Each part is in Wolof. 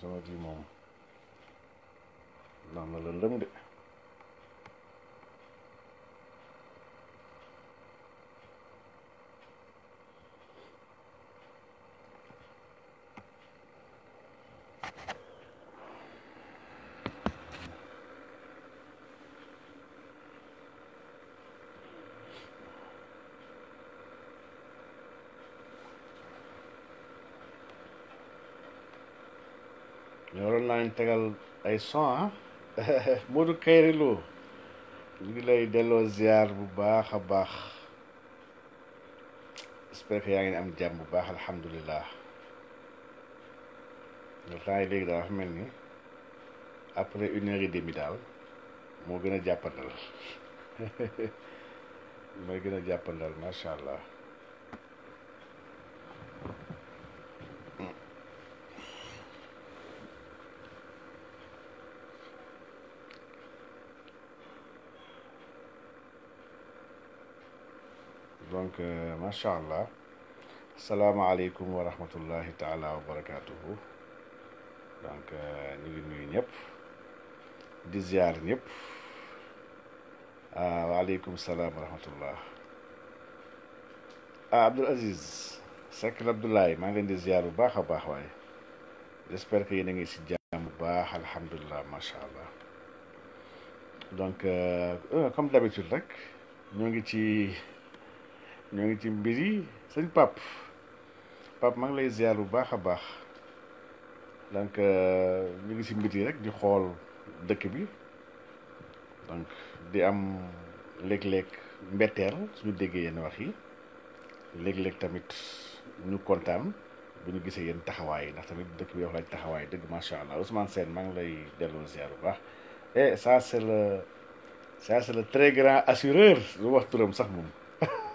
sama kii moom naan na lëndëm de tegal ay son ah Modou Kairé Lo ñu ngi lay delloo ziar bu baax a baax j'espère yaa ngi am jàmm bu baax alhamdulilah le temps yi léegi daal dafa mel ni après une heure et daal moo gën a jàppandal mooy gën a jàppandal macha allah. donc euh, macha allah salaamaaleykum wa rahmatullahi taala wa barakaatuhu donc euh, ñu ngi nuyu ñëpp di ziar ñëpp ah, waaleykum salaam wa rahmatullah ah Abdoul Aziz Seck Abdoulaye maa ngi leen di ziar bu baax a baax waaye j'espère que yéen a ngi si jàmm bu baax alhamdulilah macha allah donc euh, comme d'habitude rek ñoo ngi ci. ñoo ngi ci mbir yi sëñ pap pap maa ngi lay ziar bu baax a baax donc euh, ñu ngi ci mbir yi rek di xool dëkk bi donc di am léeg-léeg mbetteel suñu déggee yenn wax yi léeg-léeg tamit ñu kontaan bu ñu gisee yenn taxawaay yi ndax tamit dëkk bi wax laaj taxawaay dëgg macha allah Ousmane Sène maa ngi lay delloo ziar bu baax et eh, ça c'est le ça c'est le très grand assureur lu wax turam sax moom.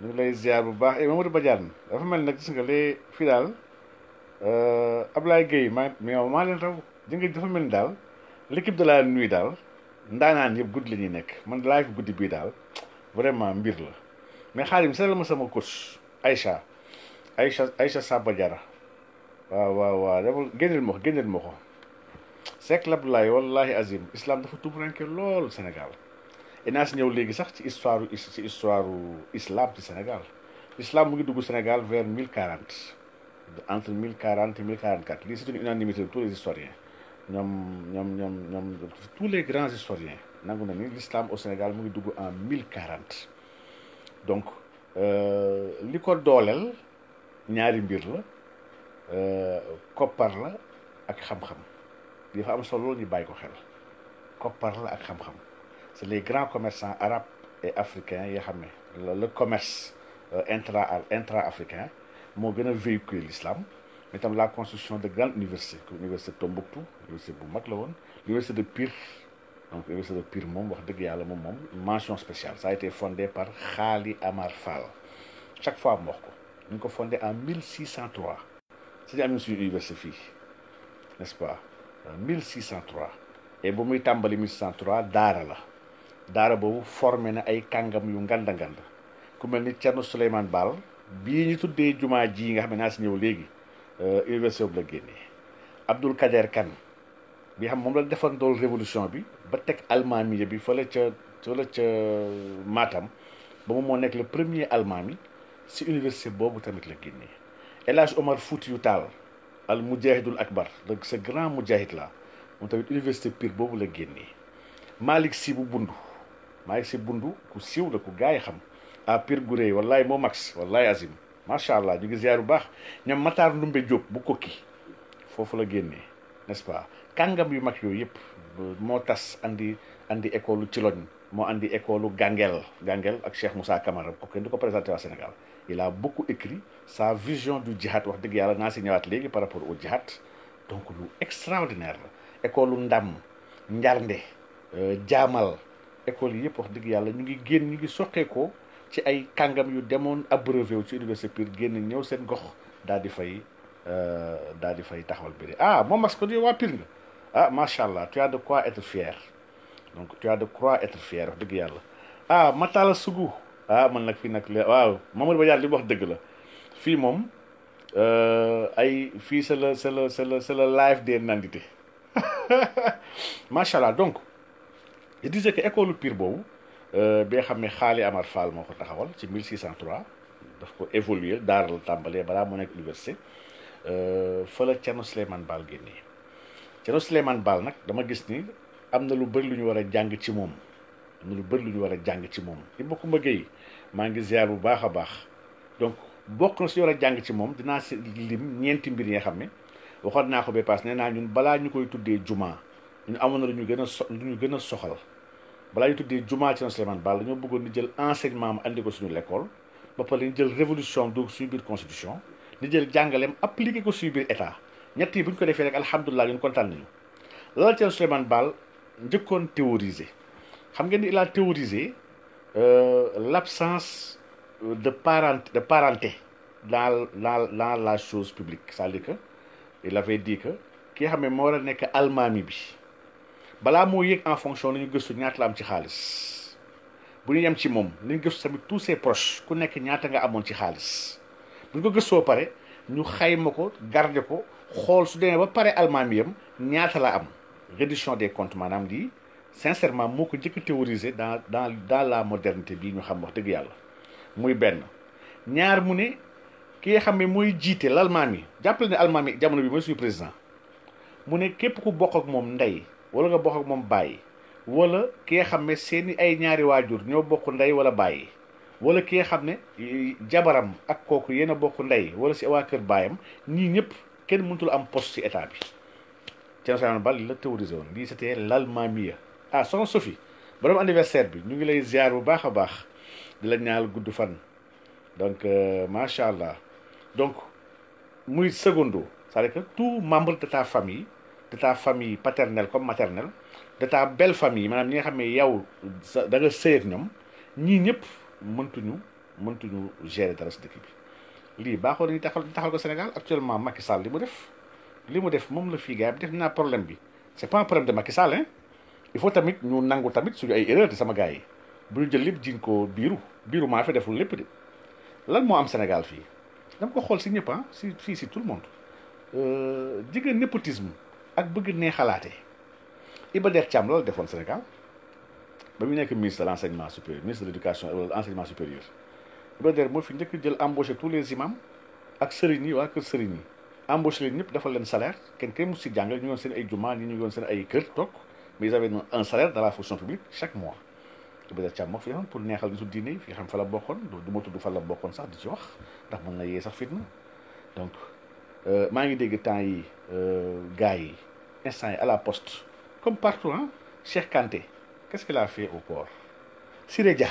ñu ngi lay ziar bu baax et eh, Mamadou Badiane dafa mel nag gis nga lee fii daal euh, Ablaye Gueye maa mais maa leen raw ji dafa mel ni daal l'équipe de nuy daal ndaanaan yëpp guddi la nekk man live guddi bii daal vraiment mbir la mais xaalim seetal ma sama coach Aïcha Aïcha Aïcha Saba Diarra waaw waaw waaw defal génneel ma ko génneel ma ko Seck Abdoulaye wallahi azim islam dafa tuub lool Sénégal dinaa si ñëw léegi sax ci histoire ci histoire islam ci Sénégal l'islam mu ngi dugg Sénégal vers mille quarante entre mille quarante et mille quarante quatre lii c'est une unanimité de tous les historiens ñoom ñoom ñoom ñoom tous les grands historiens nangu na ni l'islam au Sénégal mu ngi dugg en mille quarante donc li ko dooleel ñaari mbir la koppar la ak xam-xam dafa am solo ñu bàyyi ko xel koppar la ak xam-xam c'est les grands commerçants arabes et africains le commerce euh, intra intra africain qui gën a véhiculer l'islam mais la construction de grandes universités comme de Tombouctou université de l'université de Pire donc l'université de Pire Mom, mention spéciale ça a été fondé par Khali Amar Fall chaque fois à Morco ko fondé en 1603 c'est à dire université n'est-ce pas 1603 et bu muy en 1603 Dara. la daara boobu formé na ay kàngam yu nganda nganda ku mel ni Thierno Souleymane Bal, bii ñu tuddee juma ji nga xam ne naa si ñëw léegi euh, université bu la génnee Abdoul Kader kan bi xam moom la defar dool révolution bi ba teg almaami bi fële ca fële ca Matam ba moom moo nekk le premier almami si université boobu tamit la génnee El omar Omar yu Tall al mujahidul akbar donc sa grand mujahid la moom tamit université Pire boobu la génnee Malik Sy maa ngi si bundu ku siiw la ku gaay xam à pir gu réy wallaay moo max wallaay azim macha allah ñu ngi ziar bu baax ñoom mataar ndumbe Diop bu kokki foofu la génnee n'est-ce pas kàngam yu mag yooyu yëpp moo tas andi andi école ci loñ moo andi école Gangel Gangel ak Cheikh Moussa camara ko kenn du ko présenté waa Sénégal il a beaucoup écrit sa vision du jihad wax dëgg yàlla naa si ñëwaat léegi par rapport au jihad donc lu extraordinaire la école ndam njarnde euh, jaamal école yi yëpp wax dëgg yàlla ñu ngi génn ñu ngi soqeekoo ci ay kàngam yu demoon abreuvé wu ci université Pire génn ñëw seen gox daal di fay euh, daal di fay taxawal mbir ah moom mas que di waa Pire nga ah macha allah tu as de quoi être fier donc tu as de quoi être fier wax dëgg yàlla ah Matala Sougou ah man nag fii nag la waaw Mamadou Badiane li mu wax dëgg la fii moom euh, ay fii c'est le c'est le c'est le c'est le live des nandités macha allah donc. je disais école Pire boobu euh, bi nga xam ne Xaali Amar Fall moo ko taxawal ci 1603 daf ko évoluer daara la tàmbalee balaa mu nekk université euh, fa la Thierno Souleymane Baal génnee Thierno Souleymane Baal nag dama gis ni am na lu bëri lu ñu war a jàng ci moom am lu bëri lu ñu war a jàng ci moom li ma ko mëggee maa ngi ziar bu baax a baax donc bokk na si war a jàng ci moom dinaa si lim ñeenti mbir yi nga xam ne waxoon naa ko ba paas nee naa ñun balaa ñu koy tuddee juma ñun amoon na lu ñu gën a lu ñu gën a soxal. balaa ñu tuddee jumaa ci Souleymane Ball dañoo bëggoon ni jël enseignement am andi ko suñu l'école ba pare ñu jël révolution dugg suñu biir constitution ñu jël jàngaleem appliqué ko suñu biir état ñett yi bu ñu ko defee rek alhamdulilah ñun kontaan nañu lala ci Souleymane Baal njëkkoon théoriser xam ngeen ni il a théorisé euh, l'absence de parent de parenté dans dans dans la chose publique c'est-à-dire que il avait dit que ki nga xam ne moo war a nekk almaami bi balaa moo yëg en fonction ñu gëstu ñaata la am ci xaalis bu ñu yem ci moom ñu tous ses proches ku nekk ñaata nga amoon ci xaalis bu ñu ko nous pare ñu xayma garder ko xool su demee ba pare ñaata la am réduction des comptes madame lii sincèrement moo ko théoriser dans dans la modernité bii ñu xam wax dëgg yàlla muy benn ñaar mu ne ki nga président mu ne képp ku ak wala nga bokk ak moom bàyyi wala ki nga xam ne seeni ay ñaari waajur ñoo bokk ndey wala bàyyi wala ki nga xam ne eh, jabaram ak kooku yéen a bokk ndey wala si waa kër baayam ñii ñëpp kenn mënutul am post ci état bi Thierno Souleymane Baal li la théorisé woon lii c'était l'Almamia ah soxna Sophie borom anniversaire bi ñu ngi lay ziar bu baax a baax di la ñaal gudd fan donc euh, macha allah donc muy secondo cest à que tout membre de ta famille de ta famille paternelle comme maternelle de ta belle famille maanaam ñi nga xam ne yow da nga sëy ak ñoom ñii mëntuñu mëntuñu gérer dara si dëkk bi Li baaxoo taxal taxal ko Sénégal actuellement Macky Sall li mu def li mu def moom la fi gars def naa problème bi c'est pas un problème de Macky Sall hein il faut tamit ñu nangu tamit suñu ay erreur de sama gars yi bu ñu jël lépp jiñ ko biiru biiru maa fi deful lépp de lan moo am Sénégal fii dama ko xool si ñëpp ah si tout le monde euh, jigéen népotisme ak bëgg nee xalaatee Iba Der Thiam loolu defoon Sénégal ba mu nekk ministre de l' enseignement supérieur ministre de l' éducation et euh, de l'enseignement supérieur Iba Der moo fi njëkk jël embauché tous les imams ak sëriñ yi waa kër sëriñ yi embauché leen ñëpp dafa leen salaire kenn kenn mu si jàngal ñu yoon seen ay jumaa ñi ñu yoon seen ay kër toog mais ils avaient un salaire dans la fonction publique chaque mois Iba Der Thiam moo fi yoon pour neexal nitu diine yi fi xam fa la bokkoon du ma tudd fa la bokkoon sax di ci wax ndax mën na yee sax fitna donc euh, maa ngi dégg temps yi euh, gars yi instant à la poste comme partout hein, Cheikh Kanté qu'est-ce qu'il a fait au port sireja,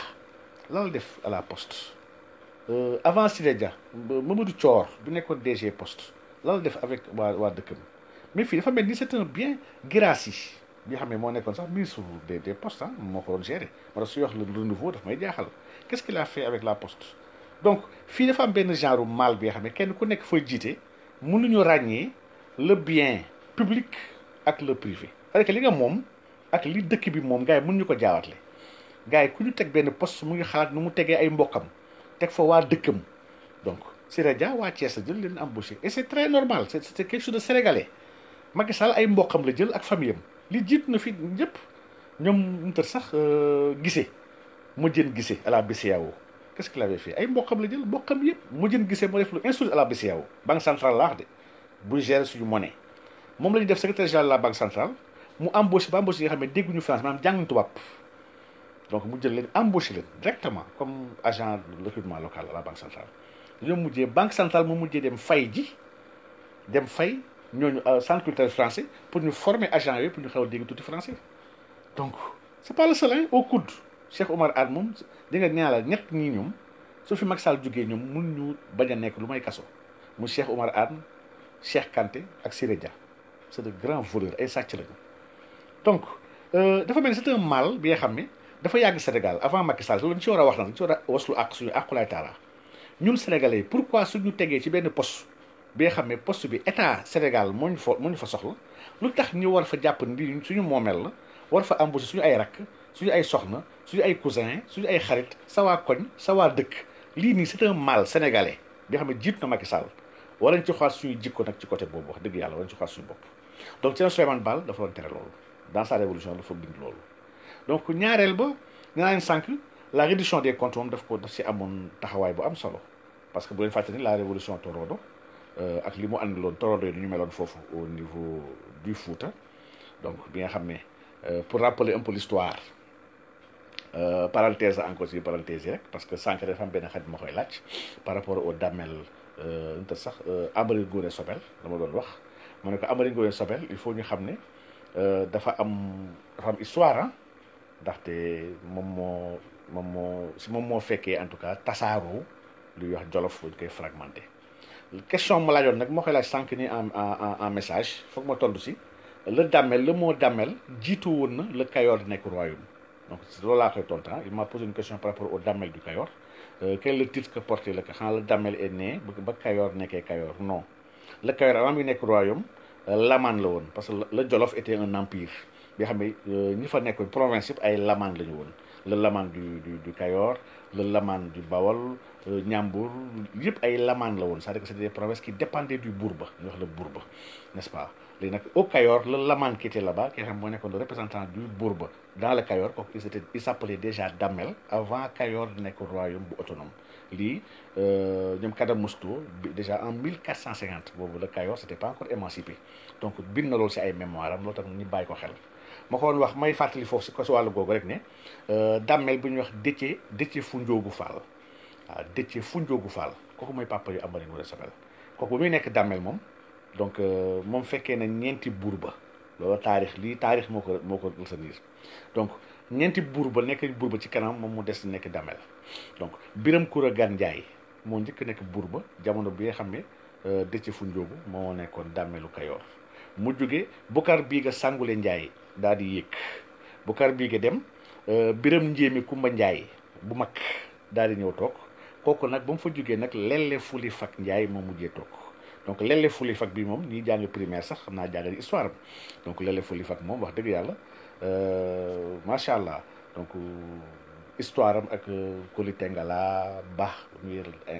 là lan la def à la poste euh, avant Siré Dia Mamadou Thior bi nekkoon DG poste là la def avec waa waa dëkkam mais fii dafa mel c'est un bien grâce, bi xam ne moo nekkoon sax des des postes hein, moo ko doon gérer ma ne le renouveau daf may jaaxal qu'est-ce qu'il a fait avec la poste donc fii dafa am benn genre mal bi nga xam ne kenn ku nekk fooy jiite mënuñu le bien public ak le privé c'est li nga mom ak li dëkk bi mom gaay mënu ko jaawatlé gaay ku ñu tek ben poste mu ngi xalaat nu mu tegee ay mbokam tek fo wa dëkkam donc Siradia waa wa la jël leen embaucher et c'est très normal c'est c'est quelque chose de sénégalais Macky Sall ay mbokam la jël ak famiyam li jitt na fi ñëpp ñoom ntar sax euh gisee mu jën gisee ala la qu'est-ce qu'il avait fait ay mbokam la jël mbokam yëpp mu jën gisee mo def lu insulte ala la banque centrale la de buy gérer suñu monnaie mom lañu def secrétaire général de la banque centrale mu embauché ba embauché nga xamné déggu ñu France manam jang jànguñu tubaab donc mu jël leen embauché leen directement comme agent de recrutement local à la banque centrale dañoo mujjee banque centrale mu mujjee dem fay ji dem fay ñooñu euh, centre culturel français pour ñu former agent yooyu pour ñu xew dégg tout français donc c'est pas le seul hein au coude Cheikh Omar Anne di nga ñala ñet ñi ñoom su fi Macky Sall mu ñu baña nek nekk lu may kaso mu Cheikh Omar Anne Cheikh Kanté ak Siré Dia c' est de grands voleurs ay sàcc lañu donc euh, dafa mel ni c' est mal bi nga xam ne dafa yàgg Sénégal avant Macky Sall loolu ñu ci war a wax na ñu ci war a waslu ak suñu àqulaay taala ñun sénégalais yi pourquoi suñu tegee ci benn post bi nga xam ne poste bi état Sénégal moo ñu fa fa soxla lu tax ñu war fa jàpp ndi suñu moomeel la war fa embauché suñu ay rakk suñu ay soxna suñu ay cousin suñu ay xarit sa waa koñ sa dëkk lii nii c' est un mal sénégalais bi nga xam ne jiit na Macky Sall war nañ ci xaas suñu jikko nag ci côté bobu wax deug yalla war nañ ci xaas suñu bopp donc Thierno Souleymane Baal dafa doon tere loolu dans sa révolution dafa bind lool donc ñaarel ba nga naa leen la réduction des comptes moom daf ko daf si amoon taxawaay bu am solo parce que bu leen fàttali la révolution Torodo euh, ak li mu ànd loon Torodo ñu meloon fofu au niveau du Fouta donc bi nga xamé euh, pour rappeler un peu l'histoire euh, parenthèse encore si parenthèse rek parce que sànq dafa am benn xarit ma koy par rapport au damel il euh, sax euh, Sobel dama wax il faut ñu xam ne euh, dafa am am histoire ah ndaxte moom moo moom moo si en tout cas lu wax koy fragmenté question ma message ma le Damel le mot Damel jiitu le Kayor royaume donc loolu hein. il m'a posé une question par rapport au Damel du Kayor quel eh, le titre que porte le quand le damel est né ba kayor nekké kayor non le kayor avant bi nek royaume eh, laman la won parce que le jolof était un empire bi xamé eh, ñi fa nekkoy province yëpp ay laman lañu won le laman du du du kayor le laman du bawol ñambour yëpp ay laman la won c'est à dire que c'était des provinces qui dépendaient du bourba ñu wax le bourba n'est-ce pas légui nak au kayor le laman qui était là-bas qui xam mo nekkon représentant du bourba dans le Kayor kooku il s'appelait déjà Damel avant Kayor di nekk royaume bu autonome lii euh, ñoom Kadamusto déjà en 1450 boobu la Kayor c'était pas encore émancipé donc bin na loolu si ay mémoire am loolu tax ñu ko xel ma ko wax may fatali fofu si ko si wàllu googu rek ne euh, Damel bu ñuy wax Déthié Déthié Foundiougu Fall waaw ah, Déthié Foundiougu Fall kooku may papa yu Amari Nourel Sobel kooku bu muy nek Damel mom, donc euh, mom fekkee na ñenti bourba. ba loolu taarix lii taarix moo ko moo ko retenir donc ñeenti buur ba nekk buur ba ci kanam moom mu des nekk damel donc Biram Koura Gane Ndiaye moo njëkk nekk buur ba jamono bi nga xam ne euh, Déthié Foundiougu moo nekkoon damelu Kayoor mu jóge Bokar Biiga Sangule Ndiaye daal di yéeg Bokar Biiga dem euh, Biram Njéemi Kumba Ndiaye bu mag daal di ñëw toog kooku nag ba mu fa jógee nag lelle fuli fak Ndiaye moo mujjee toog donc lelle fuli fak bi moom ñi jàng primaire sax xam naa jàngal histoire bi donc lelle fuli fak moom wax dëgg yàlla euh, macha allah donc histoire am ak euh, Koli Tengala baax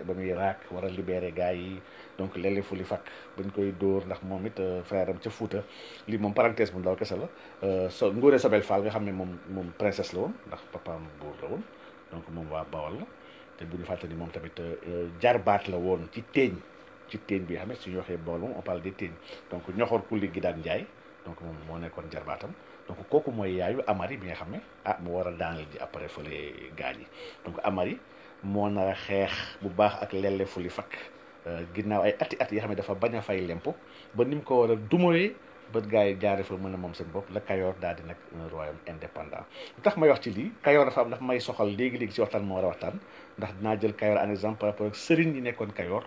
ba muy raak war a libéré gars yi donc lelle fuli fak bañ koy dóor ndax moom it euh, frère am ca Fouta lii moom parenthèse bu ndaw kese la so Ngoore Sobel Fall nga xam ne moom moom princesse la woon ndax papaam buur la woon donc moom waa Bawol la te bu ñu fàttali moom tamit jarbaat la woon ci teeñ. ci teen bi xam suñu waxee yoxee on parle de teen donc ñoxor kulli gi daan jaay donc moom moo nekkoon jarbaatam donc kooku mooy yaayu amari bi nga xam ne ah mu war a daanal ji après fële gaañ yi donc amari moo a xeex bu baax ak lelle fuli fakk euh, ginnaaw ay ati at yi xam ne dafa bañ a fay lempo ba ni mu ko war a dumoyee ba gars yi jaare fa mën a moom seen bopp la Kayoor daal di nag un royaume indépendant lu tax may wax ci lii Kayoor dafa am dafa may soxal léegi-léegi ci waxtaan moo war a waxtaan ndax dinaa jël Kayoor en exemple par rapport nekkoon Kayoor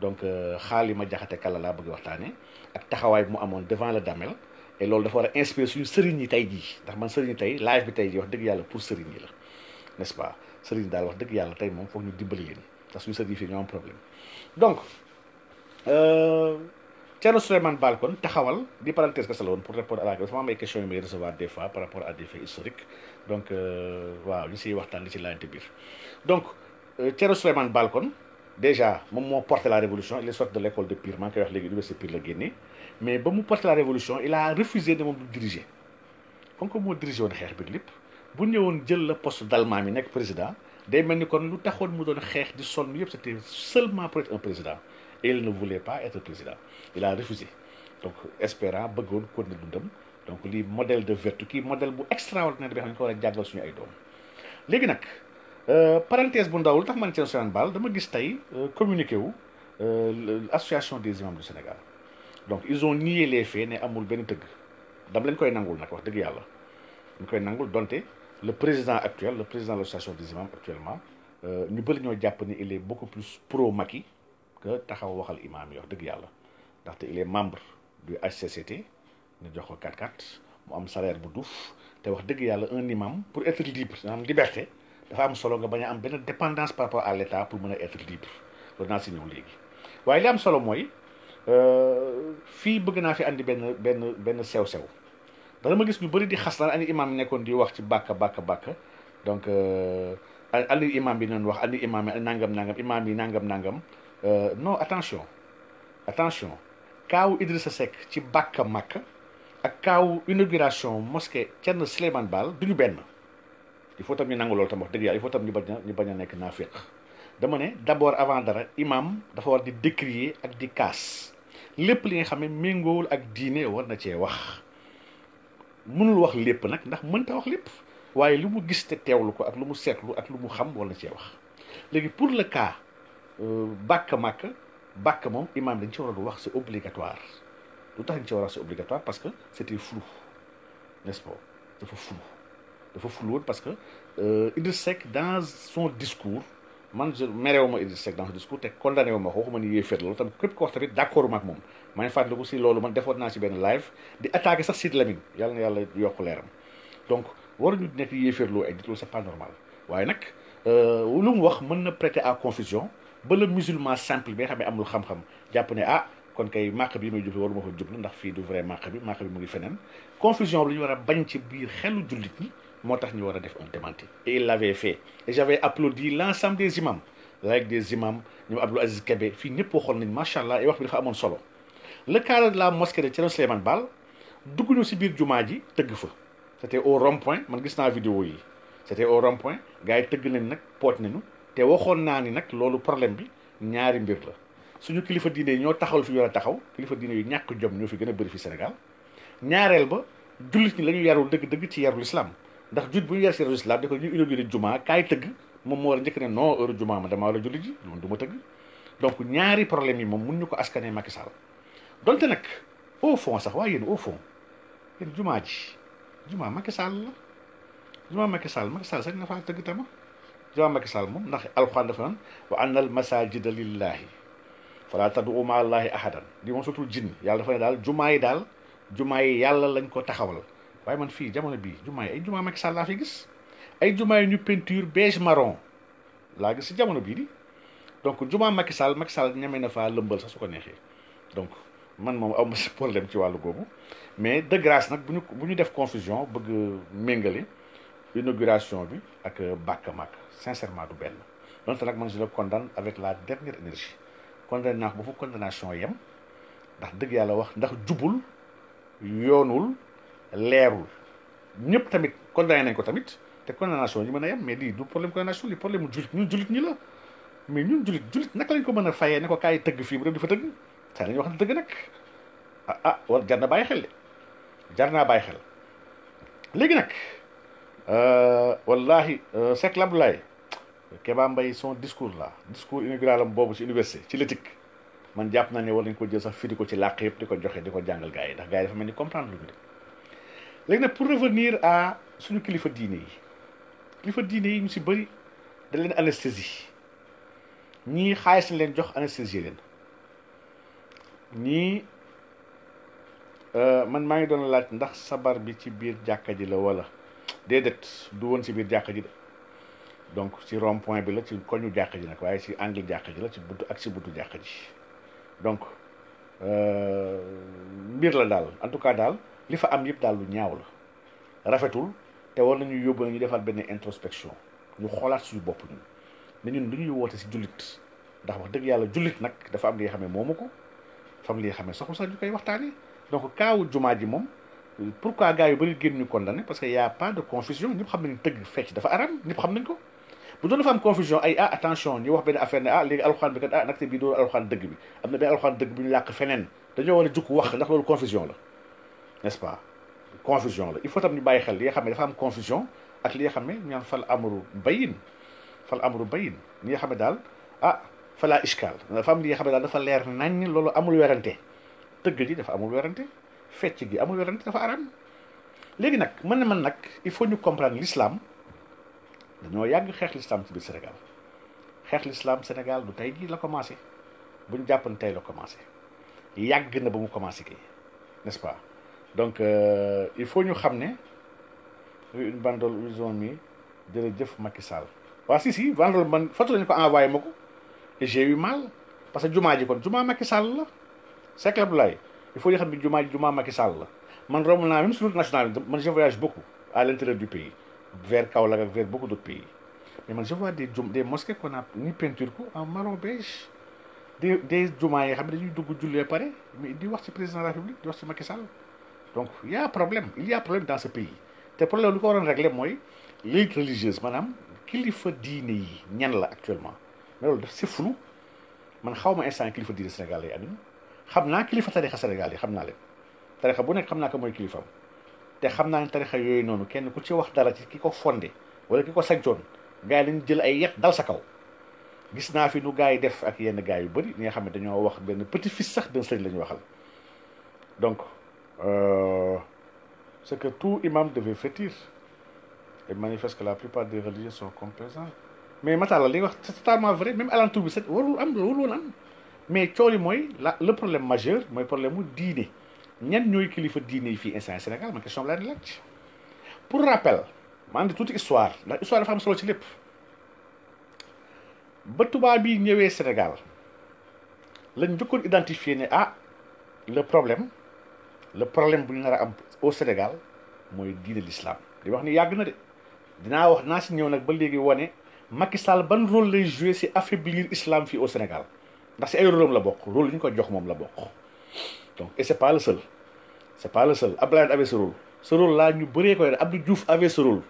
donc Xaalima euh, Jaxate kalla laa bëgg waxtaane ak taxawaay bu mu amoon devant le damel et loolu dafa war a inspiré suñu sëriñ yi tey jii ndax man sëriñ yi tey live bi tey jii wax dëgg yàlla pour sëriñ yi la n'est-ce pas sëriñ daal wax dëgg yàlla tey moom foog ñu dimbali leen ndax suñu sëriñ yi fii ñoo am problème donc euh, Thierno Souleymane Baal kon taxawal di parenthèse kese la woon pour répondre à la question sama am ay questions yu may recevoir des par rapport donc euh, waaw ñu siy waxtaan li ci laajante biir donc Thierno Souleymane Baal kon déjà il mo porté la révolution il est sorti de l'école de Pirman qui est wax légui université Pire la mais ba mu porté la révolution il a refusé de me diriger comme il mo dirigé woon xeex bi il bu ñewon jël le poste d'allemand mi président day melni dit kon lu taxone mu doon xeex di c'était seulement pour être un président et il ne voulait pas être président il a refusé donc espérant bëggoon ko ne dundam donc li modèle de vertu qui modèle bu extraordinaire bi xam ko a suñu ay doom légui nak euh, parenthèse bu ndaw tax man ci Souleymane Ball dama gis tey euh, communiqué wu euh, association des imams du Sénégal donc ils ont nié les faits ne amul benn tëgg dam lañ koy nangul nag wax dëgg yàlla ñu koy nangul donte le président actuel le président de l'association des imams actuellement ñu bëri ñoo jàpp ni il est beaucoup plus pro Macky que taxaw waxal imam yi wax dëgg yàlla ndaxte il est membre du HCCT ñu jox ko 4-4 mu am salaire bu duuf te wax dëgg yàlla un imam pour être libre am liberté dafa am solo nga bañ a am benn dépendance par rapport à l' état pour mën a être libre loolu naa si ñëw léegi waaye li am solo mooy euh, fii bëgg naa fi andi benn benn benn sew-sew bala ma gis ñu bëri di xas naan ani imam nekkoon di wax ci bàkka bàkka bàkka donc euh, ali imam bi noonu wax ali imam nangam nangam imam bi nangam nangam euh, non attention attention kaawu Idrissa sek ci bàkka makka ak kaawu inauguration mosquée Thierno Souleymane Baal duñu benn il faut tam ñu nangu loolu tam wax dëgg yàlla il faut tam ñu bañ a ñu bañ a nekk naa naafiq dama ne d' abord avant dara imam dafa war di décrier ak di kaas lépp li nga xam ne méngoowul ak diine war na cee wax mënul wax lépp nag ndax mënta wax lépp waaye lu mu gis te teewlu ko ak lu mu seetlu ak lu mu xam war na cee wax léegi pour le cas euh, bàkk màkk bàkk moom imam dañ ci waroon wax c'est obligatoire lu tax dañ ci war a wax obligatoire parce que c'était flou nest dafa fulóot parce que euh, Idriss Seck dans son discours man je merewu Idriss Seck dans son discours te condamné wu ma ko waxuma ni yéeféer loolu tamit képp ko wax tamit d' accord maak moom maa ngi fàttaliku si loolu man defoon naa si benn live di attaqué sax Sidy Lamine yàlla na yàlla yokk leeram donc waruñu nekk yéeféerloo ak loolu c' c'est pas normal waaye nag euh, lu mu wax mën na prêter à confusion ba le musulman simple bi nga amul xam-xam jàpp ne ah kon kay màq bi muy jublu waruma ko jublu ndax fi du vrai màq bi màq bi mu ngi fenen confusion lu ñu wara bañ ci biir xelu julit ni motax ñu wara def un démenti et il l'avait fait et j'avais applaudi l'ensemble des imams avec des imams ñu abdou Aziz Kébé fi ñëpp waxoon ni machallah allah et wax bi dafa amone solo le cadre de la mosquée de cheikh Souleymane ball duggu ñu ci biir jumaa ji tëgg fa c'était au rond-point man gis na vidéo yi c'était au rond-point gaay teug tëgg nañ nag pooj nañu te waxon naa ni nag loolu problème bi ñaari mbir la suñu kilifa diine ño ñoo fi war a taxaw kilifa diine yu ñak jom ño fi gëna bëri fi Sénégal ñaareel ba jullit ñi lañu ñu yarul deug dëgg ci yarul islam ndax jut bu ñu yar si réseau islam di ko ñu inauguré juma kaay tëgg moom moo war a njëkk ne juma ma dama war a julli ji loolu du ma tëgg donc ñaari problème yi moom mun ñu ko askanee Macky Sall donte nag au fond sax waaye yéen au fond yéen juma ji juma Macky Sall juma Macky Sall Macky Sall sax na faa tëgg tama juma Macky Sall moom ndax alxuraan dafa naan wa annal masajida lillahi fala tad'u ma allahi ahadan li moom surtout jinn yàlla dafa daal jumaa yi daal juma yi yàlla lañ ko taxawal waaye man fii jamono bii jumaa yi ay jumaa Macky Sall fi gis ay jumaa yi ñu peinture beige marron laa gis si jamono bii di donc jumaa Macky Sall Macky Sall ñeme na faa lëmbal sax su ko neexee donc man moom aw ma si problème ci wàllu googu mais de grâce nag bu ñu bu ñu def confusion bëgg méngale inauguration bi ak bàkk màkk sincèrement du benn donte nag man je le condamne avec la dernière énergie condamné naa ko ba fa condamnation yem ndax dëgg yàlla wax ndax jubul yoonul leerul ñëpp tamit condamné nañ ko tamit te condamnation yi mën a yem mais lii du problème condamnation li problème mu julit ñun julit ñi la mais ñun julit julit naka lañ ko mën a fayee ne ko kaay tëgg fii mu dem di fa tëgg saa la ñuy wax ne dëgg nag ah ah war jar na bàyyi xel de jar naa bàyyi xel léegi nag euh, wallahi Cheikh Abdoulaye Keba Mbaye son discours la discours inaugural am boobu ci université ci l'éthique man jàpp naa ne war nañ ko jël sax fii di ko ci làq yëpp di ko joxe di ko jàngal gars yi ndax gars yi ni comprendre lu léegi nag pour revenir à suñu kilifa diine yi kilifa diine yi ñu si bëri da leen anesthésie ñii xaalis lañ leen jox anesthésie leen ñii euh, man maa ngi doon laaj ndax sabar bi ci biir jàkka ji la wala déedéet du woon si biir jàkka ji de donc si rompoint bi la ci koñu jàkka ji nag waaye si angle jàkka ji la ci buntu ak si buntu jàkka ji donc euh, mbir la daal en tout cas daal. li fa am yëpp daal lu ñaaw la rafetul te war nañu yóbbu nañu defal benn introspection ñu xoolaat suñu bopp ñu ne ñun lu ñuy woote si jullit ndax wax dëgg yàlla jullit nag dafa am li nga xam ne moomu ko dafa am li nga xam ne sax ñu koy waxtaanee donc kaawu jumaa ji moom pourquoi gars yu bari génn ñu condamné parce que y a pas de confusion ñëpp xam nañu tëgg fecc dafa aram ñëpp xam nañ ko bu doon dafa am confusion ay ah attention ñu wax benn affaire ne ah léegi alxuraan bi kat ah nag te bii doon alxuraan dëgg bi am na benn alxuraan dëgg bu ñu làkk feneen dañoo war a jukk wax ndax loolu confusion la n'est-ce pas confusion la il faut tamni baye xel li xamé dafa am confusion ak li xamé xam ñu naan fal amru bayin fal amru bayin ni xamé dal ah fala iskal dafa am li xamé dal dafa leer nañ ni lolu amul werante teug ji dafa amul werante fecc gi amul werante dafa araam légui nak man man nak il faut ñu comprendre l'islam dañoo yàgg xex l'islam ci biir Sénégal xex l'islam Sénégal du tay jii la commencé buñu jappan tay la commencé yàgg na bu mu commencé kii n'est-ce pas donc euh, il faut ñu xam ne une bandole ils mi mis jërëjëf Macky Sall waaw si si bandole man fatu lañ ko envoyé ma ko et j'ai eu mal parce que jumaa ji kon jumaa Macky Sall la Seck Abdoulaye il faut ñu xam ne jumaa ji jumaa Macky Sall la man romb naa même sur route man je voyage beaucoup à l'intérieur du pays vers Kaolack ak vers beaucoup de pays mais man je vois des jum des mosquées qu'on a ni peinture ko en marron beige des des jumaa yi xam ne dañuy dugg jullee pare mais di wax ci président de la République di wax ci Macky Sall donc il y a problème il y a problème dans ce pays te problème lu ko waroon régler mooy l'élite religieuse maanaam kilifa diine yi ñan la actuellement mais loolu daf si flou man xaw ma instant kilifa diine Sénégal yi amin xam naa kilifa tarixa Sénégal yi xam naa leen tarixa bu nekk xam naa ko mooy kilifam te xam naa ne tarixa yooyu noonu kenn ku ci wax dara ci ki ko fondé wala ki ko sancoon gars yi lañu jël ay yeq dal sa kaw gis naa fi nu gars yi def ak yenn gars yu bëri ñi nga xam ne dañoo wax benn petit fils sax d'un sëriñ la ñu waxal donc euh, c'est que tout imam devait fêtir. Et manifeste que la plupart des religions sont complaisantes mais Matala c'est totalement vrai même alentour l'entour set am mais le problème majeur mooy problème mu diine ñan ñooy kilifa dîner ici fii Sénégal une question de pour rappel je toute tuuti histoire l'histoire histoire la femme solo ci lépp ba tubaab bi ñëwee Sénégal lañ njëkkoon identifier ah le problème le problème bu ñu nar a am au Sénégal mooy diine l'islam di wax ni yàgg na de dinaa wax naa si ñëw nag ba léegi wane Macky ban rôle lay joué si affaiblir islam fii au Sénégal ndax si ay rôlam la bokk rôle li ñu ko jox moom la bokk donc et c'est pas le seul c'est pas le seul Abdoulaye avait ce rôle ce rôle là ñu bëree koy Abdou Diouf avait ce rôle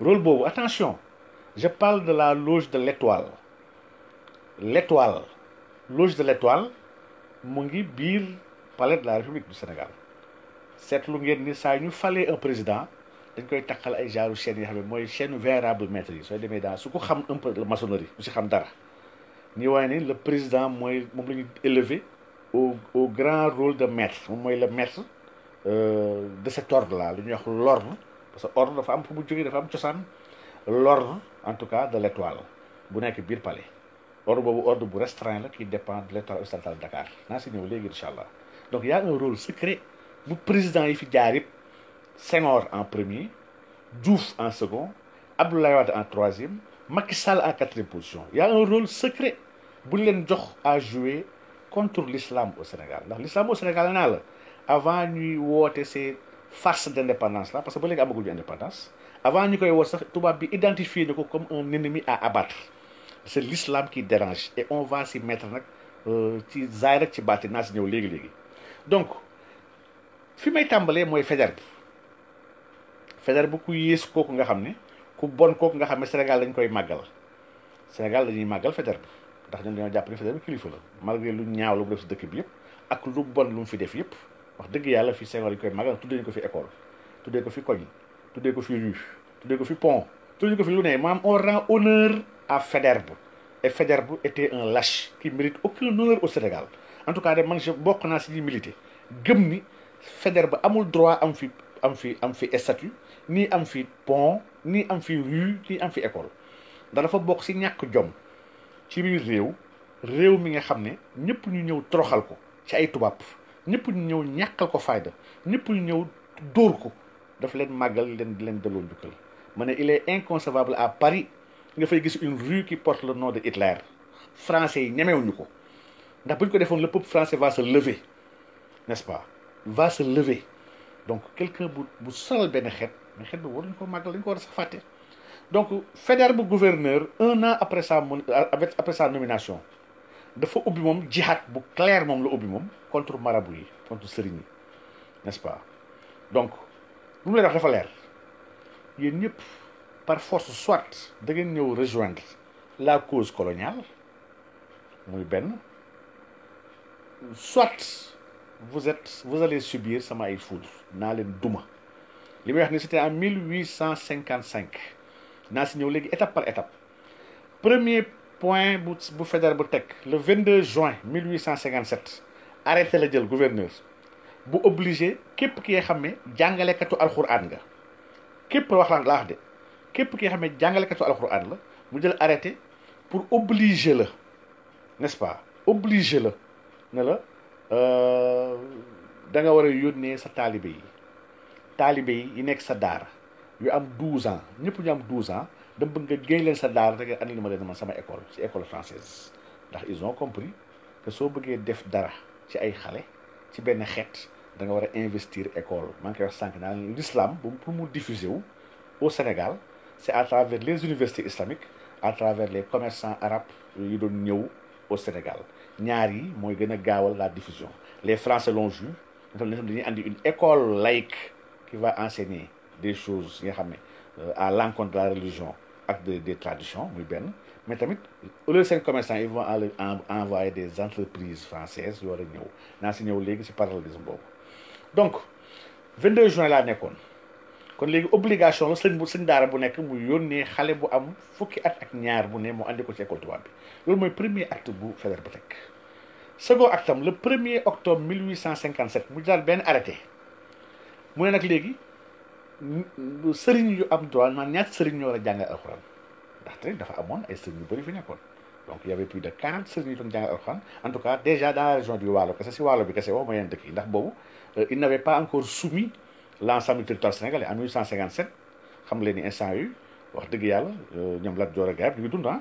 rôle boobu attention je parle de la loge de l'étoile l'étoile loge de l'étoile mu ngi biir palais de la république du Sénégal seetlu ngeen ni saa ñu falee un président dañ koy takkal ay genre chaîne yi xam ne mooy chaîne véritable maître yi sooy demee dans su ko xam un peu la maçonnerie bu si xam dara ñi waaye ni le président mooy moom la ñu élevé au au grand rôle de maître moom mooy le maître euh, de cet ordre la lu ñu wax l'ordre parce que ordre dafa am fu mu jógee dafa am cosaan l'ordre en tout cas de l'étoile bu nekk biir palais ordre boobu bu restreint la qui dépend de l'étoile occidentale Dakar naa si ñëw léegi incha allah donc il y a un rôle secret Le président yi fi Senghor en premier Douf en second Abdoulaye Wade en troisième Macky en quatrième position il y a un rôle secret bu les a jox à jouer contre l'islam au Sénégal l'islam au Sénégal n'a avant nous c'est ces farces d'indépendance là parce que ba léegi pas ñu indépendance avant nous koy ça sax bi identifier comme un ennemi à abattre c'est l'islam qui dérange et on va s'y mettre nag euh, ci zaay ci baati donc fi may tàmbalee mooy suis bi bu ku yées nga xam ne bon kooku nga xam Sénégal dañ koy màggal Sénégal dañuy MAGAL, ndax ñun dañoo jàpp ne kilifa malgré lu ñaaw lu mu def si dëkk bi yëpp ak lu bon lu fi def yëpp wax fi Sénégal dañ koy ko fi école tout ko fi koñ tuddee ko fi rue tuddee ko fi pont tuddee ko fi on rend honneur à Faidherbe et était un lâche qui mérite aucune honneur au Sénégal en tout cas man je bokk na si ñuy gëm ni ba amul droit am fi am fi am fi statut ni am fi pont ni am fi rue ni am fi école ndax dafa bokk si ñak jom ci biir réew réew mi nga xamné ne ñu ñëw troxal ko ci ay tubap ñepp ñu ñëw ko fayda ñepp ñu ñëw ko daf leen magal leen leen il est inconcevable à Paris nga fay gis une rue qui porte le nom de Hitler français pas wuñu ko D'après le peuple français va se lever n'est-ce pas va se lever donc quelqu'un bu bu sonal benn va mais xeet bi ko donc le bu gouverneur un an après sa euh, avec après sa nomination dafa ubbi moom jihad bu clair moom la contre Maraboui, contre sëriñ n'est-ce pas donc nous mu faire Nous dafa leer par force soit da ngeen rejoindre la cause coloniale muy benn soit vous êtes vous allez subir ça, mais foudre naa leen duma li wax ni c'était en 1855 na si ñëw étape par étape premier point bu bu bu le 22 juin 1857 arrêté le jël gouverneur bu obligé képp ki xamé xam ne alcorane nga képp wax la wax dé képp ki xamé xam ne alcorane la mu jël arrêté pour obliger le, n'est-ce pas obliger le ne la euh, da sa taalibe yi yi yi sa yu am 12 ans ñëpp ñu am 12 ans da nga sa ma école française ils ont compris que soo bëggee def dara ci ay investir école l'islam pour mu diffuser au Sénégal c'est à travers les universités islamiques à travers les commerçants arabes yu doon au Sénégal ñaar yi rien gën la diffusion les français l'ont vu nga une école laïque qui va enseigner des choses euh, à l'encontre de la religion et des traditions mais tamit au lieu commerçants ils vont envoyer des entreprises françaises Ils war a ñëw naa si ñëw léegi parallélisme donc 22 juin laa nekkoon kon léegi obligation la sëñ bu sëñ daara bu nekk mu yónnee xale bu am fukki at ak ñaar bu ne mu andi ko ci école tubaab bi loolu mooy premier acte bu feder ba teg second acte am le premier octobre 1857 mu daal benn arrêté mu ne nag léegi sëriñ yu am droit man ñaata sëriñ ñoo la a jàngal alxuraan ndaxte dafa amoon ay sëriñ yu bëri fi nekkoon donc il y avait plus de 40 sëriñ yu doon jàngal alxuraan en tout cas déjà dans la région du Waalo kese si Waalo bi kese waxuma yeneen dëkk yi ndax boobu euh, il n'avait pas encore soumis l'ensemble du territoire sénégalais en 1857 comme instant wax deug yalla euh, Lat ah.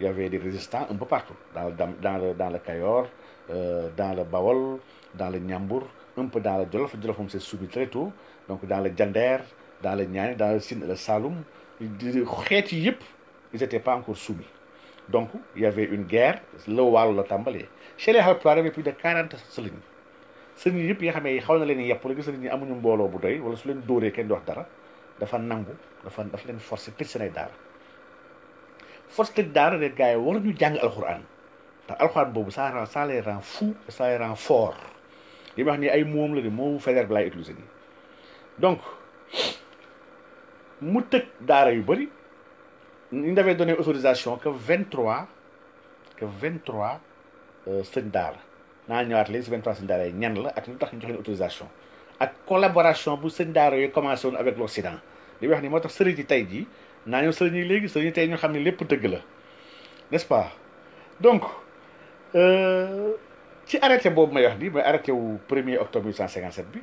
y avait des résistants un peu partout dans le dans le dans le Kayor euh, dans le Bawol dans le Nyambour, un peu dans le Djolof, Djolof, on s'est soumis très tôt donc dans le Djander, dans le Nyan, dans le Sine le Saloum ils étaient pas encore soumis donc il y avait une guerre le de la tambalé. chez les Haalpulaar il y avait plus de 40 sëriñ sëriñ yëpp yi nga xamee xaw na leen yàpp rek sëriñ yi amuñu mbooloo bu doy wala su leen dóoree kenn di wax dara dafa nangu dafa daf leen forcé tëj seen ay daara forcé tëj daara de gars yi war ñu jàng alxuraan ndax alxuraan boobu ça rend ça les rend fou ça les rend fort li wax ni ay moom la ni moomu fédère bi laay utilisé nii donc mu tëj daara yu bëri ñu dafay donné autorisation que vingt trois que vingt trois euh, sëñ daara naa ñëwaat léegi su benn place daara yi ñan la ak lu tax ñu jox leen ak collaboration bu sëñ daara yooyu commencé woon avec l'Occident li wax ni moo tax sëriñ yi tey jii naa ñëw sëriñ léegi sëriñ yi tey ñu xam ne lépp dëgg la n'est-ce pas donc euh, ci arrêté boobu may wax ni mooy arrêté wu premier octobre 1857 bi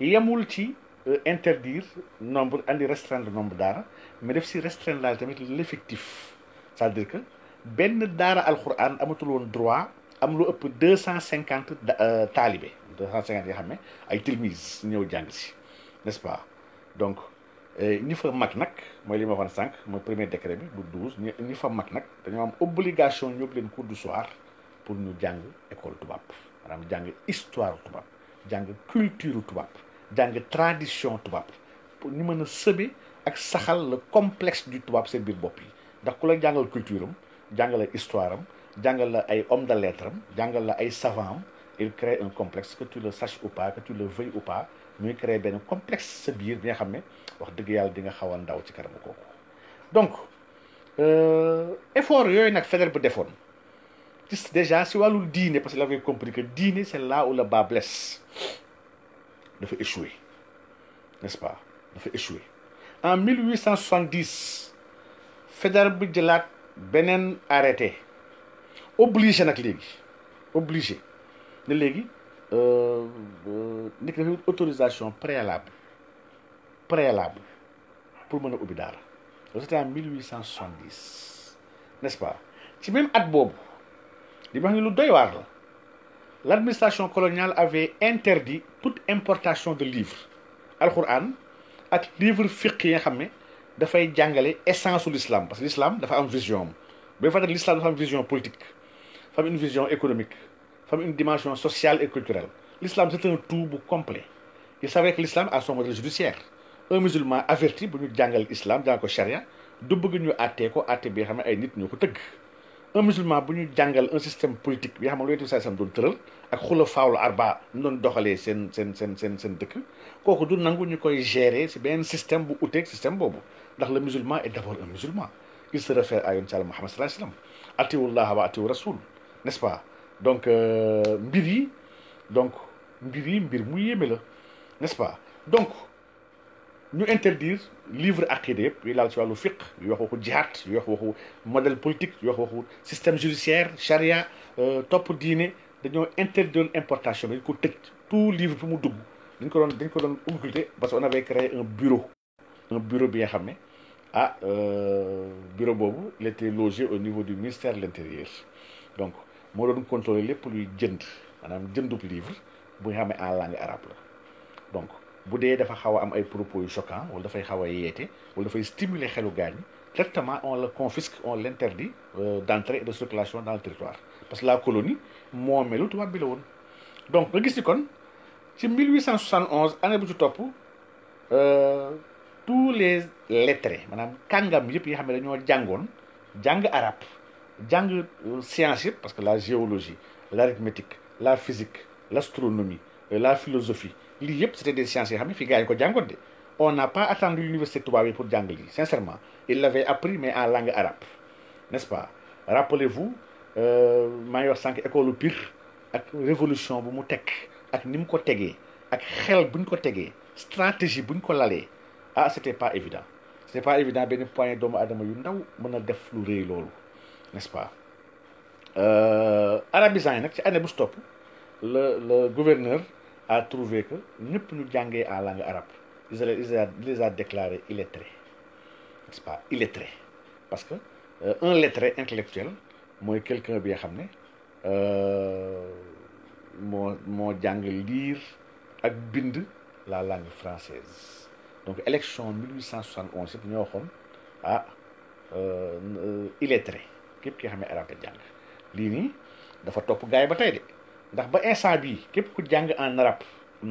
yemul ci euh, interdire nombre indi restreindre nombre daara mais def si restreindre laal tamit l'effectif c'est-à-dire que benn daara alxuraan amatul woon droit am lu ëpp deux cent cinquante euh, taalibe deux cent yoo xam ne ay tilmis ñëw jàng si n'est-ce pas donc euh, ñi fa mag nag mooy li ma waxoon cinq mooy premier décret bi bu douze ñi fa mag nag dañoo am obligation ñëw leen cours du soir pour ñu jàng école tubaab maanaam jàng histoire tubaab jàng culture tubaab jàng tradition tubaab pour ñu mën a sëbe ak saxal le complexe du tubaab seen biir bopp yi ndax ku la jàngal culture am jàngale histoire am jàngal la ay homme de lettres am la ay savant il crée un complexe que tu le saches ou pas que tu le veuilles ou pas muy crée un complexe sa biir bi nga xam ne wax dëgg yàlla di nga xaw a ndaw ci kooku donc euh, effort yooyu nag Faidherbe bu defoon ci déjà si wàllu dîner, parce que avez compris que dîner, c'est là où le bas blesse dafa échouer, n'est-ce pas dafa échouer. en 1870 Federbe bu jëlaat arrêté obligé à légui obligé ne léegi euh, euh autorisation préalable préalable pour mën a c'était en 1870 n'est-ce pas ci même at Bob, di l'administration coloniale avait interdit toute importation de livres alcorane ak livre les yi nga de fay dafay jàngale essence de l'islam parce que l'islam dafa am vision Mais l'islam dafa une vision politique femme une vision économique femme une dimension sociale et culturelle l'islam c'est un tout complet il savait que l'islam a son modèle judiciaire un musulman averti bu ñu jàngal islam dans ko charia du bëgg ñu àttee ko àtte bi xam ay nit un musulman bu ñu jàngal un système politique bi xam ne lu yonent bi sallallahu alayhi wasallam doon tëral ak arba ñu doon doxalee seen seen seen seen seen dëkk kooku du nangu ñu koy gérer si benn système bu uteeg système boobu ndax le musulman est d'abord un musulman il se réfère à yon Yàlla à sallallahu alayhi wasallam atiwullaha wa atiwu rasul n'est-ce pas donc euh, Mbiri, donc Mbiri, mbir mu là. la n'est-ce pas donc ñu interdire livre aqida yëpp yuy laal ci wàllu fiqh yu wax waxu jihaad yu wax waxu modèle politique yu wax waxu système judiciaire charia euh, topp diine dañoo interdire importation dañ ko tëj tout livre bi mu dugg dañ ko doon dañ ko doon occulter parce qu'on avait créé un bureau un bureau bi nga xam ne ah, euh, bureau boobu il était logé au niveau du ministère de l'intérieur donc moo doon contrôler lépp luy jënd maanaam jëndub livre bu nga en langue arabe la donc bu dee dafa xaw a am ay propos yu choquant wala dafay xaw a yeete wala dafay stimuler xelu gaañ directement on le confisque on l' interdit euh, d' entrée et de circulation dans le territoire parce que la colonie moomeelu tubaab bi la woon donc nga gis ni kon ci 1871 année bu ci topp euh, tous les lettrés maanaam kàngam yëpp yi xam ne dañoo jàngoon jàng arabe jàng euh, science parce que la géologie l'arithmétique la physique l'astronomie euh, la philosophie lii yëpp c'était des sciences yoo xam ne ko on n'a pas attendu l'université tubaab pour jàng sincèrement il l'avait appris mais en langue arabe n'est-ce pas rappelez-vous euh, maa ngi wax sànq école Pire ak révolution bu mu teg ak ni mu ko tegee ak xel buñ ko tegee stratégie buñ ko lalee ah c'était pas évident c'est pas évident benn poignée doomu aadama yu ndaw mën a def lu n'est-ce pas euh, Arabie année le gouverneur a trouvé que nous ñu jàngee en langue arabe il les a il les a déclarés illettrés n'est-ce pas illettrés parce que euh, un lettré intellectuel mooy quelqu'un bi xamné euh ne moo lire ak bind la langue française donc élection 1871 c'est ñoo waxoon ah, euh, euh illettré képp ki nga xam arab nga jàng lii nii dafa topp gars yi ba tey de ndax ba instant bii képp ku jàng en arabe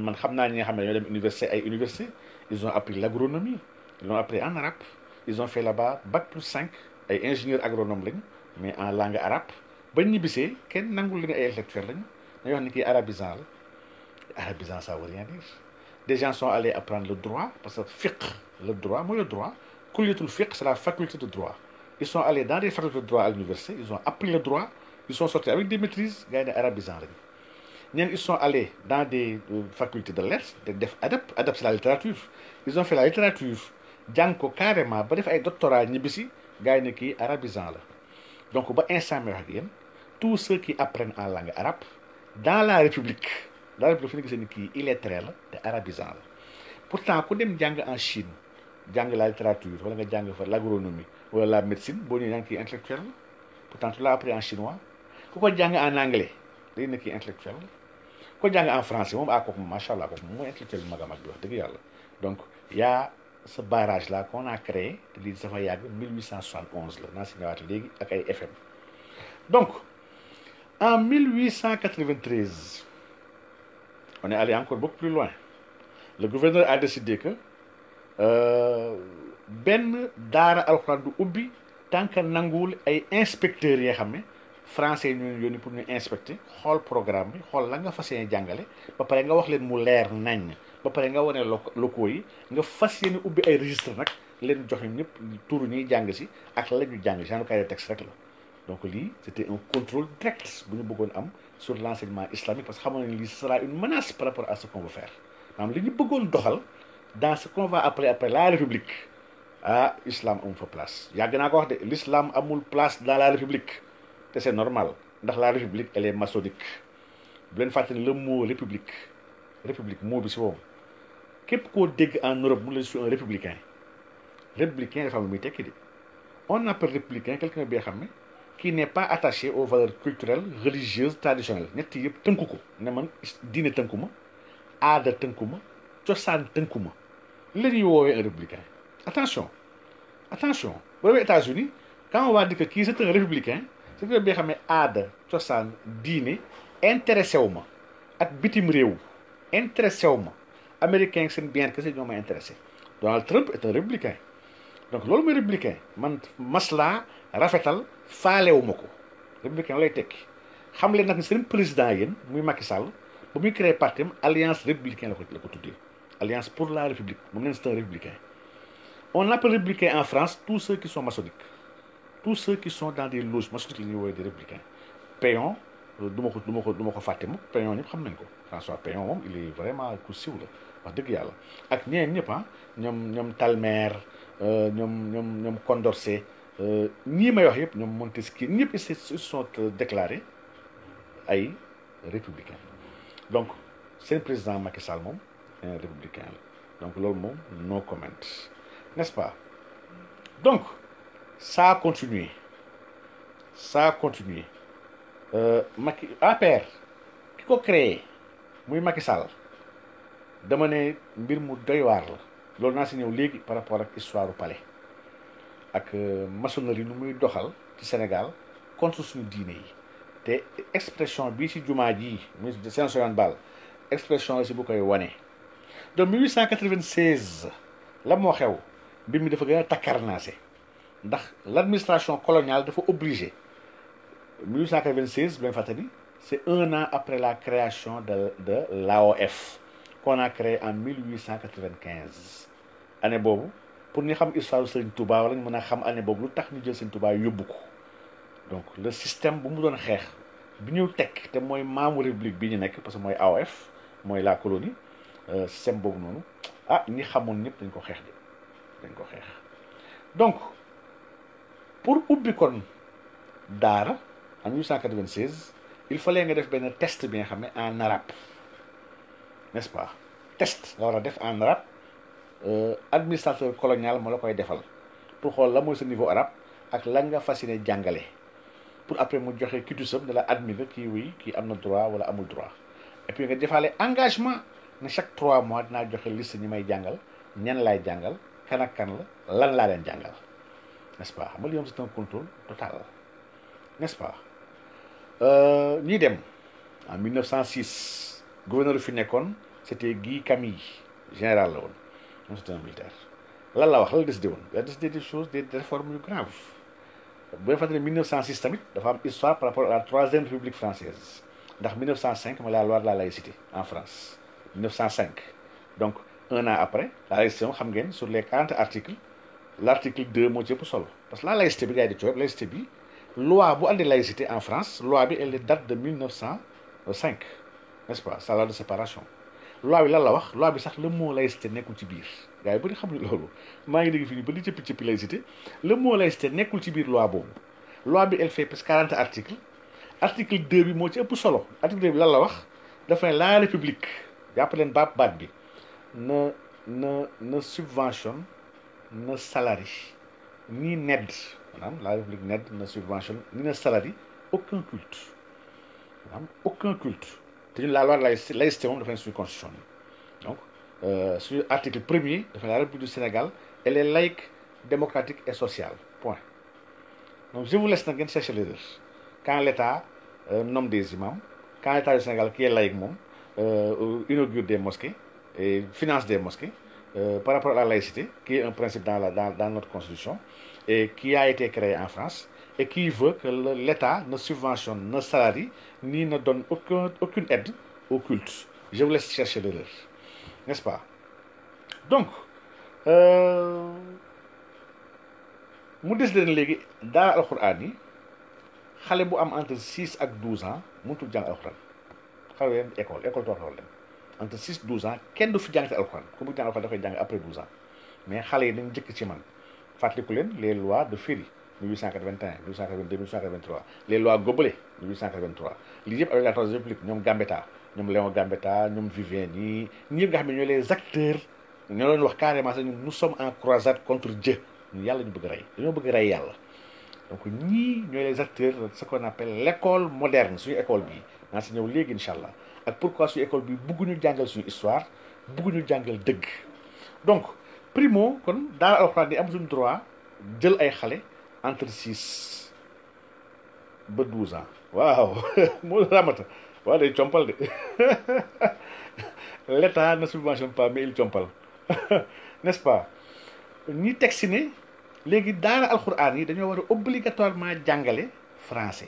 man xam naa ñi nga xam ne ñoo dem université ay université ils ont appris l'agronomie ils l'ont appris en arabe ils ont fait là-bas bac plus 5 ay ingénieur agronome lañ mais en langue arabe bañ ñibbisee kenn nangul li nga ay lecteurs lañ dañuy wax ni kii arabisant la arabisant ça veut rien dire des gens sont allés apprendre le droit parce que fiqh le droit mooy le droit kulliyatul fiqh c'est la faculté de droit ils sont allés dans des facultés de droit à l'université, ils ont appris le droit, ils sont sortis avec des maîtrises, gagnés l'Arabisan. Ils sont allés dans des euh, facultés de lettres, des adeptes, adeptes la littérature. Ils ont fait la littérature, Django carrément ba def doctorat ñibbisi gars yi ne donc ba ce tous ceux qui apprennent la langue arabe dans la république dans la république c'est ñu gisee est illettré pourtant quand dem jàng en Chine jàng la littérature wala nga jàng l'agronomie wala la médecine bon, ñëwee qui intellectuel pourtant tu l'as appris en chinois pourquoi ko en anglais day qui intellectuel pourquoi ko en français moom ah kooku moom macha allah kooku intellectuel bi mag a donc il wax ce barrage là qu'on a créé te lii dafa 1871 la naa FM donc en 1893 on est allé encore beaucoup plus loin le gouverneur a décidé que. Euh, benn daara alxuraan du ubbi tànk nanguwul ay inspecteurs yoo xam ne français ñoo yónni pour ñu inspecter xool programme bi xool la nga fas yéene jàngale ba pare nga wax leen mu leer nañ ba pare nga wane locaux yi nga fas yéene ubbi ay registre nag leen jox ñun ñëpp turu ñuy jàng si ak la ñu jàng si genre cahier de texte rek la donc lii c'était un contrôle direct bu ñu bëggoon am sur l'enseignement islamique parce que xamoon nañ lii sera une menace par rapport à ce qu'on veut faire maanaam bëggoon doxal dans ce la république ah islam amul fa place yàgg naa ko wax de l'islam amul place dans la république te c'est normal ndax la république elle est maçonnique bu leen fàtte ne le mot république république moo bi si boobu képp koo dégg en Europe mu la su un républicain républicain dafa am muy tekki di on appelle républicain quelqu'un bi nga xam ne qui n'est pas attaché aux valeurs culturelles religieuses traditionnelles ñett yëpp tënku ko ne man diine tënku ma aada tënku ma cosaan tënku ma li Attention, attention. Vous voyez, aux États-Unis, quand on va dire que qui c'est un républicain, c'est que bien aada ciosan diiné intéressé wuma ak bitim réew intéressé wuma américain seen bien que c'est ñoo ma intéressé Donald Trump est un républicain donc loolu mooy républicain man maslaa rafetal faalewuma ko républicain lay tekki xam leen nag seen président yéen muy Macky Sall ba muy créé parti am alliance républicain la ko la alliance pour la république moom leen c'est un on appelle républicains en France tous ceux qui sont maçonniques. Tous ceux qui sont dans des loges maçonniques, les des républicains. Payon, euh, François il est vraiment un coup la wax dëgg yàlla ak ñeen Talmer nous sommes Condorcet nous euh, may wax Montesquieu nous sont euh, déclarés républicains donc c'est le président Macky Sall un républicain donc loolu non no comment n'est-ce pas donc ça a continué ça a continué euh, Macky ki ko créé muy Macky Sall dama ne mbir mu doy la loolu naa si ñëw léegi par rapport ak histoire du palais ak euh, maçonnerie nu muy doxal ci Sénégal contre suñu diine yi te expression bii si jumaa ji muy seen soyaan ball expression si bu koy wane donc 1896 la moo xew L'administration dafa gën a coloniale dafa obligé 1896 c'est un an après la création de de l'AOF qu'on a créé en 1895 année boobu pour ñu xam Serigne Touba wala xam lu tax Serigne Touba ko donc le système bu mu doon te république parce que AOF la colonie euh, système ah dañ ko xeex donc pour ubbi kon daara en 1896 il fallait nga def benn test bi nga xam ne en arabe n'est-ce pas test nga war a def en arabe euh, administrateur colonial moo la koy defal pour xool la mooy sa niveau arabe ak lan nga fasiné jàngale pour après mu joxe kitusam ne la admis kii oui kii am na droit wala amul droit et puis nga defaale engagement ne chaque trois mois dinaa joxe liste ñi may jàngal ñan laay jàngal kana kan la lan la len jangal n'est-ce pas xam nga c'est un contrôle total n'est-ce pas euh, ñi dem en 1906 gouverneur fi nekkoon c'était Guy Camille général la won c'est un militaire lan la wax la décidé la décidé des choses des réformes graves bu ñu fàttali 1906 tamit dafa am histoire par rapport à la troisième république française ndax 1905 ma la loi de la laïcité en France 1905 donc un an après la laïcité moom xam ngeen sur les quarante articles l' article deux moo ci ëpp solo parce que la laïcité loi bi elle date de la de la wax loi bi sax le mot laïcité nekkul ci biir gars yi bëri xamuñu loolu maa ngi dégg fii nii ba di cëppi cëppi laïcité le mot laïcité nekkul ci biir loi boobu loi bi elle fait presque quarante article bi moo ci ëpp solo article deux bi lan la wax dafa ne la république jàpp leen baat baat bi. ne ne ne subventionne ne salarie ni n'aide la république n'aide ne subventionne ni ne salarie aucun culte aucun culte te la loi de laïcité laïcité moom dafa ne donc euh, sur article premier de la république du Sénégal elle est laïque démocratique et sociale point donc je vous laisse dans chercher les quand l'État euh, nomme des imams quand l'État du Sénégal qui est laïque euh, inaugure des mosquées et finance des mosquées euh, par rapport à la laïcité, qui est un principe dans, la, dans, dans, notre constitution et qui a été créé en France et qui veut que l'État ne subventionne, ne salarie, ni ne donne aucun, aucune aide au culte. Je vous laisse chercher l'erreur. N'est-ce pas Donc, euh, mu des leen dans le coran yi xale bu am entre 6 et 12 ans mënutul jàng alxuraan école école un entre six 12 ans kenn du fi après mais yi ci man les lois de Ferry 1881 1882 les lois Gobelé 1883 lii yëpp avec la troisième république ñoom Gambetta ñoom Léon Gambetta les acteurs carrément nous sommes en croisade contre Dieu ñu ñu donc les acteurs ce qu'on appelle l'école moderne ak pourquoi su école bi bëgguñu jàngal suñu histoire bëgguñu jàngal dëgg donc primo kon daara alxuraan yi am suñu droit jël ay xale entre six ba douze ans waaw moo ramata waaw day compal de l'état ne subventionne pas mais il compal n'est-ce pas ñi teg si ne léegi daara alxuraan yi dañoo war a obligatoirement jàngale français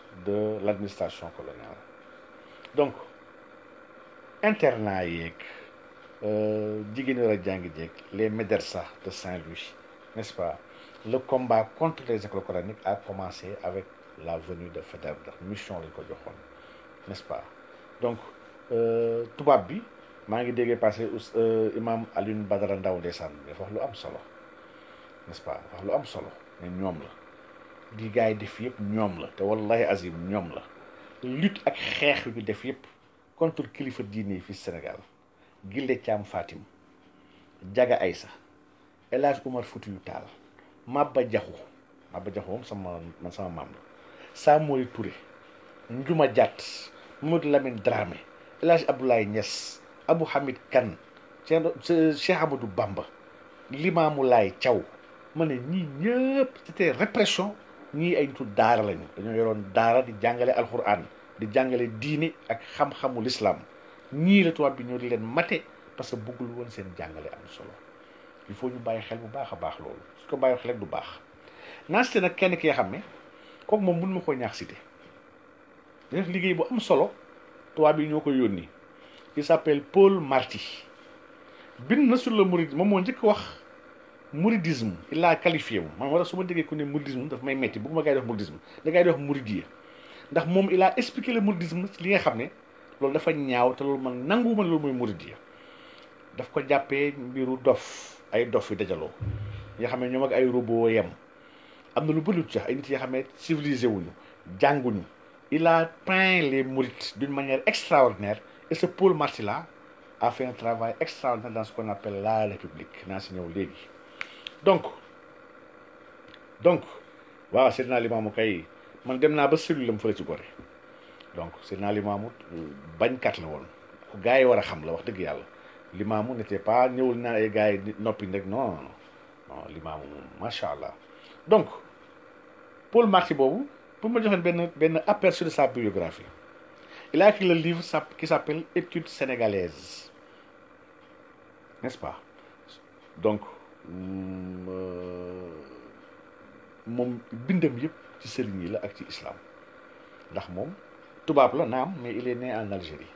de l'administration coloniale. Donc, internaïque, euh, les médersa de Saint-Louis n'est-ce pas le combat contre les écoles coraniques a commencé avec la venue de la mission lañ ko n'est-ce pas donc euh, tubaab bi mangi ngi passer passé euh, imam alun Badara ou ndeysaan mais wax lu am solo n'est-ce pas wax lu am solo la di gars def yëpp ñoom la te wallahi azim ñoom la lutte ak xeex bi def yëpp contre kilifa diine yi fii Sénégal Gille Thiam Fatim Jaga Aysa El Hadj Umar Foutiyou Tall Maba Jaxu Maba Jaxu moom sama maam la Samori Touré Njuma Diat Mamadou Lamine Dramé El Hadj Abdoulaye Niass Abou Hamid Kane euh, Cheikh Amadou Bamba Limamou Laye Thiaw ma ne ñii ñëpp c'était répression ñi ay nitu daara lañu dañu yoron daara di jangale alquran di jangale diini ak xam-xamu l'islam ñi la tubaab bi ñoo di leen mate parce que bëggul woon seen jangale am solo il faut ñu bàyyi xel bu baax a baax loolu su ko bàyyi xel du baax naa cité nag kenn ki nga xam ne kooku moom mun ma cité def liggéey bu am solo bi ñoo yónni s'appelle Paul Marty bin na sur le mourid moom moo njëkk wax mouridisme il l'a qualifié wu man wara suma dégué ko né ne mouridisme daf may metti bëgguma gars yi di mouridisme da gay def di ndax mom il a expliqué le mouridisme li nga xamné lolou dafa ñaaw té lolou man nanguma lolou moy mooy daf ko jappé mbiru dof ay dof yu dajalo nga xamné ñom ak ay robot yam amna lu bëri ci ay nit yoo xam civilisé wuñu jànguñu il a peint les mourides d'une manière extraordinaire et ce Paul Marty a fait un travail extraordinaire dans ce qu'on appelle la République naa si donc donc waaw Seydina Limaamu kay man dem naa ba cellule la mu fële ci gore donc c'est Limaamu bañkat la woon ku gars yi war a xam la wax dëgg yàlla Limaamu n'était pas ñëwul n'a ay gars yi noppi rek non non non Limaamu macha allah donc Paul Marty boobu pour me joxe benn benn aperçu de sa biographie il a écrit le livre qui s'appelle Études sénégalaises n'est-ce pas donc Mm, euh, moom bindam yëpp ci sëriñ yi la ak ci islam ndax moom tubaab la naam mais il est né en Algérie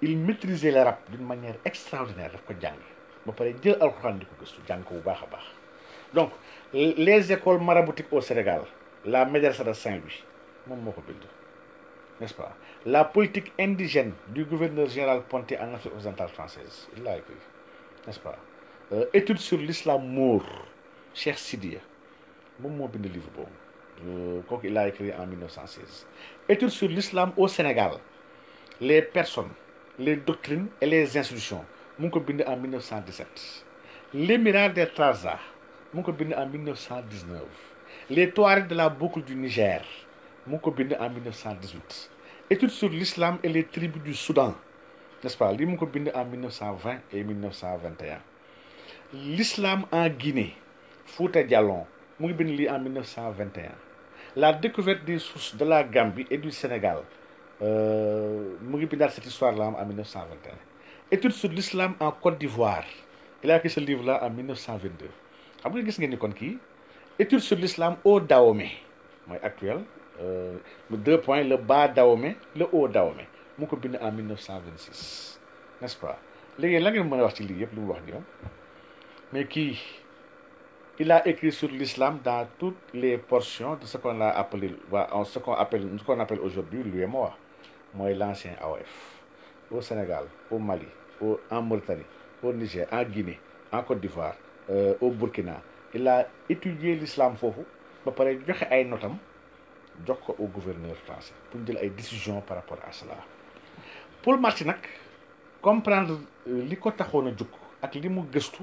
il maîtrisait l'arabe d'une manière extraordinaire daf ko jàng ba pare jël alxuraan di ko gëstu jàng ko bu baax a baax donc les écoles maraboutiques au Sénégal la médersa de Saint-Louis moom moo ko bind n'est-ce pas la politique indigène du gouverneur général Ponty en Afrique occidentale française il l'a écrit n'est-ce pas euh, étude sur l'islam mour Cheikh Sidia moom moo le livre bon. livre euh, il a écrit en 1916 étude sur l'islam au Sénégal les personnes les doctrines et les institutions mu en 1917 l'émirat des Trarza mu ngi en 1919 les de la boucle du Niger mu en 1918 étude sur l'islam et les tribus du Soudan n'est-ce pas lii en 1920 et 1921 l'islam en Guinée, Fouta Diallon, li en 1921. La découverte des sources de la Gambie et du Sénégal, euh, dans cette histoire-là en 1921. Étude sur l'islam en Côte d'Ivoire, il a écrit ce livre-là en 1922. Après, vous voyez qu'on qui Étude sur l'islam au Dahomey, actuel. Euh, deux points, le bas Daomé, le haut Dahomey. Mouibinli en 1926. N'est-ce pas? Les la ngeen mën a lu wax mais qui il a écrit sur l'islam dans toutes les portions de ce qu'on a appelé, ce qu'on appelle, qu'on appelle aujourd'hui l'UMOA, moi l'ancien AOF, au Sénégal, au Mali, au, en Mauritanie, au Niger, en Guinée, en Côte d'Ivoire, euh, au Burkina. Il a étudié l'islam fofu, ba paré joxe ay notam jox ko au gouverneur français pour dire ay décision par rapport à cela. Pour Martinac, comprendre ce euh, qu'il a a et ak qu'il gestu.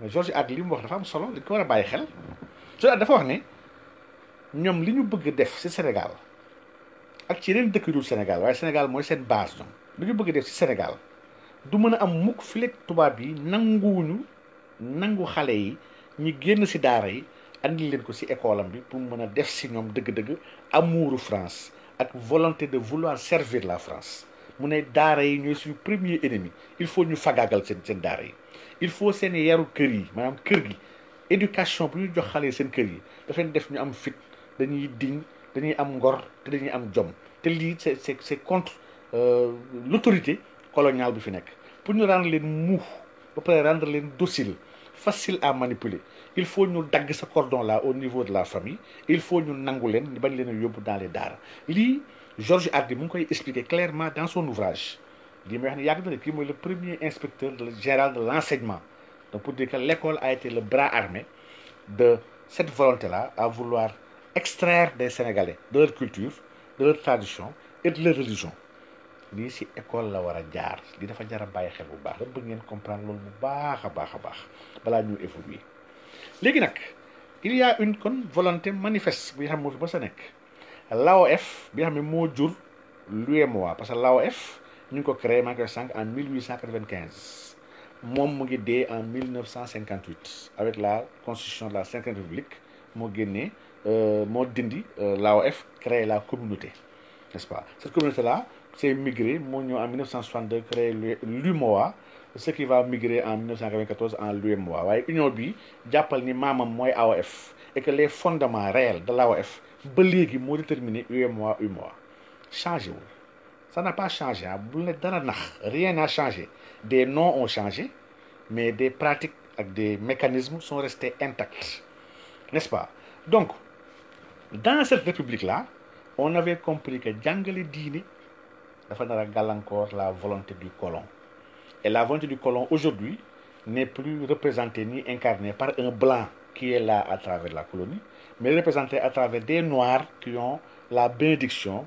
mais George Hart li mu wax dafa am solo dañ ko war a bàyyi xel George Hart dafa wax ne ñoom li ñu bëgg def ci Sénégal ak ci yeneen dëkk yu dul Sénégal waaye Sénégal mooy seen baas ñoom li ñu bëgg def ci Sénégal du mën a am mukk fileeg tubaab yi nanguwuñu nangu xale yi ñi génn ci daara yi andi leen ko ci école am bi pour mën a def ci ñoom dëgg-dëgg amouru France ak volonté de vouloir servir la France mu ne daara yi ñooy su premier ennemi il faut ñu fagaagal seen seen daara yi. il faut seen yaru kër yi maanaam kër gi éducation bu ñu jox xalé sen seen kër yi dafay def ñu am fit dañuy diñ dañuy am ngor te dañuy am jom te li c'est c'est c'est contre euh, l'autorité coloniale bu fi nek pour ñu rendre leen mou pour pare rendre leen docile facile à manipuler il faut ñu dag sa cordon là au niveau de la famille il faut ñu nangu leen bañ leen a dans les Georges Hardy mu ngi koy expliquer clairement dans son ouvrage il wax ni le premier inspecteur général de l'enseignement donc pour dire que l'école a été le bras armé de cette volonté là à vouloir extraire des Sénégalais de leur culture de leur tradition et de leur religion Ici, une école la wara a jaar li dafa jar baay xel bu baax dama ngeen comprendre lool bu baax a baax Bala ñu évoluer il y a une volonté manifeste bi xam fi ba sa nek. l'AOF bi xam parce que l'AOF ñu avons ko créé maa 5 en 1895 moom mu ngi en 1958 avec la constitution de la 5 5e république moo génnee euh, moo dindi euh, l'AOF créé la communauté n'est-ce pas cette communauté là s'est migrée en 1962 créé l'UMOA ce qui va migrer en 1994 en l'UMOA waaye union bi jàppal ni maamam AOF et que les fondements réels de l'AOF ba léegi moo déterminé UMOA UMOA changé ça n'a pas changé. Hein. Rien n'a changé. Des noms ont changé, mais des pratiques et des mécanismes sont restés intacts. N'est-ce pas Donc, dans cette république-là, on avait compris que Djangali Dini a encore la volonté du colon. Et la volonté du colon aujourd'hui n'est plus représentée ni incarnée par un blanc qui est là à travers la colonie, mais représentée à travers des noirs qui ont la bénédiction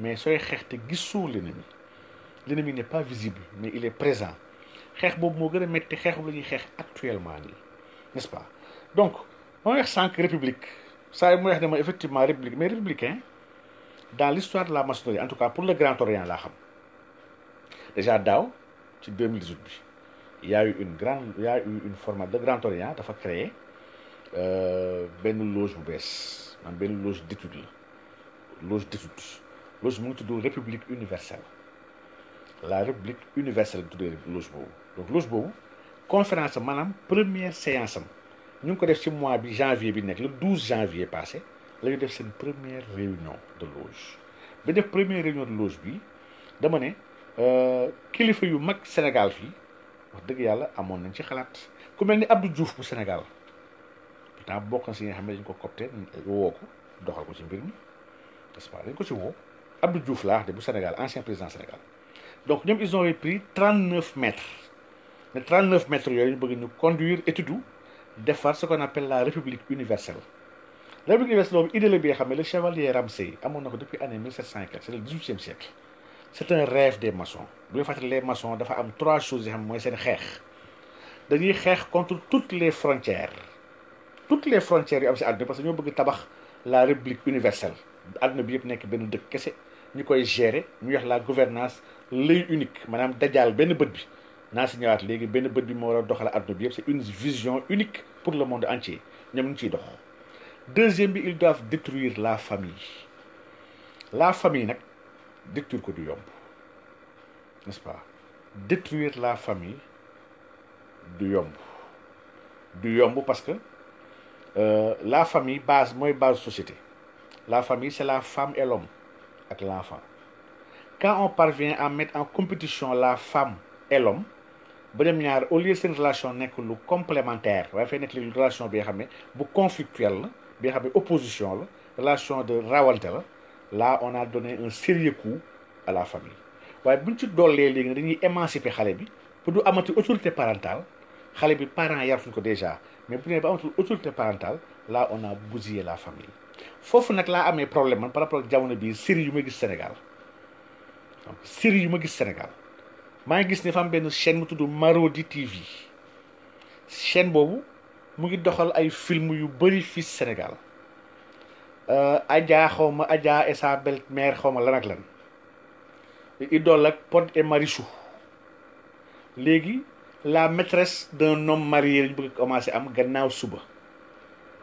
mais sooy xeex te l'ennemi l'ennemi n'est pas visible mais il est présent xex bob mo gën metti xex xeex actuellement n'est-ce pas donc on est sànq république ça est moi wax effectivement république mais républicain dans l'histoire de la maçonnerie en tout cas pour le Grand Orient la xam déjà daw ci 2018 bi il y a eu une grande il y a eu une formation de Grand Orient dafa créer euh, benn loge bu bess man loge d'étude loge d'étude loge mu ngi tudd république universelle la république universelle de tuddee boobu donc loge boobu conférence am maanaam première séance am ñu ngi ko def ci mois bi janvier bi nekk le 12 janvier passé la ñu def seen première réunion de loge ba def première réunion de loge bi dama ne euh, kilifa yu mag Sénégal fii wax dëgg yàlla amoon nañ ci xalaat ku mel ni Abdou Diouf bu Sénégal pourtant bokk na si nga xam ne dañ ko copte woo ko doxal ko ci mbir mi n'est-ce pas dañ ko ci woo. Abdou Diouf là, Sénégal ancien président Sénégal donc ils ont repris 39 mètres mais 39 mètres yooyu nous bëgg nous conduire de faire ce qu'on appelle la république universelle la république universelle l'idée de la le chevalier Ramsey à depuis l'année 1750, c'est le 18e siècle c'est un rêve des maçons Vous voyez, les maçons dafa trois choses c'est xam mooy seen dañuy xeex contre toutes les frontières toutes les frontières yu am si parce que ñoo bëgg tabax la république universelle àdduna bi yëpp nekk benn dëkk kese ñu koy gérer ñu wax la gouvernance l'œil unique maanaam dajaal benn bët bi naa si ñëwaat léegi benn bët bi moo war a doxal addu bi c'est une vision unique pour le monde entier ñoom ñu ciy dox deuxième bi ils doivent détruire la famille la famille nag détruire ko du yomb n'est-ce pas détruire la famille du yomb du yomb parce que euh, la famille base mooy base société la famille c'est la femme et l'homme avec l'enfant. Quand on parvient à mettre en compétition la femme et l'homme, au lieu de cette relation que complémentaire, une relation conflictuelle, opposition, relation de rivalité, là on a donné un sérieux coup à la famille. waaye buñ ci les lignes, dañuy émanciper xale bi pour du amener autorité parentale xale bi parents yar fuñ déjà mais pour nous autorité parentale là on a bousillé la famille Fofu nak la amé problème man par rapport ak jamono bi sir yu ma gis Sénégal sir yu ma gis Sénégal ma ngi gis ni fam ben chaîne mu Marodi TV chaîne bobu mu ngi doxal ay film yu bari fi Sénégal euh, Adja xaw ma Adja et sa mère xaw ma lan ak lan idol ak Pod et Marichou légui la maîtresse d'un homme marié bëgg commencé am gannaaw suba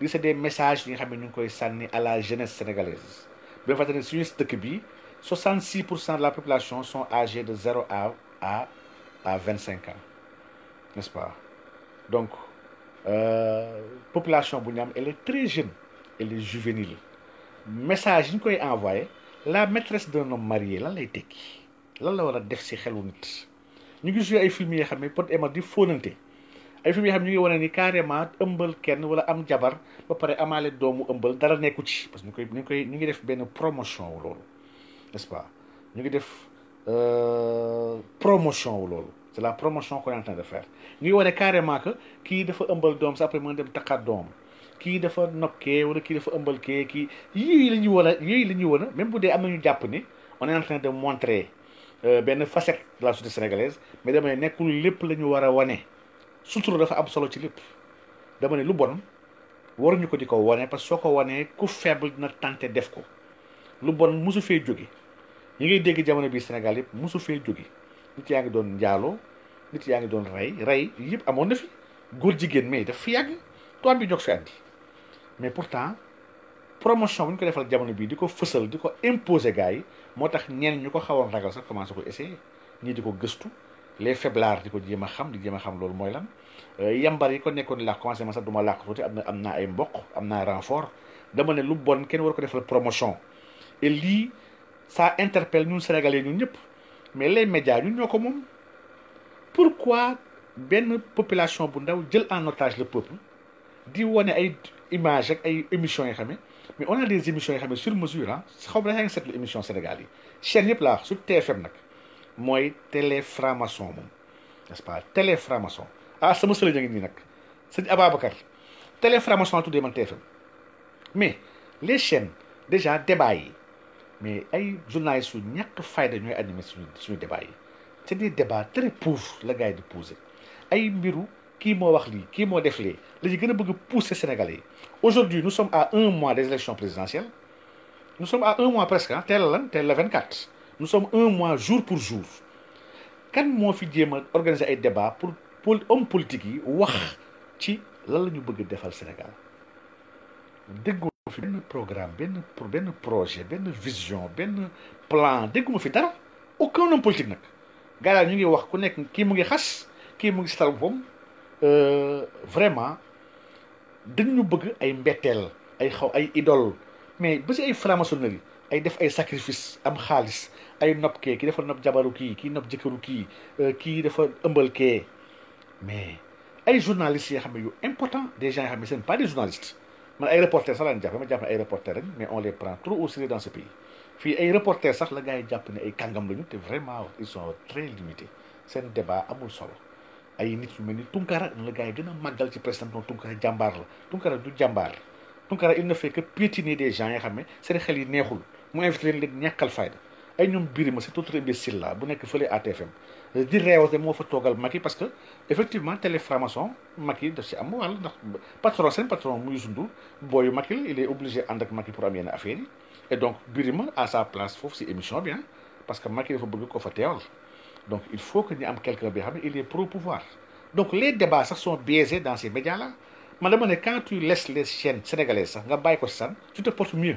li c'est des messages yi nga ñu koy à la jeunesse sénégalaise bu ñu fàttali suñu dëkk bi 66 de la population sont âgés de 0 à à à 25 ans n'est-ce pas donc euh, population bu ñu elle est très jeune elle est juvénile message yi ñu koy envoyé la maîtresse d'un homme marié lan lay tekki lan la war a def si xelu nit ñu ngi joué ay film yi nga xam ne Pod ay film yoo xam ngi wane ni carrément ëmbal kenn wala am jabar ba pare amaale doomu ëmbal dara nekku ci parce que ñu koy ñu ñu ngi def benn promotion wu loolu ce pas ñu ngi def euh, promotion wu loolu c'est la promotion qu'on de faire ñu ngi wane carrément que kii dafa ëmbal doom sa après mën doom kii dafa nokkee wala kii ëmbal kee kii yii la ñu wan a yii la ñu même bu dee am nañu jàpp ni on est de montrer euh, benn facette la société sénégalaise mais damay nekkul lépp la ñu war a wane sutura dafa am solo ci lépp dama ne lu bon war ñu ko di ko wane parce que soo ko wanee ku faible dina tenté def ko lu bon mosu fee jóge ñi ngay dégg jamono bi Sénégal yëpp mosu fee jóge nit yaa ngi doon njaaloo nit yaa ngi doon rey rey yëpp amoon na fi góor jigéen mais daf fi yàgg toit bi jóg fi àndi mais pourtant promotion bu ñu ko defal jamono bii di ko fësal di ko imposer gars yi moo tax ñenn ñu ko xawoon ragal sax commencé ko essayer ñii di ko gëstu les faiblards di ko jéem xam di jéem a xam loolu moy lan euh, yambar yi ko nekkoon la commencé ma sa duma ma làkk tuuti amna ay mbokk amna renfort dama ne lu bon ken war ko defal promotion et li ça interpelle ñun sénégalais ñun ñep mais les médias ñun ñoko mom pourquoi ben population bu ndaw jël en otage le peuple di woné ay image ak ay émissions yi xamé mais on a des émissions yi xamé sur mesure ah xaw ma ne yaa ngi seetlu émission Sénégal yi chaîne yëpp la sur TFM nak moy télé franc-maçon n'est-ce pas télé franc-maçon ah sama seul qui ngi C'est nag sëñ Ababacar télé franc-maçon la man mais les chaînes déjà débat mais ay journalistes yu ñàkk fayda ñoy animer suñu suñu débat yi c'est des débats très pauvres les gars ils di poser ay mbiru kii moo wax li Ils ont def qu'ils la gëna bëgg pousser Sénégalais aujourd'hui nous sommes à un mois des élections présidentielles nous sommes à un mois presque hein. tel lan 24 nous sommes un mois jour pour jour Quand fi un débat pour pour homme politique ci la bëgg defal Sénégal fi un programme projet une vision un plan fi aucun homme politique ñu ngi wax ku euh, vraiment nous bëgg ay idole mais ba si ay ay def ay sacrifice am ay nopp kee ki dafa nopp jabaru kii kii nopp jëkkëru kii euh, kii dafa ëmbal kee mais ay journalistes yoo xam ne yu important des gens yoo xam ne seen pas des journalistes man ay reporter sax la ñu ma dama jàpp ay reporter rek mais on les prend trop au sérieux dans ce pays fii ay reporter sax la gars yi jàpp ne ay kàngam lañu te vraiment ils sont très limités seen débat amul solo ay nit yu mel ni Tunkara la gars yi gën a màggal ci président donc Tunkara jàmbaar la Tunkara du jàmbaar Tunkara il ne fait que piétiner des gens yoo xam ne seen xel yi neexul mu invité leen leen ñàkkal fayda ay ñoom Birima c'est très imbécile là bu nekk fële ATFM di reewate moo fa toogal Macky parce que effectivement télé franc-maçon Macky daf si am wàll ndax patron seen patron muy booyu Macky il est obligé ànd ak Macky pour am yenn affaire et donc Birima à sa place foofu si émission bi hein, parce que Macky dafa bëgg ko fa teewal donc il faut que ñu am quelqu'un bi xam ne il est pro pouvoir donc les débats ça, sont biaisés dans ces médias là man dama ne quand tu laisses les chaînes sénégalaises sax nga bàyyi ko si tu te portes mieux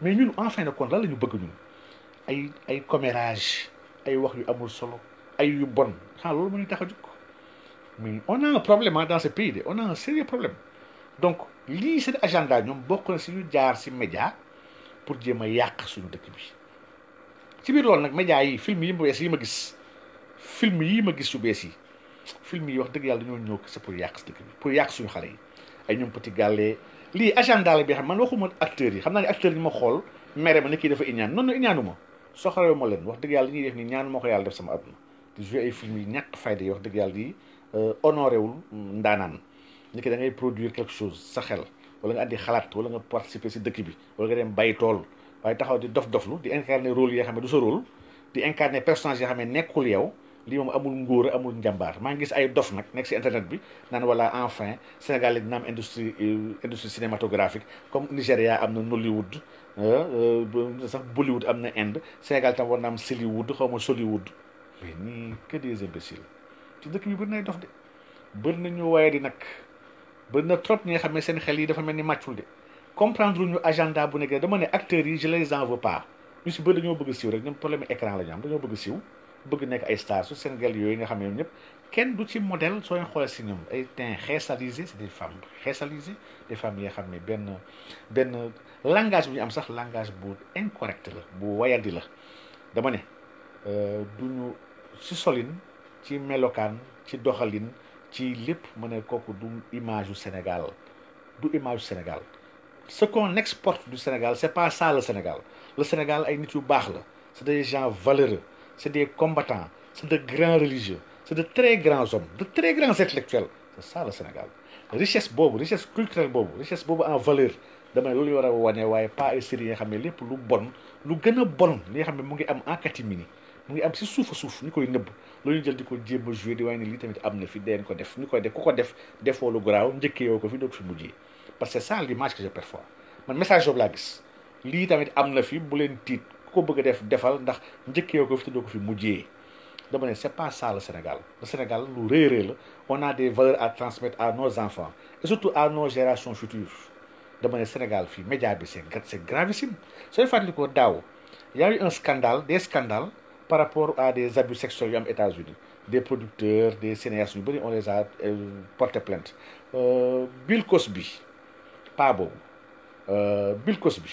mais ñun en fin de compte lan la ñu bëgg ñun ay ay commérage ay wax yu amul solo ay yu bon xanaa loolu moo ñu tax a jóg mais on a un problème dans ce pays de on a un sérieux problème donc lii seen agenda ñoom bokk na si ñu jaar si média pour jéem a yàq suñu dëkk bi ci biir loolu nag média yi film yi ma bees yi ma gis film yi ma gis su bees yi film yi wax dëgg yàlla ñoo ñëw kese pour yàq si dëkk bi pour yàq suñu xale yi ay ñoom Petit Gallé lii agenda la bi xam man waxuma acteurs yi xam naa ne acteurs yi ma xool mere ma ne kii dafa iñaan noonu iñaanu ma soxalewu ma leen wax dëgg yàlla li ñuy def nii ñaanu ko yàlla def sama àdduna di joué ay film yi ñàkk fayda yi wax dëgg yàlla di euh, honoré wul ndaanaan ni ki da ngay produire quelque chose sa xel wala nga àndi xalaat wala nga participer si dëkk bi wala nga dem bàyyi tool waaye taxaw di dof doflu di incarner rôle yoo xam ne du sa rôle di incarner personnage yoo xam ne nekkul yow lii moom amul ngóor amul njàmbaar maa ngi gis ay dof nag nekk si internet bi naan wala enfin Sénégal léegi dina am industrie euh, industrie cinématographique comme Nigéria am na Nollywood euh, euh, sax Bollywood am na Inde Sénégal tam war na am Sillywood xaw ma Sollywood mais nii que des imbéciles njëkk dëkk bi bëri nay dof de bëri na ñu waaye di nag bëri na trop ñi nga xam ne seen xel yi dafa mel ni màccul de comprendre ñu agenda bu nekk dama ne acteurs yi je les en veux pas ñu si bëri dañoo bëgg siiw rek bëgg nekk ay stars su Sénégal yooyu nga xam ne ñoom ñëpp kenn du ci modèle soo leen xoolee si ñoom ay teint xeesalisé c'est des femmes xeesalisées des femmes yi xam ne benn benn langage bu ñu am sax langage bu incorrect la bu wayadi la dama ne euh, duñu si solin ci melokaan ci doxalin ci lépp ma ne kooku du image yu Sénégal du image Sénégal ce qu'on exporte du Sénégal c'est pas ça le Sénégal le Sénégal ay nit yu baax la c'est des gens c'est des combattants, c'est de grands religieux, c'est de très grands hommes, de très grands intellectuels. C'est ça le Sénégal. richesse boobu richesse culturelle boobu richesse boobu en valeur damay loolu ñu war a wane waaye pas ay série yi nga xam ne lépp lu bon lu gën a bon li nga mu ngi am en catimini mu ngi am si suuf a suuf ñu koy nëbb loolu ñu jël di ko jéem a joué di waaye ne lii tamit am na fi deen ko def ñu koy def ku ko def defoo lu garaaw njëkkee ko fi que c'est ça l'image que je perçois man am na bu leen tiit ko bëgg def defal ndax njëkkee ko fi tuddoo ko fi mujjee dama ne c'est pas ça le Sénégal le Sénégal lu rëy la on a des valeurs à transmettre à nos enfants et surtout à nos générations futures dama Sénégal fii média bi c'est c'est gravissime sooy daaw y a eu un scandale des scandales par rapport à des abus sexuels aux États-Unis des producteurs des cinéastes yu bëri on les a euh, porté plainte euh, Bill Cosby pas boobu euh, Bill Cosby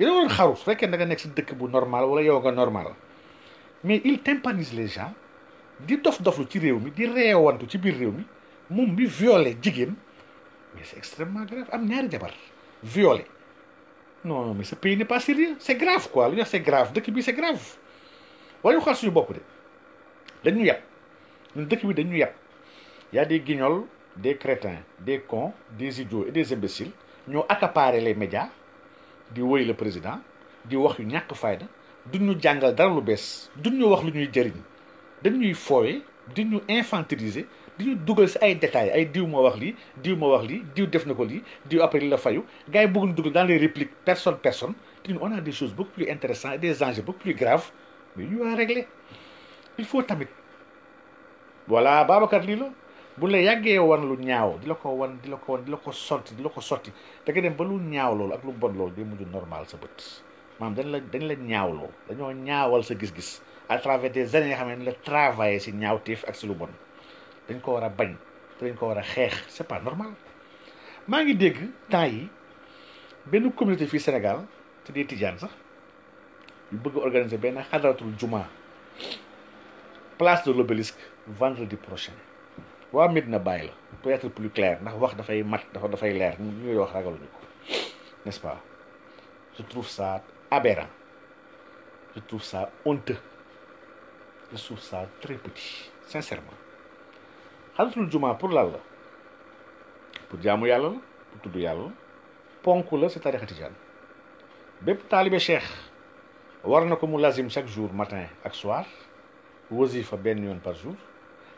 Il est su fekkee da nga nekk si bu normal wala yow nga normal mais il tympanise les gens di dof-doflu ci réew mi di reewantu ci biir réew mi moom bi violé mais c'est extrêmement grave am ñaari jabar violé non mais ce pays n'est pas sérieux c'est grave quoi c'est grave dëkk bi c'est grave wala ñu xool suñu bopp de dañu ñun dëkk bi dañu Il y a des guignols des crétins des cons des idiots et des imbéciles ñoo accaparé les médias di woy le président di wax yu ñàkk fayda duñ ñu jàngal dara lu bees duñ ñu wax lu ñuy jëriñ dañuy ñuy foowe di ñu infantiliser di ñu dugal si ay détails ay diw moo wax lii diw moo wax lii diw def na ko lii diw après la fayu gars yi bëgg ñu dugal dans les répliques personne personne te ñun on a des choses beaucoup plus intéressantes et des enjeux beaucoup plus graves mais ñu war régler il faut tamit voilà Babacar lii la. bu la yàggee wan lu ñaaw di la ko wan di la ko wan di la ko sotti di la ko sotti da nga dem ba lu ñaaw loolu ak lu bon loolu day mujj normal sa bët maam dañ la dañ la ñaawloo dañoo ñaawal sa gis-gis à travers des années nga xam ne la travailler si ñaawteef ak si lu bon dañ ko war a bañ te dañ ko war a xeex c'est pas normal maa ngi dégg temps yi benn communauté fii Sénégal te dee Tijaan sax yu bëgg organiser benn xadaratul jumaa place de l'obélisque vendredi prochain waa Medina Baye la peut être plus clair ndax wax dafay mat dafa dafay leer ñu ñuy wax ragaluñu ko n'est-ce pas je trouve ça aberrant je trouve ça honteux je trouve ça très petit sincèrement xalatul juma pour lan la pour jaamu yàlla la pour tudd yàlla la ponk la si tarixa tijaan bépp taalibe cheikh war na ko mu lazim chaque jour matin ak soir wasifa benn yoon par jour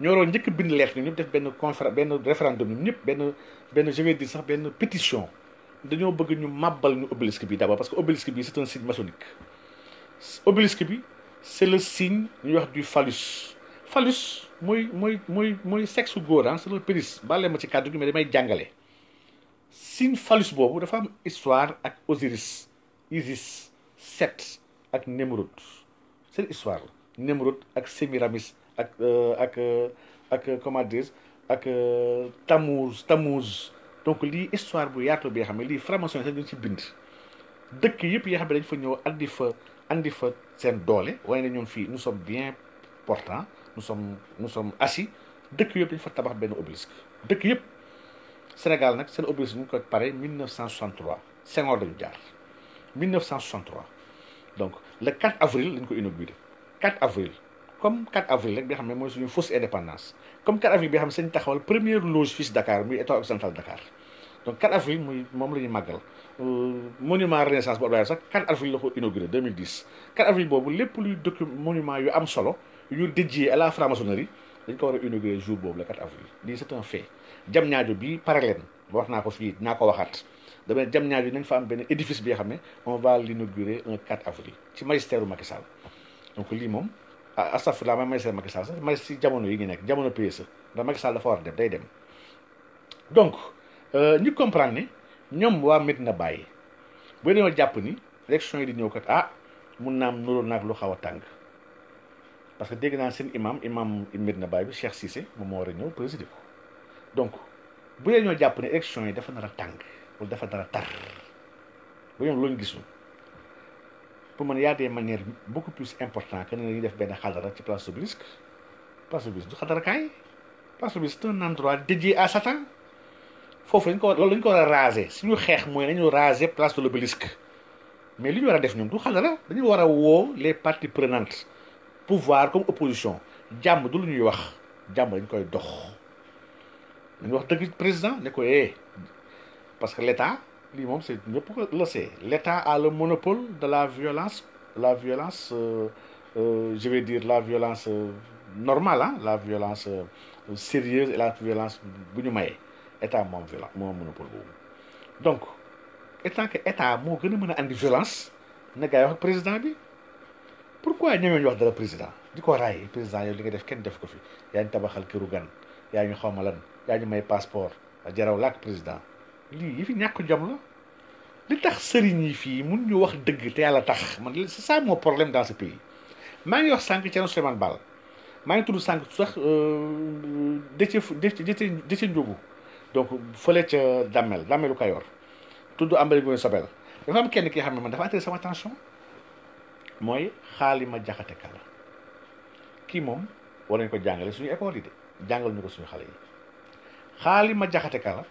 ñoo doon njëkk bind lettre ñoom ñëpp def benn conférence benn référendum ñoom ñëpp benn benn je vais dire sax benn pétition dañoo bëgg ñu màbbal ñu obélisque bi d'abord parce que obélisque bi c'est un signe maçonnique obélisque bi c'est le signe ñuy wax du phallus phallus mooy mooy mooy mooy sexe góor ah c'est le pénis ma ci kàddu gi damay jàngale signe phallus boobu dafa am histoire ak Osiris Isis Set ak Némrod seen histoire la Némrod ak Sémiramis ak euh, ak euh, ak euh, comment dire ak tamouz tamouz donc l'histoire histoire bu yaatu bi xamé li ne lii franc-maçon sax dañ ci bind dëkk yëpp yi nga dañ fa ñëw andi fa andi fa seen doole waaye ne ñoom fii nous sommes bien portants nous sommes nous sommes assis dëkk yëpp dañ fa tabax benn obélisque dëkk yëpp Sénégal nag seen obélisque ñu ko paré 1963 Senghor dañu jaar 1963 donc le 4 avril lañ ko inauguré 4 avril comme 4 avril rek bi xamné moy suñu fausse indépendance comme 4 avril bi xam seen taxawal première loge fils Dakar muy état occidental Dakar donc 4 avril muy mom la magal. màggal euh, monument renaissance bu sax 4 avril la ko inauguré 2010 4 avril bobu lepp luy monument yu am solo yu dédié à la franc-maçonnerie dañ ko wara inaugurer jour de le 4 avril c'est un fait jam ñaajo bi pare leen wax naa ko fii naa ko waxaat dama ne jam nañ fa am benn édifice bi nga on va l'inaugurer un 4 avril ci magistère u Macky Sall donc lii moom ah astafurlah ma may seen Macky Sall sax may si jamono yi ñu nekk jamono PSE ndax Macky Sall dafa war a dem day dem donc euh, ñu comprendre ni ñoom waa Medina Baye ba dañoo jàpp ni élection yi di ñëw ko ah mun naa am niróo naag lu xaw a tàng parce que dégg naa seen imam imam na Baye bi Cheikh Cissé moom moo war a ñëw présider ko donc bu dee ñoo jàpp ne élection yi dafa nar a tàng wala dafa nar a tar ba ñoom looñu gisul. pour moi, il y a des manières beaucoup plus importantes que nous devons faire dans la place La Place obélisque, du khadara La Place obélisque, c'est un endroit dédié à Satan. foofu lañ ko loolu lañ ko war a raser suñu nous mooy nañu raser place de l'obélisque mais li ñu war a def ñoom du xadara dañu war a les parties prenantes pouvoir comme opposition jàmm du lu ñuy wax jàmm dañ koy dox dañu wax dëgg président ne ko eh parce que l'État, limon c'est ne ko le c'est l'État a le monopole de la violence la violence euh, euh, je vais dire la violence euh, normale hein? la violence euh, sérieuse et la violence bu ñu mayee mon moom monopole donc étant que État moo gën a mën a andi violence na gaa yi wax président bi pourquoi ñemewuñu wax dara président di ko raay président yow li nga def ken def ko fi yaa ñu tabaxal këru gan yaa ñu xawma lan yaa a may passeport jaraw laak président lii yi fi ñàkk jom la li tax sëriñ yi fii mun ñu wax dëgg te yàlla tax man c'est ça mon problème dans ce pays maa ngi wax sànq Thierno Souleymane Ball maa ngi tudd sànq sax euh, Déthié Déthié Déthié Ndiogou donc fële ca Damel Damelu Kayor tudd Amary Ngoye Sobel dafa kenn kii xam ne man dafa attiré sama attention mooy Xaalima Jaxate Kala kii moom war nañ ko jàngale suñu école yi de jàngal ñu ko suñu xale yi Xaalima Jaxate Kala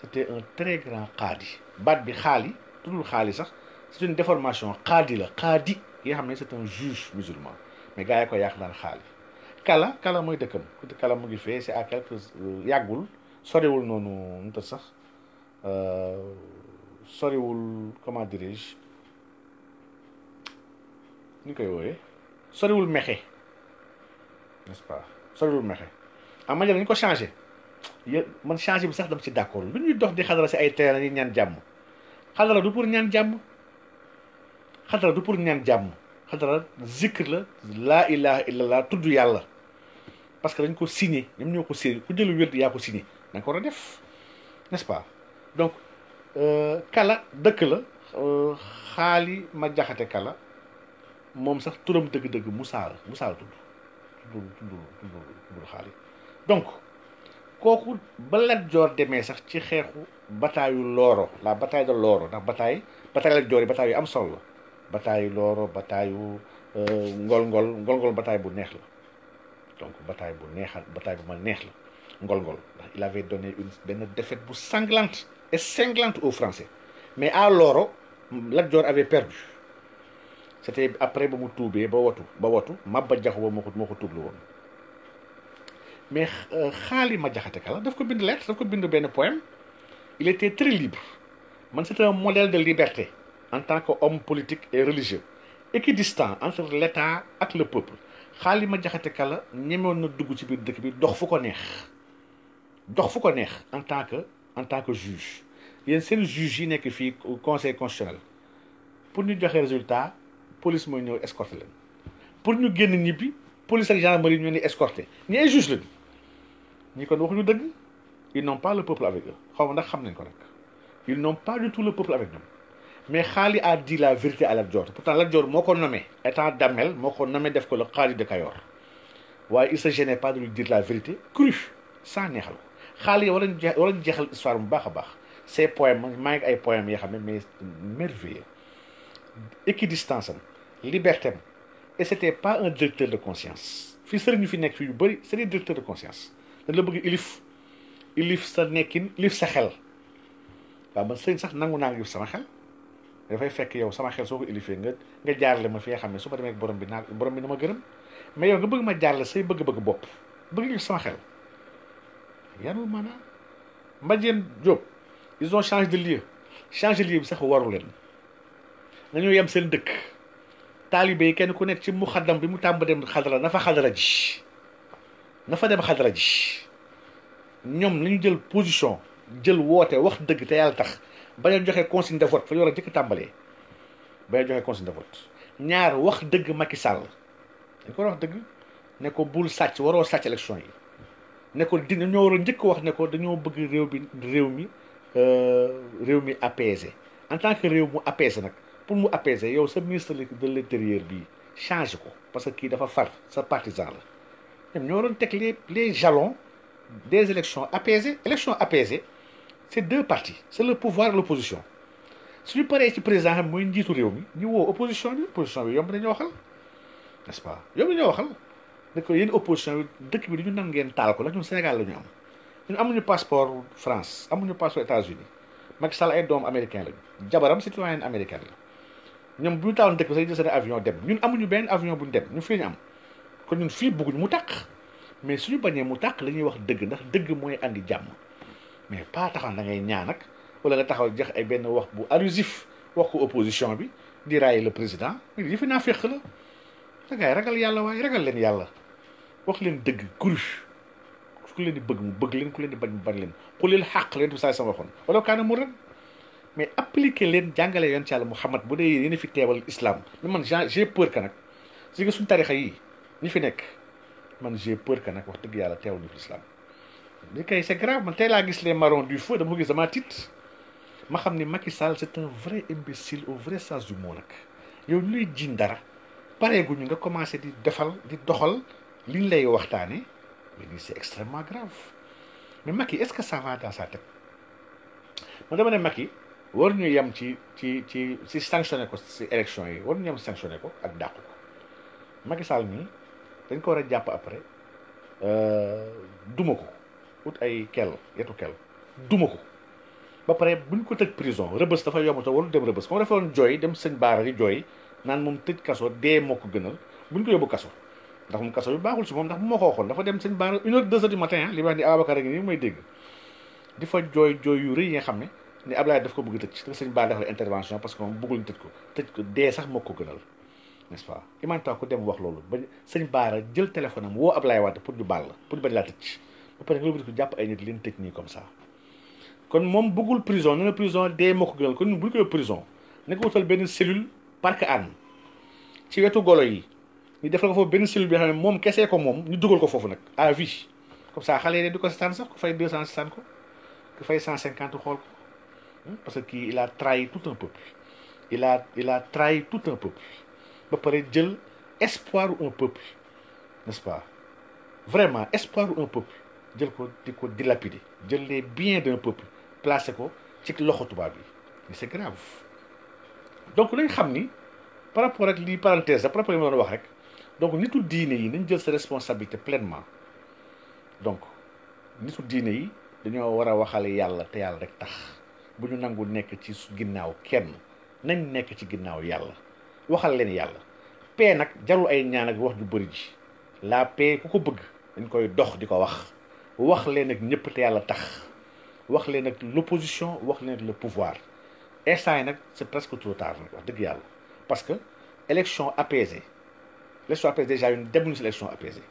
c'était un très grand qadi. bat bi tout tudul khali sax c'est une déformation Qadi, la qadi yi c'est un juge musulman mais gars yi ko yàq naan xaali kala kala mooy dëkkam kala mo ngi fee c'est à quelque euh, yàggul soriwul noonu mu tëdd sax euh, soriwul comment dirais-je ni koy wooyee soriwul mexé n'est-ce pas soriwul mexe am ma ñu ko changé man changer bi sax dama ci d'accord lu ñuy dox di xadra ci ay terrain yi ñaan jamm xadra du pour ñaan jamm xadra du pour ñaan jamm xadra zikr la la ilaha illallah tuddu yalla parce que dañ ko signé ñoom ñoko ko ku jël wér ya ko signé dañ ko war def n'est-ce pas donc euh kala dekk la euh, xali ma jaxate kala mom sax turam deug deug musa musa tuddu tuddu tuddu tuddu xali donc kooku ba la Joor demee sax ci xeexu bataayu Looro la bataille de Looro ndax bataille bataille la Joor yi bataille yu am solo la bataayu Looro bataayu ngol-ngol euh, ngol-ngol bataille bu neex la donc bataille bu neexal bataille bu ma neex la ngol-ngol ndax il avait donné une benn défaite bu sanglante et sanglante aux Français mais à Looro la Joor avait perdu c'était après ba mu tuubee ba watu ba watu mabba Jaxu Ba moo ko moo ko tuublu woon mais Xaalima euh, Jaxate Ka la daf ko bind lettre daf ko bind benn poème il était très libre man c'était un modèle de liberté en tant qu'homme politique et religieux équidistant entre l'État et le peuple Xaalima Jaxate Ka la ñemewoon na dugg ci biir dëkk bi dox fu ko neex dox fu ko neex en tant que en tant que juge yéen seen juge yi nekk fii conseil constitutionnel pour ñu joxe résultat police mooy ñëw escorté leen pour ñu génn ñibbi police ak gendarmerie ñoo ni escorté ñi ay juge lañu ñi kon waxuñu dëgg ils n'ont pas le peuple avec eux xaw ma ndax xam nañ ko rek ils n'ont pas du tout le peuple avec eux mais Khali a dit la vérité à la Dior pourtant la Dior moo ko nommé étant damel moo ko nommé def ko le Khali de Kayor waaye il se gênait pas de lui dire la vérité crue sans neexal ko Khali war nañu war jeexal histoire bu baax a baax ses poèmes maa ngi ay poèmes yoo xam mais merveilleux équidistance liberté am et c'était pas un directeur de conscience fi sëriñ fi nekk fi yu bëri c'est des directeurs de conscience dañ la bëgg ilif ilif sa nekkin ilif sa xel waaw man sëñ sax nangu naa ilif sama xel dafay fekk yow sama xel soo ko ilifee nga nga jaarale ma fi nga xam ne su ma demee ak borom bi naa borom bi na ma gërëm mais yow nga bëgg ma jaarale say bëgg-bëgg bopp bëgg ilif sama xel yarul maanaam Mbadiène Diop ils ont changé de lieu changé lieu bi sax waru leen nañoo yem seen dëkk taalibe yi kenn ku nekk ci mu xaddam bi mu tàmba dem xadara na fa xadara ji na fa dem xadra ji ñoom la ñu jël position jël woote wax dëgg te yàlla tax ba bañoo joxe consigne de vote fa ñu war a jëkk tàmbalee bañoo joxe consigne de vote ñaar wax dëgg Macky Sall dañ ko wax dëgg ne ko bul sàcc waroo sàcc élection yi ne dina ñoo war a njëkk wax ne ko dañoo bëgg réew bi réew mi euh, réew mi apaisé en tant que réew mu apaisé nag pour mu apaisé yow sa ministre de l'intérieur bii change ko parce que kii dafa far sa partisan la Nous avons les jalons des élections apaisées élections apaisées c'est deux partis c'est le pouvoir l'opposition nous président dit opposition une opposition n'est-ce pas est waxal opposition France passeport États-Unis Macky Sall ay une américain qui jabaram citoyen américain la avion opposition kon ñun fii bëgguñ mu tàq mais suñu bañee mu tàq la ñuy wax dëgg ndax dëgg mooy andi jàmm mais pas taxaw da ngay ñaan ak wala nga taxaw jeex ay benn wax bu allusif wax ko opposition bi di railler la président yi fi naa féq la dagay ragal yàlla waaye ragal leen yàlla wax leen dëgg kurush ku leen di bëgg mu bëgg leen ku leen di bañ mu bañ leen ku leen xàq leen tu saa sama waxoon wala kaana mu ren mais appliquer leen jàngale yoon ci yàlla Muhammad bu dee yéen a fi teewal islam man j'ai peur que nag si nga suñ ni fi nekk man j'ai peur que nag wax dëgg yàlla teew ñu fi islam li kay c'est grave man tey laa gis les marrons du feu dama ko gis damaa tit ma xam ni Macky Sall c'est un vrai imbécile au vrai sens du mot nag yow ñu lay jiin dara pareeguñu nga commencé di defal di doxal liñ lay waxtaane mais lii c'est extrêmement grave mais Macky est-ce que ça va dans sa tête man dama ne Macky war ñu yem ci ci ci ci sanctionné ko ci élection yi war ñu yem sanctionné ko ak dàqu ko Macky Sall nii dañ ko war a jàpp après euh, duma ko ut ay kell yetu kel duma ko ba pare buñ ko tëj prison rëbës dafa yomb te warul dem rëbës comme dafa doon jooy dem sëñ baara di jooy naan moom tëj kaso dee moo ko gënal buñ ko yóbbu kaso ndax moom kaso bi baaxul si moom ndax bu ma ko waxoon dafa dem sëñ baara une heure deux heures du matin li wax ni Ababacar a ngi nii may dégg di fa jooy jooy yu yi nga xam ne ni Ablaye daf ko bëgg tëj te sëñ baara dafa intervention parce que moom bëggul ñu tëj ko dee sax moo ko gënal n'est-ce pas i man que wax Baara téléphone pour lui pour comme ça kon pas prison ça. na prison il prison ça. ko wutal cellule parc Il ci a golo yi ça. ko cellule vie comme ça hmm? parce que il a trahi tout un peuple il a il a trahi tout un peuple ba pare jël espoir un peuple n'est-ce pas vraiment espoir un peuple jël ko di ko dilapider jël les biens d'un peuple placer ko ci loxo tubaab bi mais c'est grave donc nañ xam ni par rapport ak lii parenthèse la par rapport li ma doon wax rek donc nitu diine yi nañ jël sa responsabilité pleinement donc nitu diine yi dañoo war a waxale yàlla te yàlla rek tax bu ñu nangu nekk ci ginnaaw kenn nañ nekk ci ginnaaw yàlla waxal leen yàlla paix nag jarul ay ñaan ak wax ju bëri ji la paix ku ko bëgg dañ koy dox di ko wax wax leen ak ñëpp te yàlla tax wax leen ak l'opposition wax leen ak le pouvoir instant yi c'est presque trop tard nag wax dëgg yàlla parce que élection apaisée l'élection apaisée déjà une demuñu si élection apaisée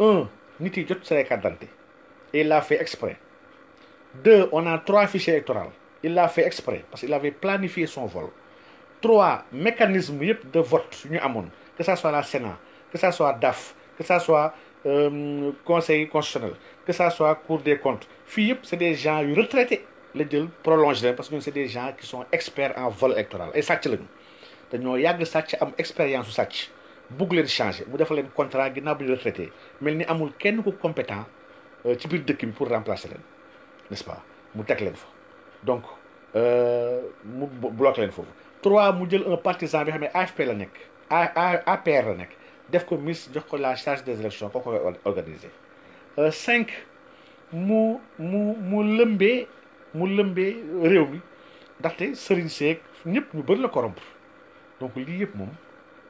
un nit yi jot seen carte il l'a fait exprès deux on a trois fichiers électoraux il l'a fait exprès parce qu'il avait planifié son vol trois mécanismes de vote que ce soit la Sénat que ce soit DAF que ce soit le euh, conseil constitutionnel que ce soit cour des comptes Ce sont des gens retraités les délais prolongent parce que c'est sont des gens qui sont experts en vol électoral Et ça, c'est dañoo que am expérience su qui bugg leen changé mu defal un contrat vous devez ñu retraité mel ni amul kenn ku compétent euh, ci biir dëkk pour remplacer nest ce pas mu teg leen fa donc euh, mu bloqué les foofu. 3 mu jël un partisan bi xamé HP la nek APR la nek def ko miss jox ko la charge des élections ko koy organiser 5 euh, mu mu mu lëmbee mu lëmbee réew mi ndaxte Serigne Seck ñepp ñu bëri la corrompre donc li yépp mom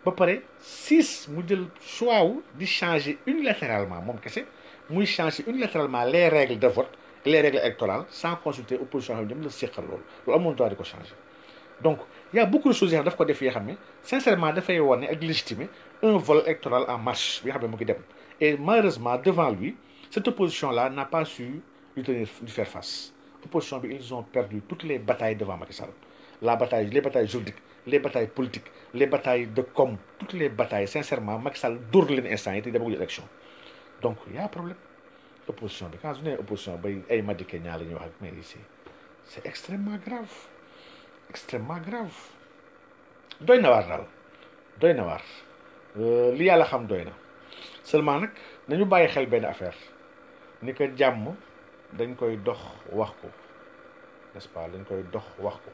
ba paré 6 mu jël choix wu di changer unilatéralement mom kessé muy changer unilatéralement les règles de vote les règles électorales sans consulter opposition xam ne ñoom la séqal loolu droit di ko changer donc il y' a beaucoup de choses qui ont été ko sincèrement il ak un vol électoral en marche et malheureusement devant lui cette opposition là n'a pas su lui faire face opposition ils ont perdu toutes les batailles devant Macky Sall la bataille les batailles juridiques les batailles politiques les batailles de com toutes les batailles sincèrement Macky Sall dóor il instant yi de demaguñu Donc, donc y' a un problème L'opposition, quand opposition extrêmement grave extrêmement grave doy na waar doy na euh, li yàlla xam doy na seulement nag nañu bàyyi xel benn affaire ni ko jàmm dañ koy dox wax ko n'est-ce pas dañ koy dox wax ko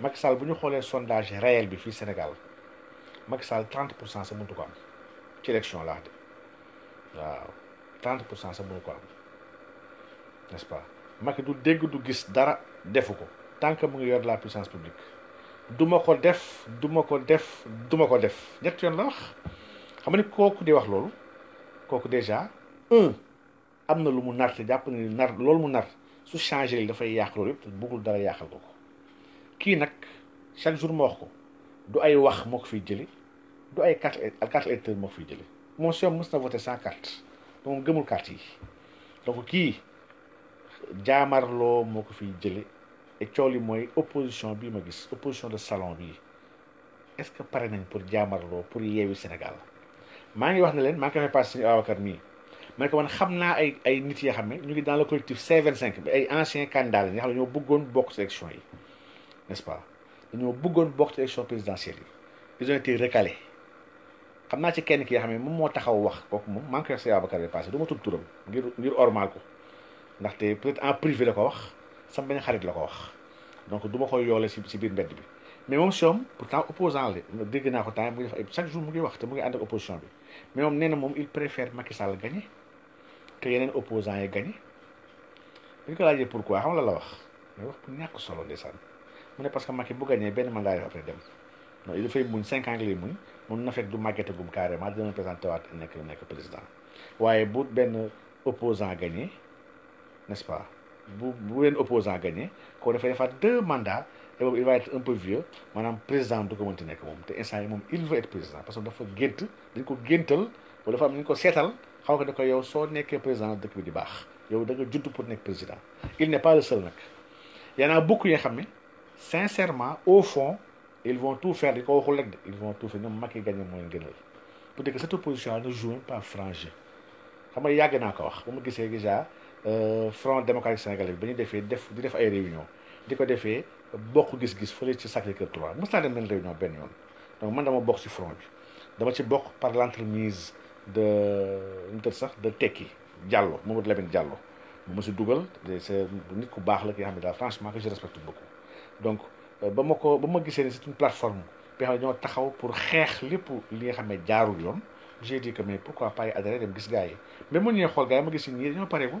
Macky bu ñu xoolee sondage réel bi fii Sénégal Macky Sall pour cent sa mëntu ko am ci élection laa de waaw 30 pour cent sa mënu ko am n'est-ce pas du dégg du gis dara defu ko tant que mu ngi yor la puissance publique du ma ko def du ma ko def du ma ko def ñett yoon la wax xam nga ni kooku di wax loolu kooku déjà am na lu mu nar te jàpp na ni nar loolu mu nar su changé li dafay yàq loolu yëpp te bëggul dara yàqal ko ko kii nag chaque jour ma wax ko du ay wax moo ko fi jële du ay carte carte électeur moo ko fiy jële monsieur mës na voté sans carte donc gëmul carte yi donc kii jaamarloo moo ko fiy jële te coow li mooy opposition bi ma gis opposition de salon bi est-ce que pare nañ pour jaamarloo pour yeewi Sénégal maa ngi wax ne leen maa ngi koy passé suñu Ababacar mii man ko man xam naa ay ay nit yoo xam ne ñu ngi dans le collectif C25 bi ay anciens candidats yi nga xam ñoo bëggoon bokk ci élection yi n'est-ce pas dañoo bëggoon bokk ci élection présidentielle yi ils ont été recalés xam naa ci kenn ki nga xam ne moom moo taxaw wax kooku moom maa ngi koy wax si Ababacar bi passé du ma tudd turam ngir ngir ormal ko ndaxte peut en privé sama benn xarit la ko wax donc du ma koy yoole si si biir mbedd bi mais moom Soham pourtant opposant la dégg naa ko temps mu ngi def ay chaque jour mu ngi wax te mu ngi ànd ak opposition bi mais moom nee na moom il préfère Sall gagné que yeneen opposants yi gagné bi ñu ko laajee pourquoi xam la la wax mais wax bu ñàkk solo ndeysaan mu ne parce que Macky bu gagné benn mandat def dem non il dafay muñ cinq du màggete gum carrément dina présenté waat nekk nekk président waaye bu benn opposant gagné n'est-ce pas bu bu gagner opposant gagné koo dafay fait deux mandats et il va être un peu vieux maanaam président du ko mënti nekk moom te instant yi il veut être président parce que dafa gént dañ ko géntal wala dafa am ñu ko s'étal, xaw ko ne ko yow soo nekkee président dëkk bi di baax yow da nga judd pour nekk président il n'est pas le seul il y en a beaucoup qui xam sincèrement au fond ils vont tout faire di ko waxul rek ils vont tout faire ils vont gagné mooy gënal peut-être que cette opposition ne joue pas franc jeu xam nga yàgg naa ko wax ba ma déjà euh, front démocratique sénégalais bi ba ñu defee def di def ay réunion diko défé bokk gis-gis fële ci Sacré-Cœur 3 mos naa dem benn réunion ben yoon donc man dama bokk ci front bi dama ci bokk par l'entremise de ñu sax de Tekki Diallo Mamadou Lamine Diallo bu ma si dugal c'est nit ku bax la ki nga xam franchement que je respecte beaucoup donc euh, ba ma ko ba ma gisee c'est une plateforme bi nga ñoo taxaw pour xeex lépp li nga xam ne jaarul yoon j'ai dit que mais pourquoi pas y adhérer dem gis gaay mais mu ñé xol gaay ma gis ñii dañoo pareegul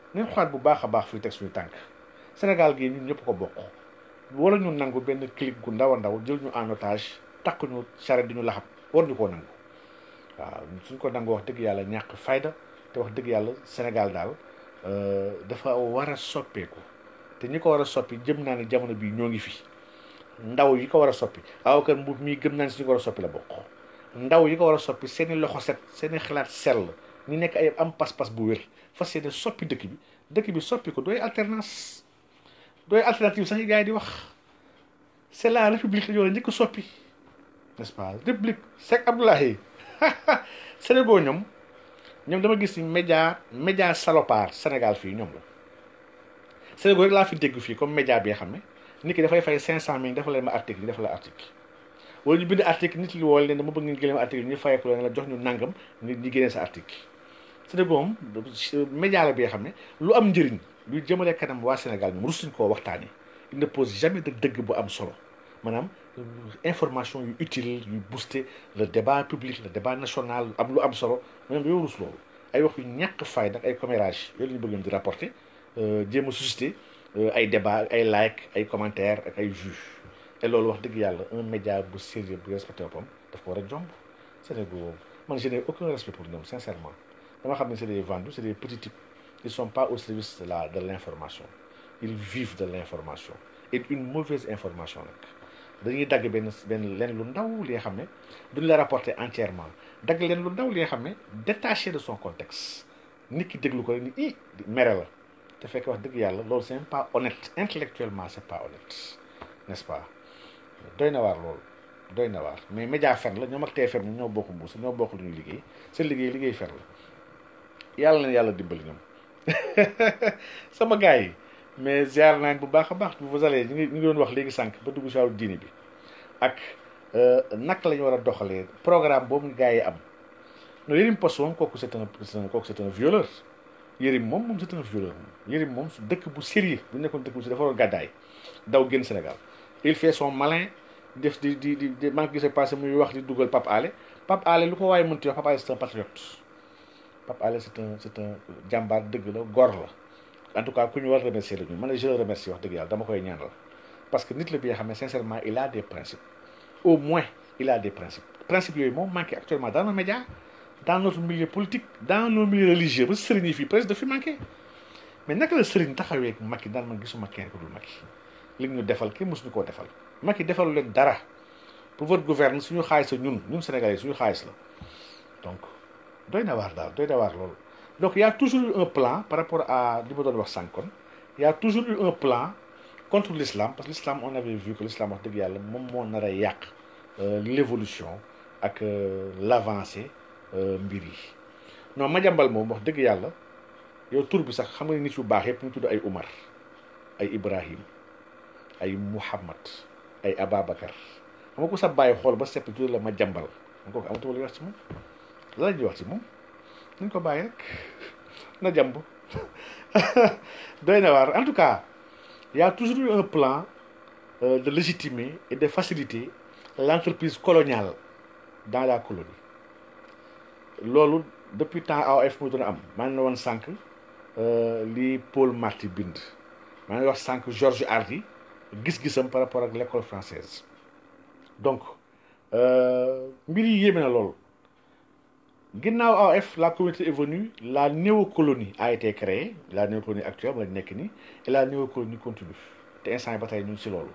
nañ xoolaat bu baax a baax fuy teg suñu tànk Sénégal gi ñun ñëpp ko bokk wala ñu nangu benn clique gu ndawa ndaw jël ñu en otage takk ñu charrette di ñu laxab war ñu koo nangu waaw suñ ko nangu wax dëgg yàlla ñàkk fayda te wax dëgg yàlla Sénégal daal euh, dafa war a soppeeku te ñi ko war a soppi jëm naa ne jamono bii ñoo ngi fii ndaw yi ko war a soppi aw kër mbubb mii gëm naa ne si ñu ko war a soppi la bokk ndaw yi ko war a soppi seeni loxo set seeni i xalaat sell ñu nekk ay am pas-pas bu wér fas yéene soppi dëkk bi dëkk bi soppi ko dooy alternance dooy alternative sax yi gars yi di wax c'est la république la ñu njëkk soppi n'est-ce pas république Seck Abdoulaye Sénégal ñoom ñoom dama gis ni média média salopard Sénégal fii ñoom la Sénégal rek laa fi dégg fii comme média bi xam ne nit ki dafay fay cinq cent mille dafa leen ma article dafa la article wala ñu bind article nit li woo leen dama bëgg ngeen gëlem article ñu fayeko la ne la jox ñu nangam nit ñi génnee sa article te moom média la bi nga xam ne lu am njëriñ lu jëmale kanam waa Sénégal ñoom rusuñ koo waxtaanee il ne pose jamais de dëgg bu am solo maanaam euh, information yu utile yu booster le débat public le débat national am lu am solo même yow rus loolu ay wax yu ñàkk fay nag ay commérage yooyu la ñu bëggoon di rapporter euh, jéem a susciter euh, ay débat ay like ay commentaires ak ay vues et loolu wax dëgg yàlla un média bu sérieux bu respecté boppam daf ko war a jomb Sénégal man je n'ai aucun respect pour ñoom sincèrement dama xam ne c'est des vendus c'est des petits types ils sont pas au service de la de l'information ils vivent de l'information et une mauvaise information nag dañuy dagg benn benn leen lu ndaw li nga xam ne duñ la rapporter entièrement dagg leen lu ndaw li nga xam ne détaché de son contexte nit ki déglu ko ni i mere la te fekk wax dëgg yàlla loolu c'est pas honnête intellectuellement c'est pas honnête n'est-ce pas doy na waar loolu doy na waar mais média fen la ñoom ak TFM ñoo bokk mbuus ñoo bokk lu ñuy liggéey seen liggéey liggéey fen la yàlla na yàlla dimbali ñoom sama gars yi mais ziar naa bu baax a baax vous allez ñu ngi ñu ngi doon wax léegi sànq ba dugg si wàllu diini bi ak euh, naka la ñu war a doxalee programme boobu gars yi am no Yérim Post moom kooku c'est un kooku c'est un violeur Yérim moom moom c'est un violeur moom Yérim moom su dëkk bu sérieux bu nekkoon dëkk bu sérieux dafa war a gàddaay daw génn Sénégal il fait son malin def di di di di man gisee passé muy wax di dugal Pape Alé Pape Alé lu ko waaye mënti wax Pape Alé c'est un patriote Pape Alé c'est un c'est un jambard de la gor la en tout cas ku ñu remercier le ñu je le remercie wax dëgg yàlla dama koy ñaanal parce que nit la bi nga sincèrement il a des principes au moins il a des principes principes manqué actuellement dans nos médias dans notre milieu politique dans nos milieux religieux ba sëriñ yi fii presque daf fi manqué mais naka la sëriñ taxawee Macky daal man gisuma kenn ku dul Macky li ñu defal kenn mosuñu koo defal Macky défaut le dara pour votre gouverne suñu xaalis la ñun ñun Sénégalais suñu xaalis la donc doy na waar daal doy na waar loolu donc y' a toujours eu un plan par rapport à li ma doon wax sànkoon y' a toujours eu un plan contre l'islam parce que l'islam on avait vu que l'islam wax dëgg yàlla moom moo nar a yàq euh, l'évolution ak euh, l'avancée euh, mbir yi non Madiambal moom wax dëgg yàlla yow tur bi sax xam nga nit yu baax yëpp ñu tudd ay Umar ay Ibrahim ay Muhammad ay Ababacar xam nga ko sa bàyyi xool ba sepp tudd la Madiambal man kooku amatuma lu wax ci moom la ñuy wax ci moom nañ ko bàyyi rek na jàmb doy na waar en tout cas y a toujours eu un plan euh, de légitimer et de faciliter l'entreprise coloniale dans la colonie loolu depuis temps AOF mu doon am maa ngi woon euh, li Paul Marty bind maa ngi wax sànq Georges Hardy gis-gisam par rapport ak l'école française donc euh, mbir yi yéeme na loolu ginnaaw AOF la communauté est venue la néocolonie a été créée la néocolonie actuelle mooy nek ni et la néocolonie continue c'est instant bataille ba tey ñu ci lolu.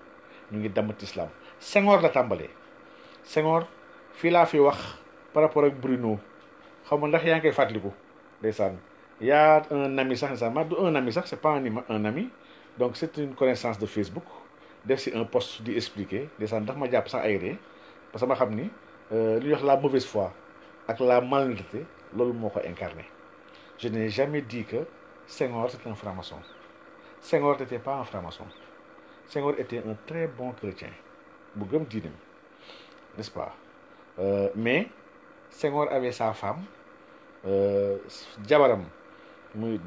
ñu ngi damat islam Senghor la tambalé. Senghor fii laa fi wax par rapport ak Bruno xam ndax ya ngi koy Il ya a un ami sax sama, ma du un ami sax c'est pas un ami donc c'est une connaissance de Facebook def ci un post di expliquer ndeysaan ndax ma japp sax ay parce que ma xam ni euh, li wax la mauvaise foi avec la malhonnêteté, incarné. Je n'ai jamais dit que Seigneur était un franc-maçon. Senghor n'était pas un franc-maçon. Senghor était un très bon chrétien. Bougum Dinim. N'est-ce pas? Euh, mais Seigneur avait sa femme, euh, Djabaram,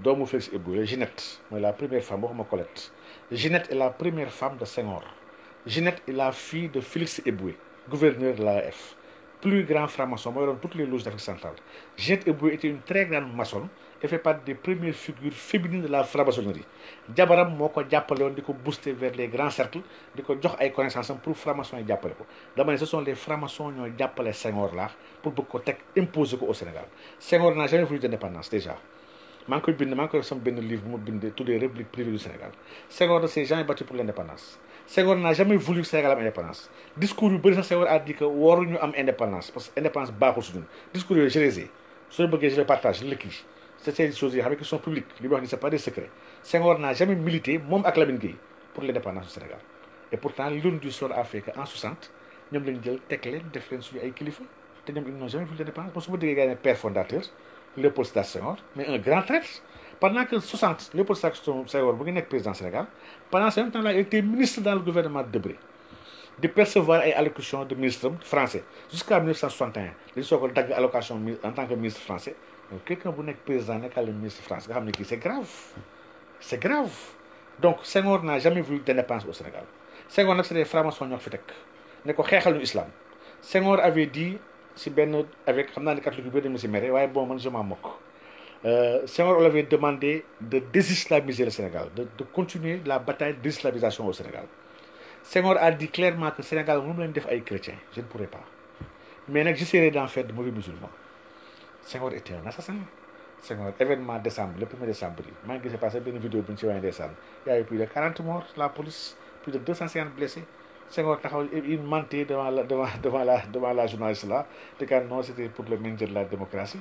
Domou Félix Eboué, Ginette, la première femme, Bohma Colette. Ginette est la première femme de Seigneur. Ginette est la fille de Félix Eboué, gouverneur de l'AF plus grand franc-maçon mooy toutes les loges d'Afrique centrale Jette Eboué était une très grande maçonne et fait partie des premières figures féminines de la franc-maçonnerie jabaram moi, ko jàppale booster vers les grands cercles di ko jox ay connaissances pour franc-maçon maçons ko ce sont les francs-maçons qui jàppale Senghor là pour bëgg ko imposer au Sénégal Senghor n'a jamais voulu d'indépendance déjà Il de koy bind de ngi livre les républiques privées du Sénégal Senghor de ces gens battu pour l'indépendance Senghor n'a jamais voulu que le Sénégal ait indépendance discours du président a dit que nous am indépendance parce que indépendance baaxul si Le discours de gérésé. les ai je partage je c'est ces choses là qui sont publiques Ce n'est pas des secrets Senghor n'a jamais milité même avec Lamine Gueye pour l'indépendance du Sénégal et pourtant l'une du sort a fait qu'en en 60 ñoom lañ jël teg leen def leen suñu ay kilifa te ils n'ont jamais voulu l'indépendance Parce que ma déggee un père fondateur poste de Senghor mais un grand traître pendant que 60, Léopold président du Sénégal, pendant ce temps-là, il était ministre dans le gouvernement de Debré. De percevoir les allocations de ministre français jusqu'à 1961. Il a eu allocation en tant que ministre français. Quelqu'un qui est président, n'est le ministre français. C'est grave. C'est grave. Donc, Senghor n'a jamais voulu dépenses au Sénégal. Senghor n'a pas des francs-maçons qui ont fait. Il a islam. Senghor avait dit, si ben avec, le ne sais du si je maire, bon, je m'en moque. Seigneur, Senghor, on avait demandé de désislamiser le Sénégal, de, continuer la bataille d'islamisation au Sénégal. Seigneur a dit clairement que le Sénégal, nous voulons faire chrétiens. Je ne pourrais pas. Mais j'essaierai d'en faire de mauvais musulmans. Seigneur était un assassin. Seigneur, événement décembre, le 1er décembre, passé une vidéo de décembre, il y a eu plus de 40 morts, la police, plus de 250 blessés. Senghor, il mentait devant la, devant, devant la, devant la journaliste là, de non, c'était pour le maintien de la démocratie.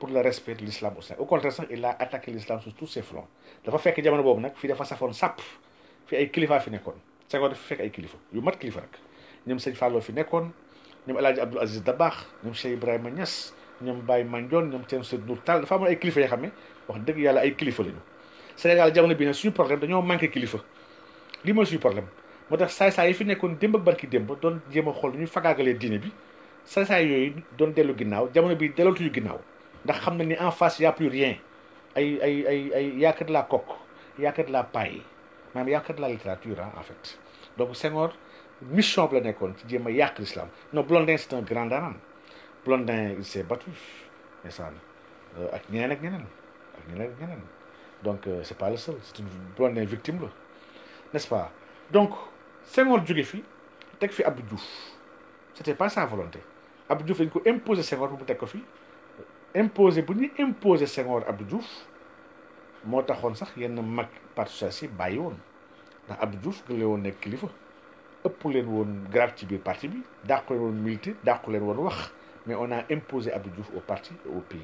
pour le respect de l'islam au Sénégal au contraire sax il a attaqué dafa fekk jamono boobu nag fii dafa safoon sàpp fi ay kilifa fi nekkoon Senghor dafa fekk ay kilifa yu mat kilifa rek ñoom sëñ Fallou fi nekkoon ñoom El Hadj Abdoul Aziz Dabakh ñoom Cheikh Ibrahima Niass ñoom Baye Mandione ñoom Thierno Seydou Nour Tall dafa amoon ay kilifa yoo xam ne wax dëgg yàlla ay kilifa lañu Sénégal bi nag suñu dañoo manqué kilifa lii mooy suñu problème moo tax saay yi fi nekkoon démb ak barki démb doon jéem xool ñu fagaagalee diine bi saay-saay yooyu doon dellu ginnaaw jamono bi delootuñu ginnaaw ndax xam ni en face y' a plus rien ay ay ay a que de la coque y' a que de la paille il y' a que de la littérature hein, en fait donc Senghor mission bi la nekkoon ci jéem a yàq l'islam non Blondin c'est est un grand daanaan Blondin il s' battu mais ça euh, ñeneen ak ñeneen ak ak donc euh, c' est pas le seul c'est une Blondin victime la n' ce pas donc Senghor jóge fi teg fi Abdou Diouf c' pas sa volonté abdouf Diouf dañ ko imposer Senghor bu mu teg ko imposé bu ñu imposé Senghor Abdou Diouf moo taxoon sax yenn mag parti socialiste yi bàyyi woon ndax Abdou Diouf gën leen woon nekk kilifa ëpp leen woon grave ci biir parti bi dàqu leen woon milité dàqu leen woon wax mais on a imposé Abdou Diouf au parti et au pays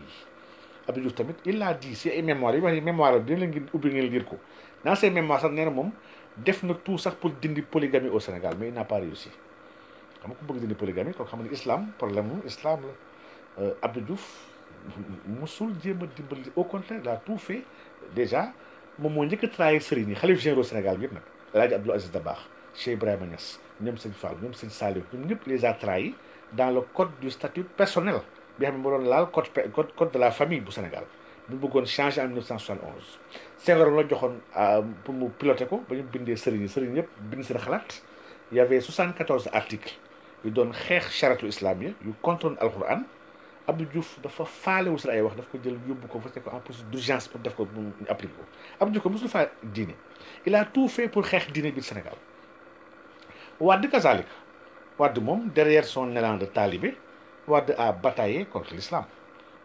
Abdou Diouf tamit il a dit si ay mémoires yi wax mémoire bi dina leen ngeen ubbi ngeen lire ko dans ses mémoires sax nee moom def na tout sax pour dindi polygamie au Sénégal mais il n'a pas réussi xam nga ku bëgg dindi polygamie kon xam nga islam problème mu islam la euh, Abdou musul jéem dimbali au contraire il a tout fait déjà moom moo njëkk a trahir sëriñ yi xalif généraux Sénégal bi yëpp nag El Hadj Aziz Dabakh Cheikh Ibrahima Niass ñoom sëñ Fall ñoom sëñ Saliou ñoom ñëpp les a trahi dans le code du statut personnel bi xam ne moo doon laal code code de la famille bu Sénégal bu bëggoon changer en 1971 Senghor la joxoon euh, pour mu piloter ko ba ñu bindee sëriñ yi sëriñ yëpp bind seen xalaat y avait 74 articles yu doon xeex charatu islam yi yu contrôle Alquran Abdou Diouf dafa faalewul seen ay wax daf ko jël yóbbu ko voté ko en plus d'urgence pour def ko mu ko Abdou Diouf ko mosul faa diine il a tout fait pour xeex diine bi Sénégal Wade kazalik Wade moom derrière son élan de talibé Wade a bataillé contre l'islam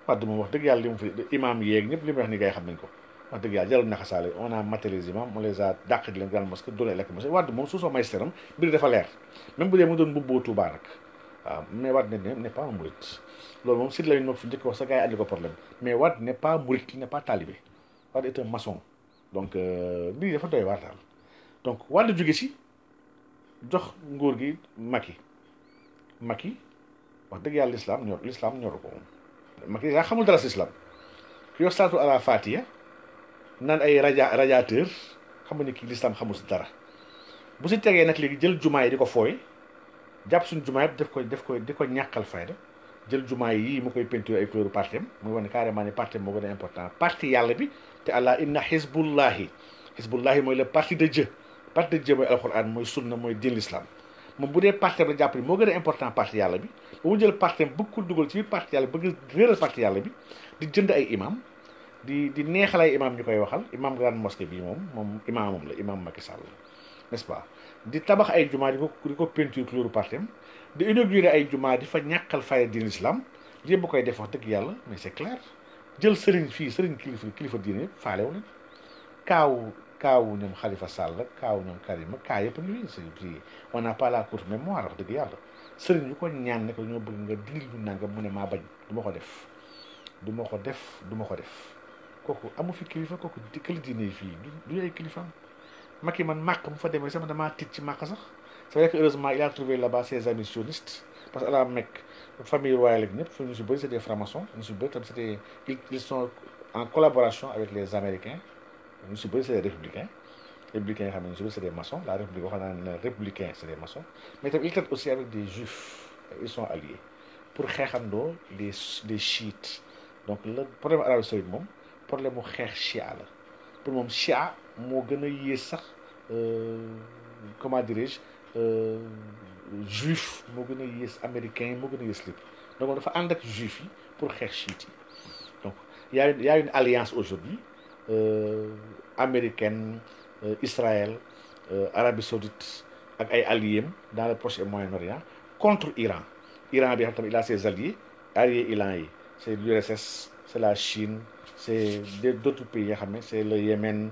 Wade moom wax dëgg yàlla li mu fi imam yeeg ñëpp li mu wax ni gay xam nañ ko wax dëgg yàlla jarul naxasaale on a maté les imams on les a dàq di leen grand mosquée doole lekk mosquée Wade moom su soo magistère mbir dafa leer même bu dee mu doon mbubboo Touba nag waaw mais Wade ne n'est pas un mouride loolu moom Sidy Lamine moo fi njëkk wax sa gars yi andi ko problème mais Wade n'est pas mouride il n'est pas talibé Wade est un donc euh, lii dafa doy waar daal donc Wade jóge si jox nguur gi Macky Macky wax dëgg yàlla l'islam ñor l'islam ñoru ko moom Macky yaa xamul dara si islam ki yor salaatu ala fatiha naan ay raja radiateur xam nga ni kii l'islam xamul si dara bu si tegee nag léegi jël jumaa yi di ko fooy jàpp suñu jumaa def ko def ko di ko ñàkkal fayda jël jumaa yi mu koy peinture ay couleur parti am muy wane carrément ne parti am moo gën a important parti yàlla bi te allah inna xisbullahi xisbullahi mooy la parti de Dieu parti de Dieu mooy alquran mooy sunna mooy din l'islam moom bu dee parti am la jàpp moo gën a important parti yàlla bi ba mu jël parti am bëgg ko dugal ci biir parti yàlla bëgg réeral parti yàlla bi di jënd ay imam di di neexal ay imam ñu koy waxal imam grande mosquée bi moom moom imamam la imam Macky Sall n'est-ce tabax ay jumaa di ko di ko de di inauguré ay jumaa di fa ñàkkal fayda diine islam lii bu koy def wax dëgg yàlla mais c'est clair jël sëriñ fii sëriñ kilifa kilifa diine yëpp faale wu nañ kaawu kaawu ñoom Khalifa Sall ak kaawu Karima kaa yëpp ñu si on n'a pas la courte dëgg yàlla sëriñ bi ko ñaan ne ko ñoo bëgg ne maa bañ du ma ko def du ma ko def du ko def kooku amu fi kilifa kooku di këli diine fii du ay kilifaam Macky man màq mu fa demee sama damaa tiit ci màq sax. c'est vrai que il a trouvé là-bas ses amis parce que la famille royale des francs-maçons ils sont en collaboration avec les américains Nous, supposons des républicains républicains des maçons la république des maçons mais ils traitent aussi avec des juifs ils sont alliés pour les chiites donc le problème arabe, c'est le problème de pour chia c'est a euh, comment dirais-je euh, juif moo gën a yées américain moo gën a donc juif pour xeex chiite donc y y a une alliance aujourd'hui euh, américaine euh, Israël Arabie Saoudite ak ay alliés dans le Proche et Moyen-Orient contre Iran Iran bi a ses alliés c'est l'URSS c'est la Chine c'est d'autres pays c'est le Yémen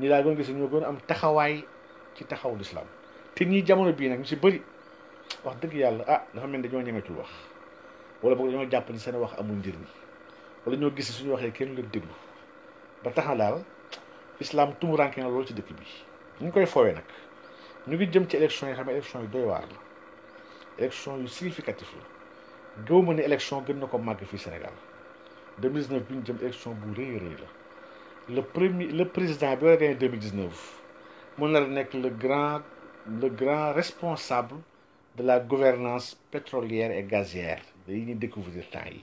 ñi daa gën gis ñoo gën am taxawaay ci taxaw lislaam te ñii jamono bii nag ñu si bëri wax dëgg yàlla ah dafa mel ni dañoo ñemetul wax wala boog dañoo jàpp ni seen wax amul njëriñ wala ñoo gis suñu waxee kenn la déglu ba tax na daal islam tumuranke na loolu ci dëkk bi ñu koy foowee nag ñu ngi jëm ci élection yi xam ne élection yu doy waar la élection yu significatif la gëw ma ne élection gën na ko màgg fii Sénégal 2019 bi ñu jëm élection bu rëy rëy la le premier le président de a 2019 il le grand le grand responsable de la gouvernance pétrolière et gazière dañuy ñuy le temps yi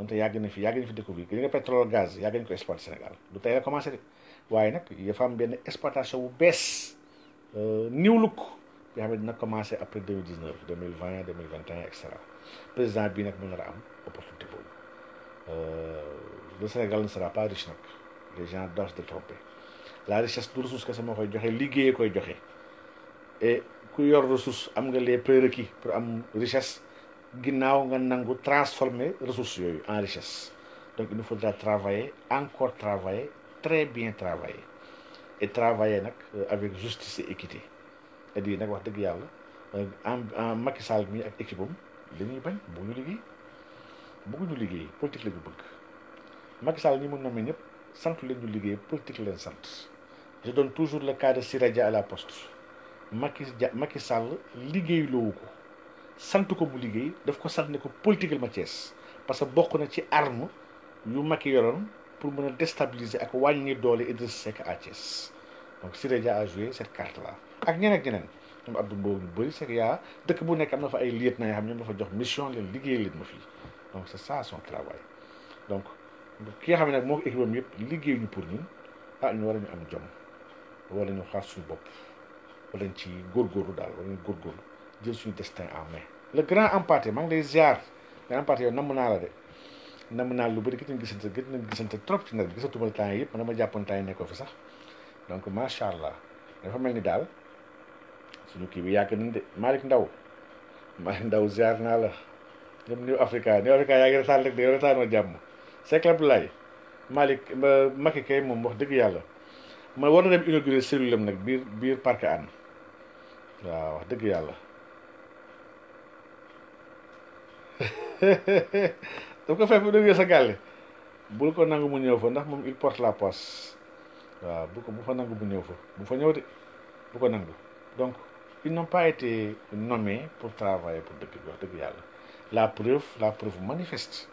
a yàgg na fi a na fi découvrir que le pétrole gaz a nañ ko Sénégal Il a a commencé de a nag dafa am exportation exploitation baisse euh, new look commencé après 2019 2020 2021 etc. Le président a nag mu opportunité euh, le Sénégal ne sera pas riche les genre doivent se tromper la richesse du ressource kese moo koy joxe liggéeyee koy joxe et ku yor ressource am nga les prérequis pour am richesse ginnaaw nga nangu transformer ressources yooyu en richesse donc il nous faudra travailler encore travailler très bien travailler et travailler nag euh, avec justice et équité et di nag wax dëgg yàlla euh, en en Macky Sall mi ak équipe li ñuy bañ bëgguñu liggéey bëgguñu liggéey politique la ñu bëgg Macky Sall ñi mun na mel sant leen ñu liggéey politique leen sant je donne toujours le cas de Siraja à la poste Macky Ja Macky Sall liggéey loowu ko sant ko mu liggéey daf ko sant ne ko politique ma Thiès parce que bokk na ci arme yu Macky yoroon pour mën a déstabiliser ak wàññi doole Idriss Seck à Thiès donc Siraja a joué cette carte là ak ñeneen ak ñeneen ñoom Abdou Mbow ñu bëri c'est yaa dëkk bu nekk am na fa ay lieutenant yoo xam ñoom dafa jox mission leen liggéey leen ma fii donc c'est ça son travail donc ki nga xam ne nag moo ko équipe yëpp liggéey ñu pour ñun ah ñu war a ñu am jom wala ñu xaar suñu bopp wala ñu ci góorgóorlu daal wala ñu góorgóorlu jël suñu destin en le grand empaté maa ngi lay ziar nga empaté yow namm naa la de namm naa lu bari gis nañ gisante gis nañ gisante trop ci nawet bi gisatuma temps yëpp man dama jàppoon temps yi nekkoo fi sax donc macha allah dafa mel ni daal suñu kii bi yàgg nañ de Malick Ndaw Malick Ndaw ziar naa la ñoom New Africa jàmm. Cheikh Abdoulaye Malick Macky kay moom wax dëgg yàlla ma war na dem inaugurer cellule am nag biir biir parc Hann waaw wax dëgg yàlla daf ko fekk inauguré sa gàlle bul ko nangou mu ñëw fa ndax mom il porte la poisse waaw bu ko bu fa nangou mu ñëw fa bu fa ñëw de bu ko nangou donc ils n'ont pas été nommés pour travailler pour dëkk wax dëgg yàlla la preuve la preuve manifeste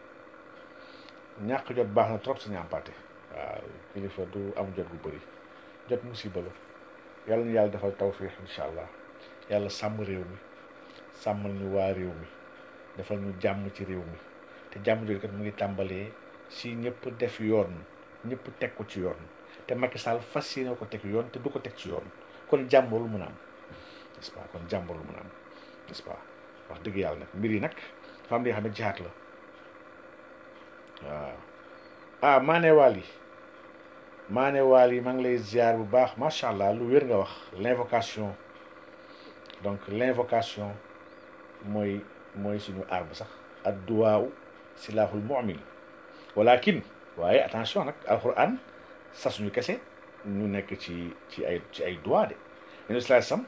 ñàkk jot baax na trop sa ñàmpaate waaw kilifa du am jot gu bëri jot musiba la yàlla ñu yàlla defal tawfiix incha allah yàlla sàmm réew mi sàmmal ñu waa réew mi defal ñu jàmm ci réew mi te jàmm jooju kat mu ngi tàmbalee si ñëpp def yoon ñëpp teg ko ci yoon te Macky Sall fas ko teg yoon te du ko teg ci yoon kon jàmm lu mun am n'est-ce pas kon jàmm lu mun am n'est-ce pas wax dëgg yàlla nag mbir yi nag dafa am li nga xam ne jihaat la Ah. ah Mané wali Mané wali maa ngi lay ziar bu baax macha allah lu wër nga wax l'invocation donc l'invocation moy moy suñu arme sax adduwaaw silahul mu'min walakin waye attention nag alquran suñu kessé ñu nekk ci ci ay ci ay dua de ñu salaai sam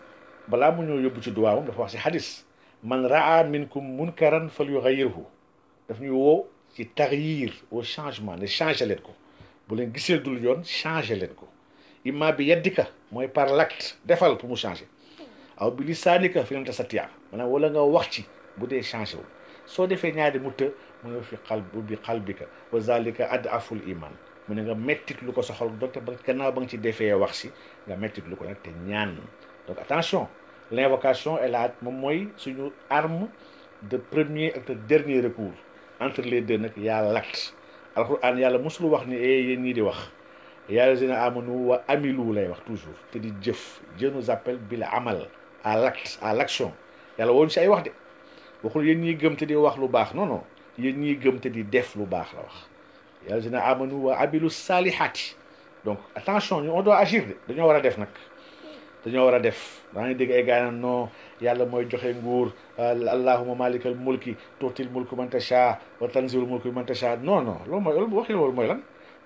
bala mu ñu yobbu ci duwaawam dafa wax si hadith man raa minkum munkaran falyughayyirhu daf ñu woo ci taxyir au changement ne changé leen ko bu leen gisee dul yoon changé leen ko imma bi yeddika mooy par l'acte defal pour mu changé aw bi li sanika fi nanta sa tiyaa maanaam wala nga wax ci bu dee changé wu soo defee ñaari mutta mu ne fi xal bi xalbika wa zalika ad aful iman mu ne nga mettit lu ko sa xol donte ba gannaaw ba nga ci defee wax si nga mettit lu ko nag te ñaan donc attention l'invocation elle a moom mooy suñu arme de premier ak de dernier recours entre les deux nag yaa lat alquran yàlla mosul wax ni eh yéen ñii di wax yàlla dina amanu wa amilu lay wax toujours te di jëf Dieu nous appelle bil amal à l'acte à l'action yàlla woon si ay wax de waxul yéen ñiy gëm te di wax lu baax nono non yéen ñiy gëm te di def lu baax la wax yàlla dina amanu wa amilu saalihaati donc attention ñu on doit agir de dañoo war a def nag dañu wara def da nga dégg ay gaana yi non yàlla moy joxe nguur allahumma malikal mulki tutil mulku man tasha wa tanzilul mulku man tasha non non lo moy lo waxe loolu moy lan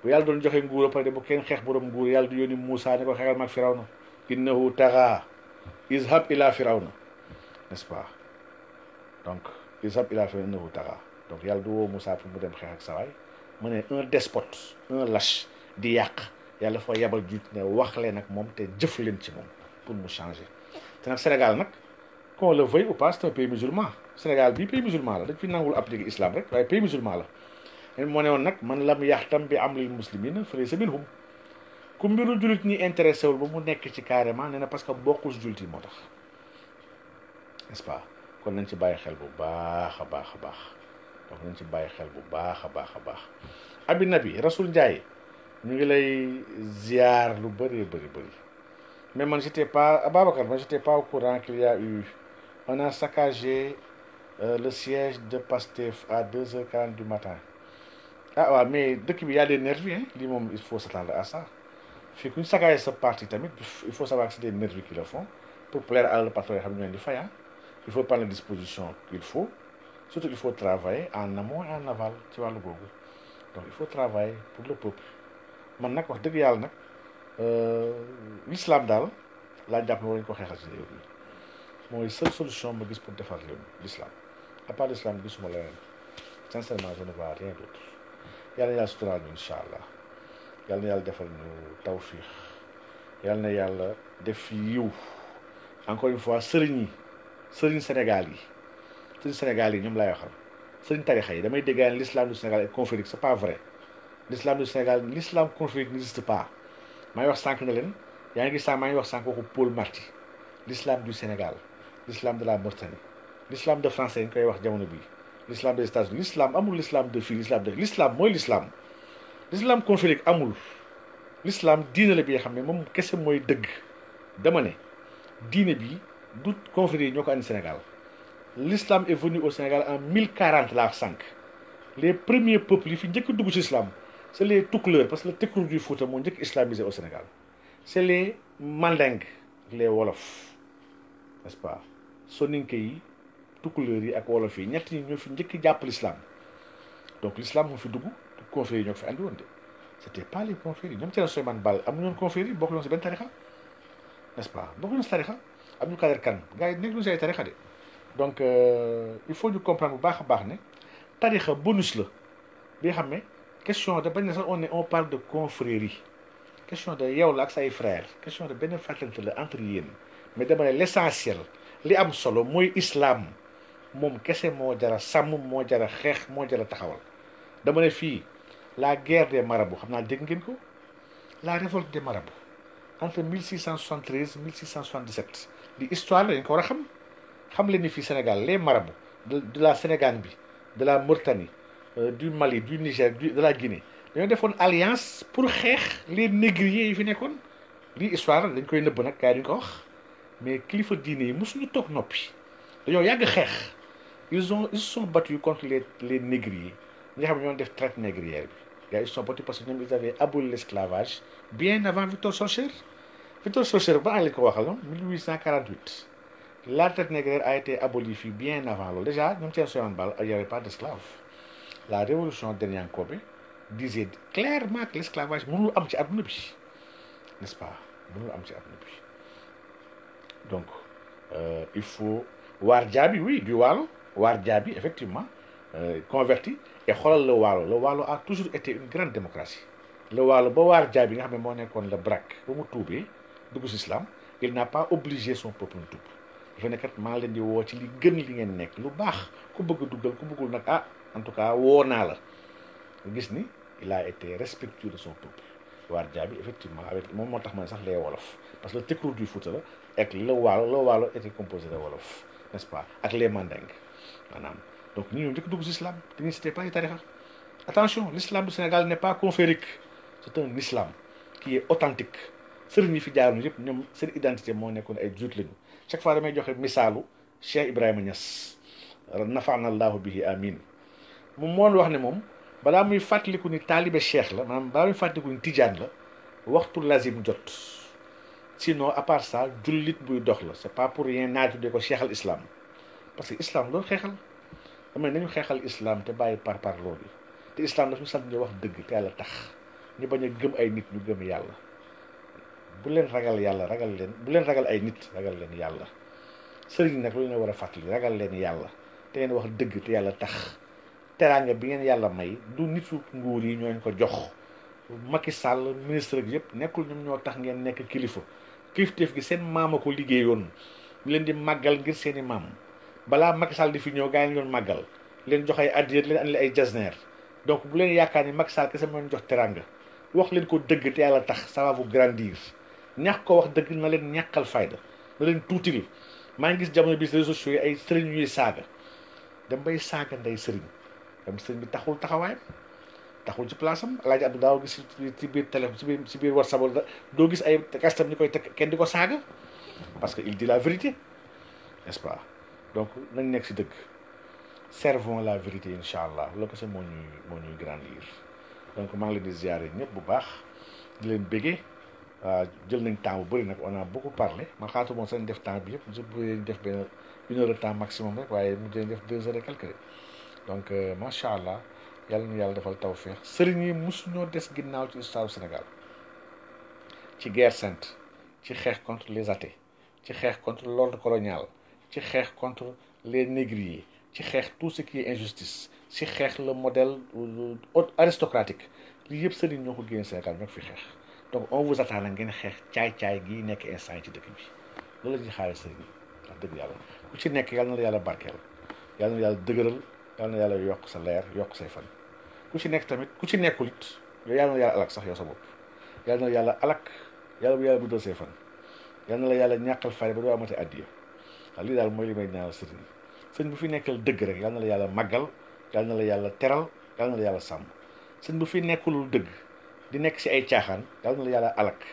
bu yàlla doon joxe nguur pare bu ken xex borom nguur yàlla du yoni musa ne ko xeexal mak firawna innahu taxa izhab ila firawna n'est-ce pas donc izhab ila firawna innahu taxa donc yàlla du wo musa pour mu dem xex ak saway mané un despote un lâche di yàq yàlla fo yabal juut ne wax leen ak mom te jëf len ci mom pour nous changer te nag Sénégal nag qu'on le veuille ou pas c'est un pays musulman Sénégal bii pays musulman la dañ fi nangul appliquer l'islam rek waaye pays musulman la len moo ne woon nag man lam yaxtam bi amril muslimina falaysa minhum ku mbiru jullit ñi intéressé wul ba mu nekk ci carrément nee na parce que bokkul si jullit yi moo tax n'est-ce pas kon nañ ci bàyyi xel bu baax a baax a baax donc nañ ci bàyyi xel bu baax a baax abi nabi rasul Ndiaye ñu ngi lay ziar lu bëree bëri bëri Mais moi, j'étais pas, ah, bah, bah, moi, j'étais pas au courant qu'il y a eu. On a saccagé euh, le siège de Pastef à 2h40 du matin. Ah ouais, mais dès qu'il y a des nervis, hein. il faut s'attendre à ça. Fait qu'une saccage ce parti, il faut savoir que c'est des nervis qui le font. Pour plaire à le patron, hein. il faut prendre les dispositions qu'il faut. Surtout qu'il faut travailler en amont et en aval, tu vois le Donc il faut travailler pour le peuple. Maintenant, quand il y a Euh, l'islam daal laa jàpp ne war nañu ko xeexal ci réew mi mooy seule solution ma gis pour defar réew mi l'islam à part l'islam gisuma leneen sincèrement je ne rien d'autre yàlla yàlla suturaal ñu incha allah yàlla na yàlla defal ñu tawfiix na yàlla def fi yiw encore une fois sëriñ yi sëriñ Sénégal yi sëriñ Sénégal yi ñoom laay xam sëriñ tarixa yi damay déggaan l'islam du Sénégal est confrérique c'est pas vrai l'islam du Sénégal l'islam confrérique n'existe pas may wax sànq na leen yaa ngi gis sànq maa ngi wax sànq waxu Paul Marty l'islam du Sénégal l'islam de la Mauritanie l'islam de français ñu koy wax jamono bii l'islam des États-Unis l'islam amul l'islam de fii l'islam de l'islam mooy l'islam l'islam conflict amul l'islam diine la bi nga xam ne moom kese mooy dëgg dama ne diine bi du confrérie ñoo ko andi Sénégal l'islam est venu au Sénégal en 1040 la sànq les premiers peuples yi fi njëkk dugg ci islam c' est les Toucouleurs parce que le Tekru du Fouta moo njëkk islamisé au Sénégal c' est les Mandingues les wolof n' est ce pas soninke yi Toucouleurs yi ak wolof yi ñetti ñi ñoo fi njëkk jàpp l'islam donc l'islam moo fi dugg confrérie yi ñoo ko fi andi woon de c' était pas les confréries yi ñoom Thierno Souleymane Baal am ñoon confrérie yi bokkuloon si benn tarixa n' est ce pas bokkuloon si tarixa am ñu Kan gars yi ay tarixa de donc euh, il faut ñu comprendre bu baax a baax ne tarixa bonus la xam ne question de benn on on parle de confrérie question de yow lak say frère question de benn fraternité la entre yéen mais dama ne l' li am solo moy islam mom kese mo jara sam mo jara xeex mo jara taxawal dama ne fi la guerre des marabouts xamna naa ngeen ko la révolte des marabouts entre 1673 1677 li histoire la dañ ko wara xam xam leen ni Sénégal les marabouts de la sénégal bi de la Mauritanie euh, du Mali du Niger du de la Guinée fait une alliance pour que les négriers yi fi nekkoon lii histoire dañ koy nëbb nag kaay ko mais kilifa diine yi mosuñu toog noppi dañoo yàgg xeex ils ont ils sont battus contre les les négriers ñi ont xam une traite négrière ils se sont battus parce qu'ils avaient aboli l'esclavage bien avant Victor Schœlcher Victor Schœlcher ba lañ ko waxal 1848 la traite négrière a été abolie bien avant déjà il n'y avait pas d'esclaves la révolution d'Enyankobé disait clairement que l'esclavage n'est-ce pas donc euh, il faut Wardjabi, oui du waalo Wardjabi, effectivement euh, converti et le le a toujours été une grande démocratie le ba nga ne le braque islam il n'a pas obligé son peuple nu tuub dafa nekkat di le ci li Le li Le lu le en tout cas woo naa la nga gis ni il a été respectueux de son peuple waar jaabi effectivement moom moo tax ma ne sax les wolof parce que le Tekru du Fouta la ak le waalo le waalo était composé de wolof n'est-ce pas ak les mandeng maanaam donc ñu ñëw njëkk dugg si islam te ñu c'était pas ay tarixa attention l'islam du Sénégal n'est pas confrérique c'est un islam qui est authentique fi jaaroon yëpp ñoom seen identité moo nekkoon ay juut lañu chaque fois damay joxe misaalu Ibrahima Niass moom moo wax ne moom balaa muy fàttaliku ni taalibe cheikh la maanaam balaa muy fàttaliku ni tijaan la waxtu lazim jot sinon à part ça jullit buy dox la c'est pas pour rien naa tuddee ko cheikh al islam parce que islam loolu xeexal damay nañu xeexal islam te bàyyi par par loolu te islam dafa ñu sant ñu wax dëgg te yàlla tax ñu bañ a gëm ay nit ñu gëm yàlla bu leen ragal yàlla ragal leen bu leen ragal ay nit ragal leen yàlla sëriñ nag lu ñu war a fàttali ragal leen yàlla te ngeen wax dëgg te yàlla tax teraanga bi ngeen yàlla may du nitu nguur yi ñoo ñooñ ko jox Macky Sall ministre ak yëpp nekkul ñoom ñoo tax ngeen nekk kilifa kilifteef gi seen maama liggéey liggéeyoon ñu leen di màggal ngir seeni maam balaa Macky Sall di fi ñëw gaa yi doon màggal leen jox ay addiya leen andi ay jasneer donc bu leen yaakaar ni Macky Sall kese moo leen jox teraanga wax leen ko dëgg te yàlla tax ça va vous ñax ko wax dëgg na leen ñàkkal fayda na leen tuutil maa ngi gis jamono bi réseaux sociaux yi ay sëriñ yuy bay saaga nday sëriñ dem sëñ bi taxul taxawaayam taxul ci place am alaaji abdu daaw gis ci biir téléphone ci biir ci biir whatsapp da doo gis ay castam ñu koy teg kenn di ko saaga parce que il dit la vérité n'est-ce pas donc nañ nekk si dëgg servons la vérité incha allah loolu kese moo ñuy moo ñuy grandir donc maa ngi leen di ziare ñëpp bu baax di leen béggee waaw ah, jël nañ temps bu bëri nag on a beaucoup parlé man xaatu moom sañ def temps bi yëpp je voulais def benn une heure de temps maximum rek waaye mu jëlee def deux heures et quelques donc euh, macha allah yàlla na yàlla defal taw tawféex sëriñ yi mosuñoo des ginnaaw ci histoire Sénégal ci guerre sainte ci xeex contre les athées ci xeex contre l'ordre colonial ci xeex contre les négriers ci xeex tout ce qui est injustice ci xeex le modèle euh, euh, aristocratique li yëpp sëriñ ñoo ko génne Sénégal ñoo fi xeex donc on vous attend na ngeen xeex caay-caay gii nekk instant ci dëkk bi loolu la ñuy xaare sëriñ yi dëgg yàlla ku ci nekk yàlla na la yàlla barkeel yal na yàlla yokk sa leer yokk say fan ku ci nekk tamit ku ci nekkul it yal na yàlla alak sax yow sa bopp na yàlla alak yàlla bu yàlla guddal say fan yal na la yàlla ñàkkal fay ba doo amate addiya waaw lii daal mooy li may ñaanal sëriñ bu fi nekkal dëgg rek yal yàlla màggal yal la yàlla teral yal yàlla sàmm sëñ bu fi nekkulul dëgg di nekk ci ay caaxaan yal yàlla alak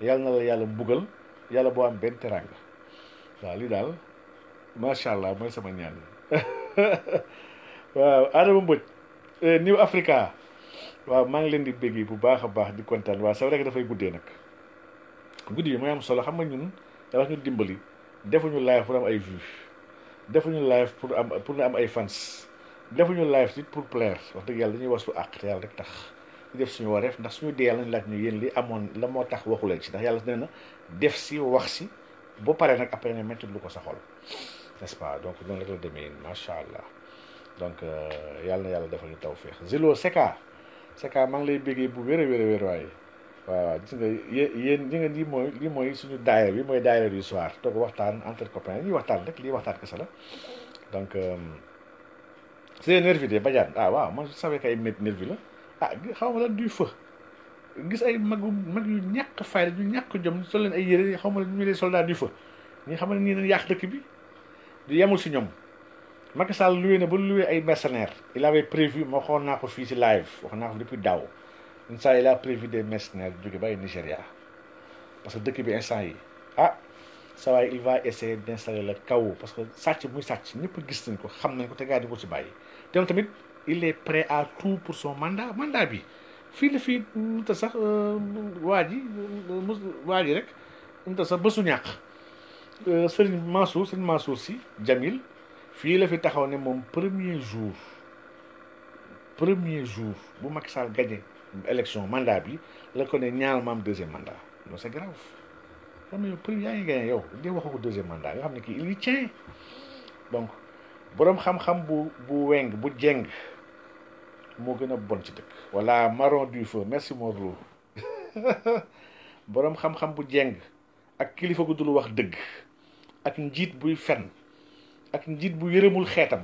yal na la yàlla yàlla boo am benn teraanga waaw lii daal macha allah mooy sama ñaan waaw Adama Mbodj eh, New Africa waaw maa ngi leen di bégg bu baax a baax di kontaan waaw c'est vrai que dafay guddee nag guddi bi mooy am solo xam nga ñun dafa ñu dimbali defuñu live pour am ay vues defuñu live pour am pour am ay fans defuñu live it pour plaire wax dëgg yàlla dañuy wax su àq te yàlla rek tax di def suñu wareef ndax suñu dee yàlla nañ yéen li amoon la moo tax waxu leen si ndax yàlla nee na def si wax si ba paree nag après nga métti lu ko sa xol n'est-ce pas donc noonu rek la demee macha allah. donc euh, yàlla na yàlla defal ñu taw féex Zilo Seka Seka maa ngi lay béggee bu wér a wér a wér waaye waaw gis nga yéen li nga lii mooy lii mooy suñu daayira bi mooy daayira du soir toog waxtaan entre copains ñuy waxtaan rek lii waxtaan kese la donc euh, c'est nervi de Badiane ah waaw man je savais que ay nervi la ah xaw ma lan du feu gis ay mag mag yu ñàkk fayda ñu ñàkk jom sol leen ay yére xaw ma la ñu leen soldat du feu ñi xam ne nii nañ yàq dëkk bi du yemul si ñoom Macky Sall loué na ba loué ay mercenaires il avait prévu ma waxoon naa ko fii ci live wax naa ko depuis daw instant il a prévu des mercenaires jóge ba ay parce que dëkk bi instant yi ah saa waay il va essayer d' installer le chaos parce que sàcc muy sàcc ñëpp gis nañ ko xam nañ ko te gars di ko ci bàyyi te tamit il est prêt à tout pour son mandat mandat bi fii la fii mu ta sax euh, waa ji euh, waa ji rek mu ta sax bésu ñàkk euh, Serigne Mansour Serigne Mansour si Jamil fii fi taxaw premier jour premier jour bu Macky gagné élection mandat bi ne le deuxième mandat c'est grave premier premier gagné deuxième mandat ne il y tient donc si xam-xam bu bu weng bu jeng moo gën a bon ci dëkk voilà marron du feu merci pas, Borom xam-xam bu jeng ak kilifa ak njiit bu yërëmul xeetam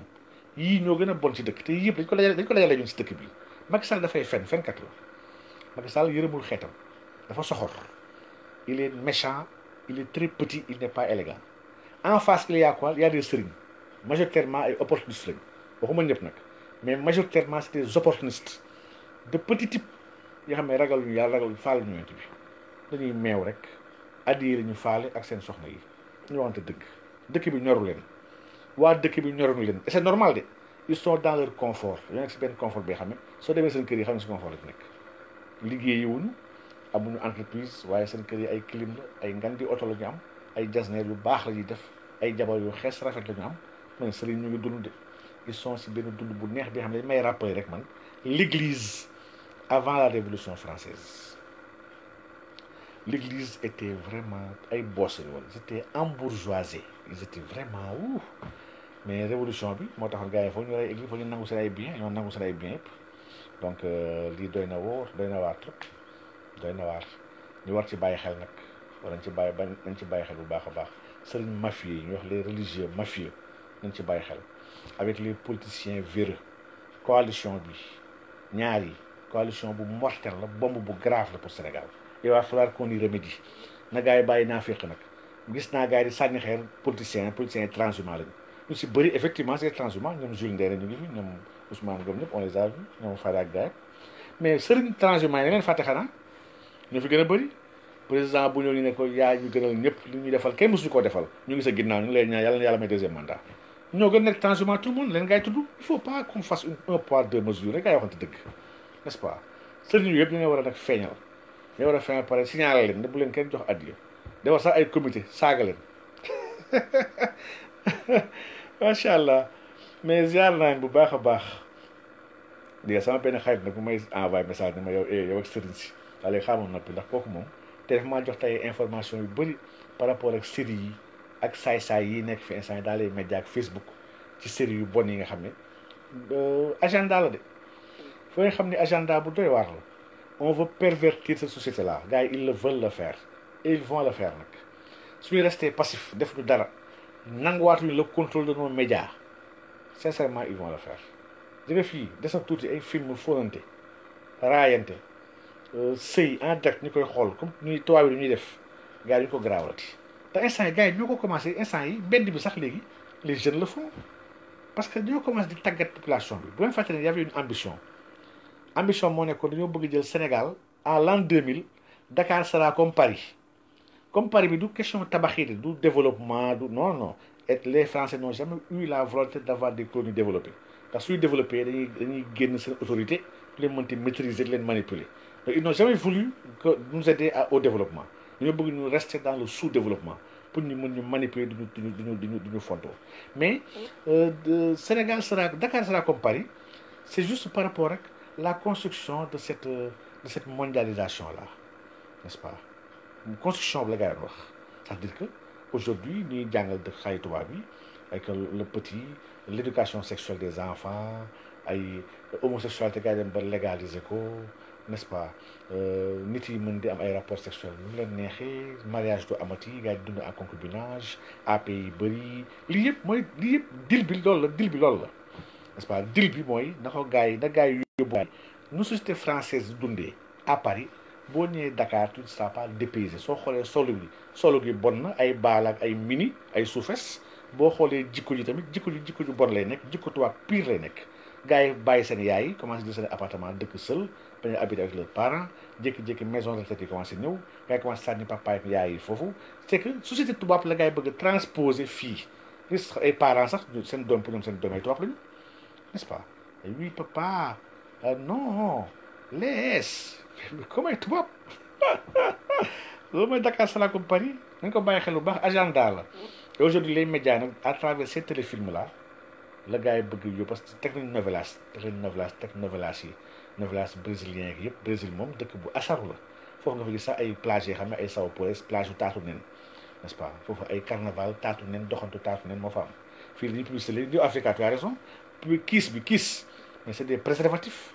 yii ñoo gën a bon ci dëkk te yëpp dañ ko dajale dañ ko dajale ñun si dëkk bi Macky Sall dafay fen fenkat la Macky Sall yërëmul xeetam dafa soxor il est méchant il est très petit il n'est pas élégant en face il y a quoi il y a des sëriñ majoritairement ay opportunistes lañ waxuma ñëpp nag mais majoritairement c'est des opportunistes de petit type yoo xam ne ragal ñu yàlla ragal ñu faale ñu bi dañuy meew rek addi la ñu faale ak seen soxna yi ñu waxante dëgg dëkk bi ñoru leen waa dëkk bi ñoroon leen c'est normal de ils sont dans leur confort dañoo nekk si benn confort bi xam ne soo demee seen kër yi xam ne si confort la amuñu entreprise waaye seen kër yi ay clim ay ngan di oto am ay jasneer yu baax la ñuy def ay jabar yu xees rafet la ñu am man sëriñ ñu ngi dund de ils son si benn dund bu neex bi xam ne may rappelé rek man l'église avant la révolution française l'église était vraiment ay bosse la woon ils étaient embourgeoisés ils étaient vraiment ouh mais révolution bi moo taxoon gars yi foofu ñu war a église foofu ñu nangu seen ay biens ñoo nangu seen ay biens yëpp donc euh, lii doy na wóor doy na waar trop doy na waar ñu war ci bàyyi xel nag war nañ ci bàyyi ba nañ ci bàyyi xel bu baax a baax sëriñ mafieux yi ñu wax les religieux mafieux nañ ci bàyyi xel avec les politiciens véreux coalition bi ñaar yi coalition bu mortel la bomb bu grave la pour Sénégal il va falloir qu'on y remédie na gars bàyyi naa féq nag gis naa gars yi sànni xeer politiciens politiciens transhumants lañu ñu si bëri effectivement c'est transhumant ñoom Jules Ndeye ñoom Ousmane Ngom ñëpp on les a ñoom Fada ak Gaye mais sëriñ transhumant yi da ngeen fàtte xanaa ñu fi gën a bëri président bu ñëw ñu ne ko yaa ñu gënal ñëpp lu ñu defal kenn mësuñu ko defal ñu ngi sa ginnaaw ñu ngi lay ñaan yàlla na yàlla may deuxième mandat ñoo gën nekk transhumant tout le monde leen ngay tudd il faut pas qu'on fasse un poids deux mesures rek ngay waxante dëgg n'est-ce pas ñu war a nag feeñal ñu war a feeñal pare leen ne bu leen kenn jox addiya defar sax ay comité saaga macha allah mais ziar naa bu baax a baax di nga sama benn xarit nag bu may envoyé message ne ma yow eh, yow ak Serigne si daal di noppi ndax kooku moom te maa jox tey information yu bëri par rapport ak série yi ak saay-saay yi nekk fi instant yi daal di média ak Facebook ci série yu bon yi nga xam ne euh, agenda la de fooy xam ne agenda bu doy waar la on veut pervertir cette société là gars yi ils le veulent le faire et ils vont le fair nag suñu rester passif dara. nanguwaatuñu le contrôle de nos médias sincèrement ils vont le faire di nga fii tuuti ay film fóonante raayante euh, sëy en direct ñu koy xool comme ñuy tubaab yi ñuy def gars yi ñu ko garaawalati te instant yi gars yi ñoo ko commencé instant yi bi les jeunes le font parce que commencé di population bi y avait une ambition ambition moo nekkoon bëgg Sénégal en l'an 2000 Dakar sera comme Paris comme Paris bi du question tabacité, du développement du non non et les Français n'ont jamais eu la volonté d'avoir des colonies développées Parce qu'ils développé ils dañuy cette autorité pour les maîtriser les manipuler donc ils n'ont jamais voulu que nous aider au développement ont voulu nous rester dans le sous-développement pour nous manipuler de manipuler nous nous nous, mais nous mais Sénégal sera Dakar sera comme Paris c'est juste par rapport à la construction de cette euh, de cette mondialisation là n'est-ce pas construction bi la gars c'est-à-dire que aujourd'hui avons jàngal dëkk xay bi ay le petit l'éducation sexuelle des enfants ay homosexualité gars yi légaliser ko n'est-ce pas Nous avons des rapports sexuels nous avons des mariage de amati gars en concubinage API yi bëri lii yëpp mooy lii yëpp dil n'est-ce pas dil bi des na ko gars nous na des Français société à Paris boo ñëwee Dakar tout ça pas dépaysé soo xoolee solo bi solo gi bon na ay baal ak ay mini ay suufes boo xoolee jikko ji tamit jikko ji jikko ju bon lay nekk jikko tubaab pire lay nekk gars yi bàyyi seen yaay commencé di seen appartement dëkk seul bañ a habiter avec leurs parents jékki-jékki maison de retraite yi commencé ñëw gars yi commencé sànni papa ak yaay yi foofu c'est que société tubaab la gars yi bëgg transposer fii gis ay parents sax seen doom pour ñoom seen doom ay tubaab lañu n'est-ce pas oui papa euh, non laisse comme ay tubaab loolu mooy Dakar Salam Compagnie nañ ko bàyyi xel bu baax agenda la aujourd'hui les médias à travers ces téléfilms là le gars yi bëgg yóbbu parce que une nañu novelas Une nañu novelas technique novelas yi novelas brésilien yi Brésil moom dëkk bu asaru ça. foofu nga fa gis sax ay plages yi xam ne ay São plage ou taatu nen n'est-ce pas Il ay carnaval taatu nen doxantu taatu nen moo fa am fii dañuy publicité c'est l'Afrique, tu as raison kiss, bi kiss. mais c'est des préservatifs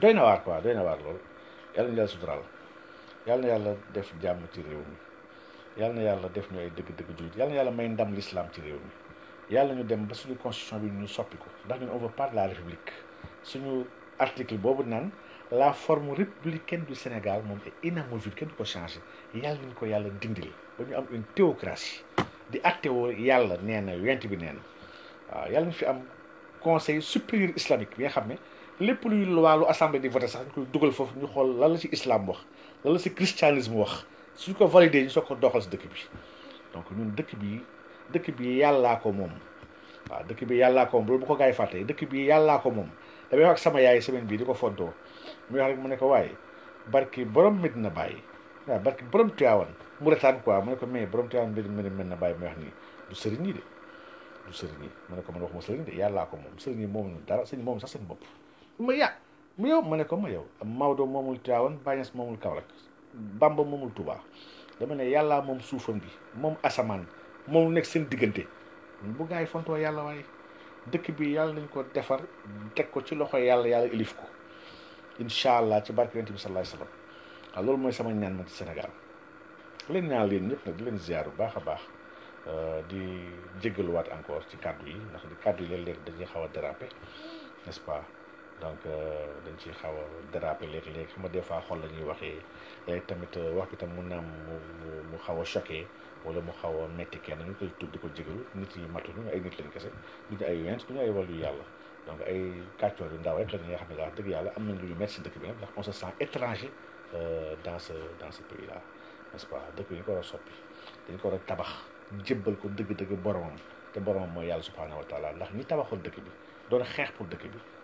doy na waar waa doy na waar lool yal na yàlla suturaal yal na yàlla def jàmm ci réew mi na yàlla def ñu ay dëgg-dëgg jullit yal na yàlla may ndam ci réew mi yàlla ñu dem ba suñu constitution bi ñu soppi ko ndax ñun on veut pas la république suñu article boobu naan la forme kenn du Sénégal moom est inamovible kenn du ko changé yàlla nañu ko yàlla dindil ba ñu am une théocratie di attewoo yàlla nee na yent bi nee na yàlla ñu fi am conseil supérieur islamique bi nga xam ne lépp luy loi lu assemblée di voté sax ñu koy dugal foofu ñu xool lan la ci islam wax lan la ci christianisme wax suñ ko validé ñu soog ko doxal si dëkk bi donc ñun dëkk bi dëkk bi yàllaa ko moom waaw dëkk bi yàllaa ko bu ko gars fàtte dëkk bi yàllaa ko moom wax ak sama yaay semaine bii di ko fontoo mu wax rek mu ne ko waaye barki borom mit na bàyyi waaw barki borom tuyaawan mu retaan quoi mu ne ko mais borom tuyaawan bi mu ne mën na bàyyi muy wax nii du sëriñ yi de du sëriñ yi mu ne ko man waxuma ko moom sëriñ yi moom dara sëriñ moom sax seen bopp ma yàgg mu yow ma ne ko ma yow Maodo moomul Tiwaawan Baay moomul kaw Kaolack Bamba moomul tubaa dama ne yàllaa moom suufam bi moom asamaan moom nekk seen diggante bu gars yi fontoo yàlla waaye dëkk bi yàlla nañ ko defar teg ko ci loxo yàlla yàlla ilif ko incha allah ci barke yonent bi sallallahu alayhi wasallam waaw mooy sama ñaan ma ci leen ñaan leen ñëpp nag di leen ziar bu baax a baax euh, di jégaluwaat encore ci kàddu yi ndax di kàddu yi léeg-léeg dañuy xaw a déraper nest donc dañ ci xaw a déraper léeg-léeg xam nga des fois xol la ñuy waxee léegi tamit wax bi tam mun na am mu mu xaw a choqué wala mu xaw a metti kenn ñu koy tudd di ko jégalu nit yi matuñu ay nit lañ kese du ñu ay wens du ñu ay wàllu yàlla donc ay kàccoor yu ndaw rek la ñuy xam ne daal dëgg yàlla am nañ lu ñu metti si dëkk bi nag ndax on se sent étranger dans ce dans ce pays là n' n'est-ce pas dëkk bi ñu ko war a soppi dañ ko war a tabax jébbal ko dëgg-dëgg boromam te boromam mooy yàlla subhanahu wa taala ndax ñi tabaxoon dëkk bi doon xeex pour dëkk bi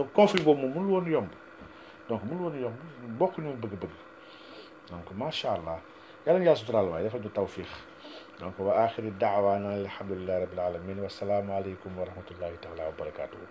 donc conflit boobu moom mënul woon yomb donc mënul woon yomb bokk ñu bëgg-bëgg donc macha allah yàlla na yàlla suturaal waaye dafa ñu tawfiix donc wa axiri daawaana alhamdulillahi rabbil alamin wasalaamualeykum wa rahmatullahi taala wa barakaatuhu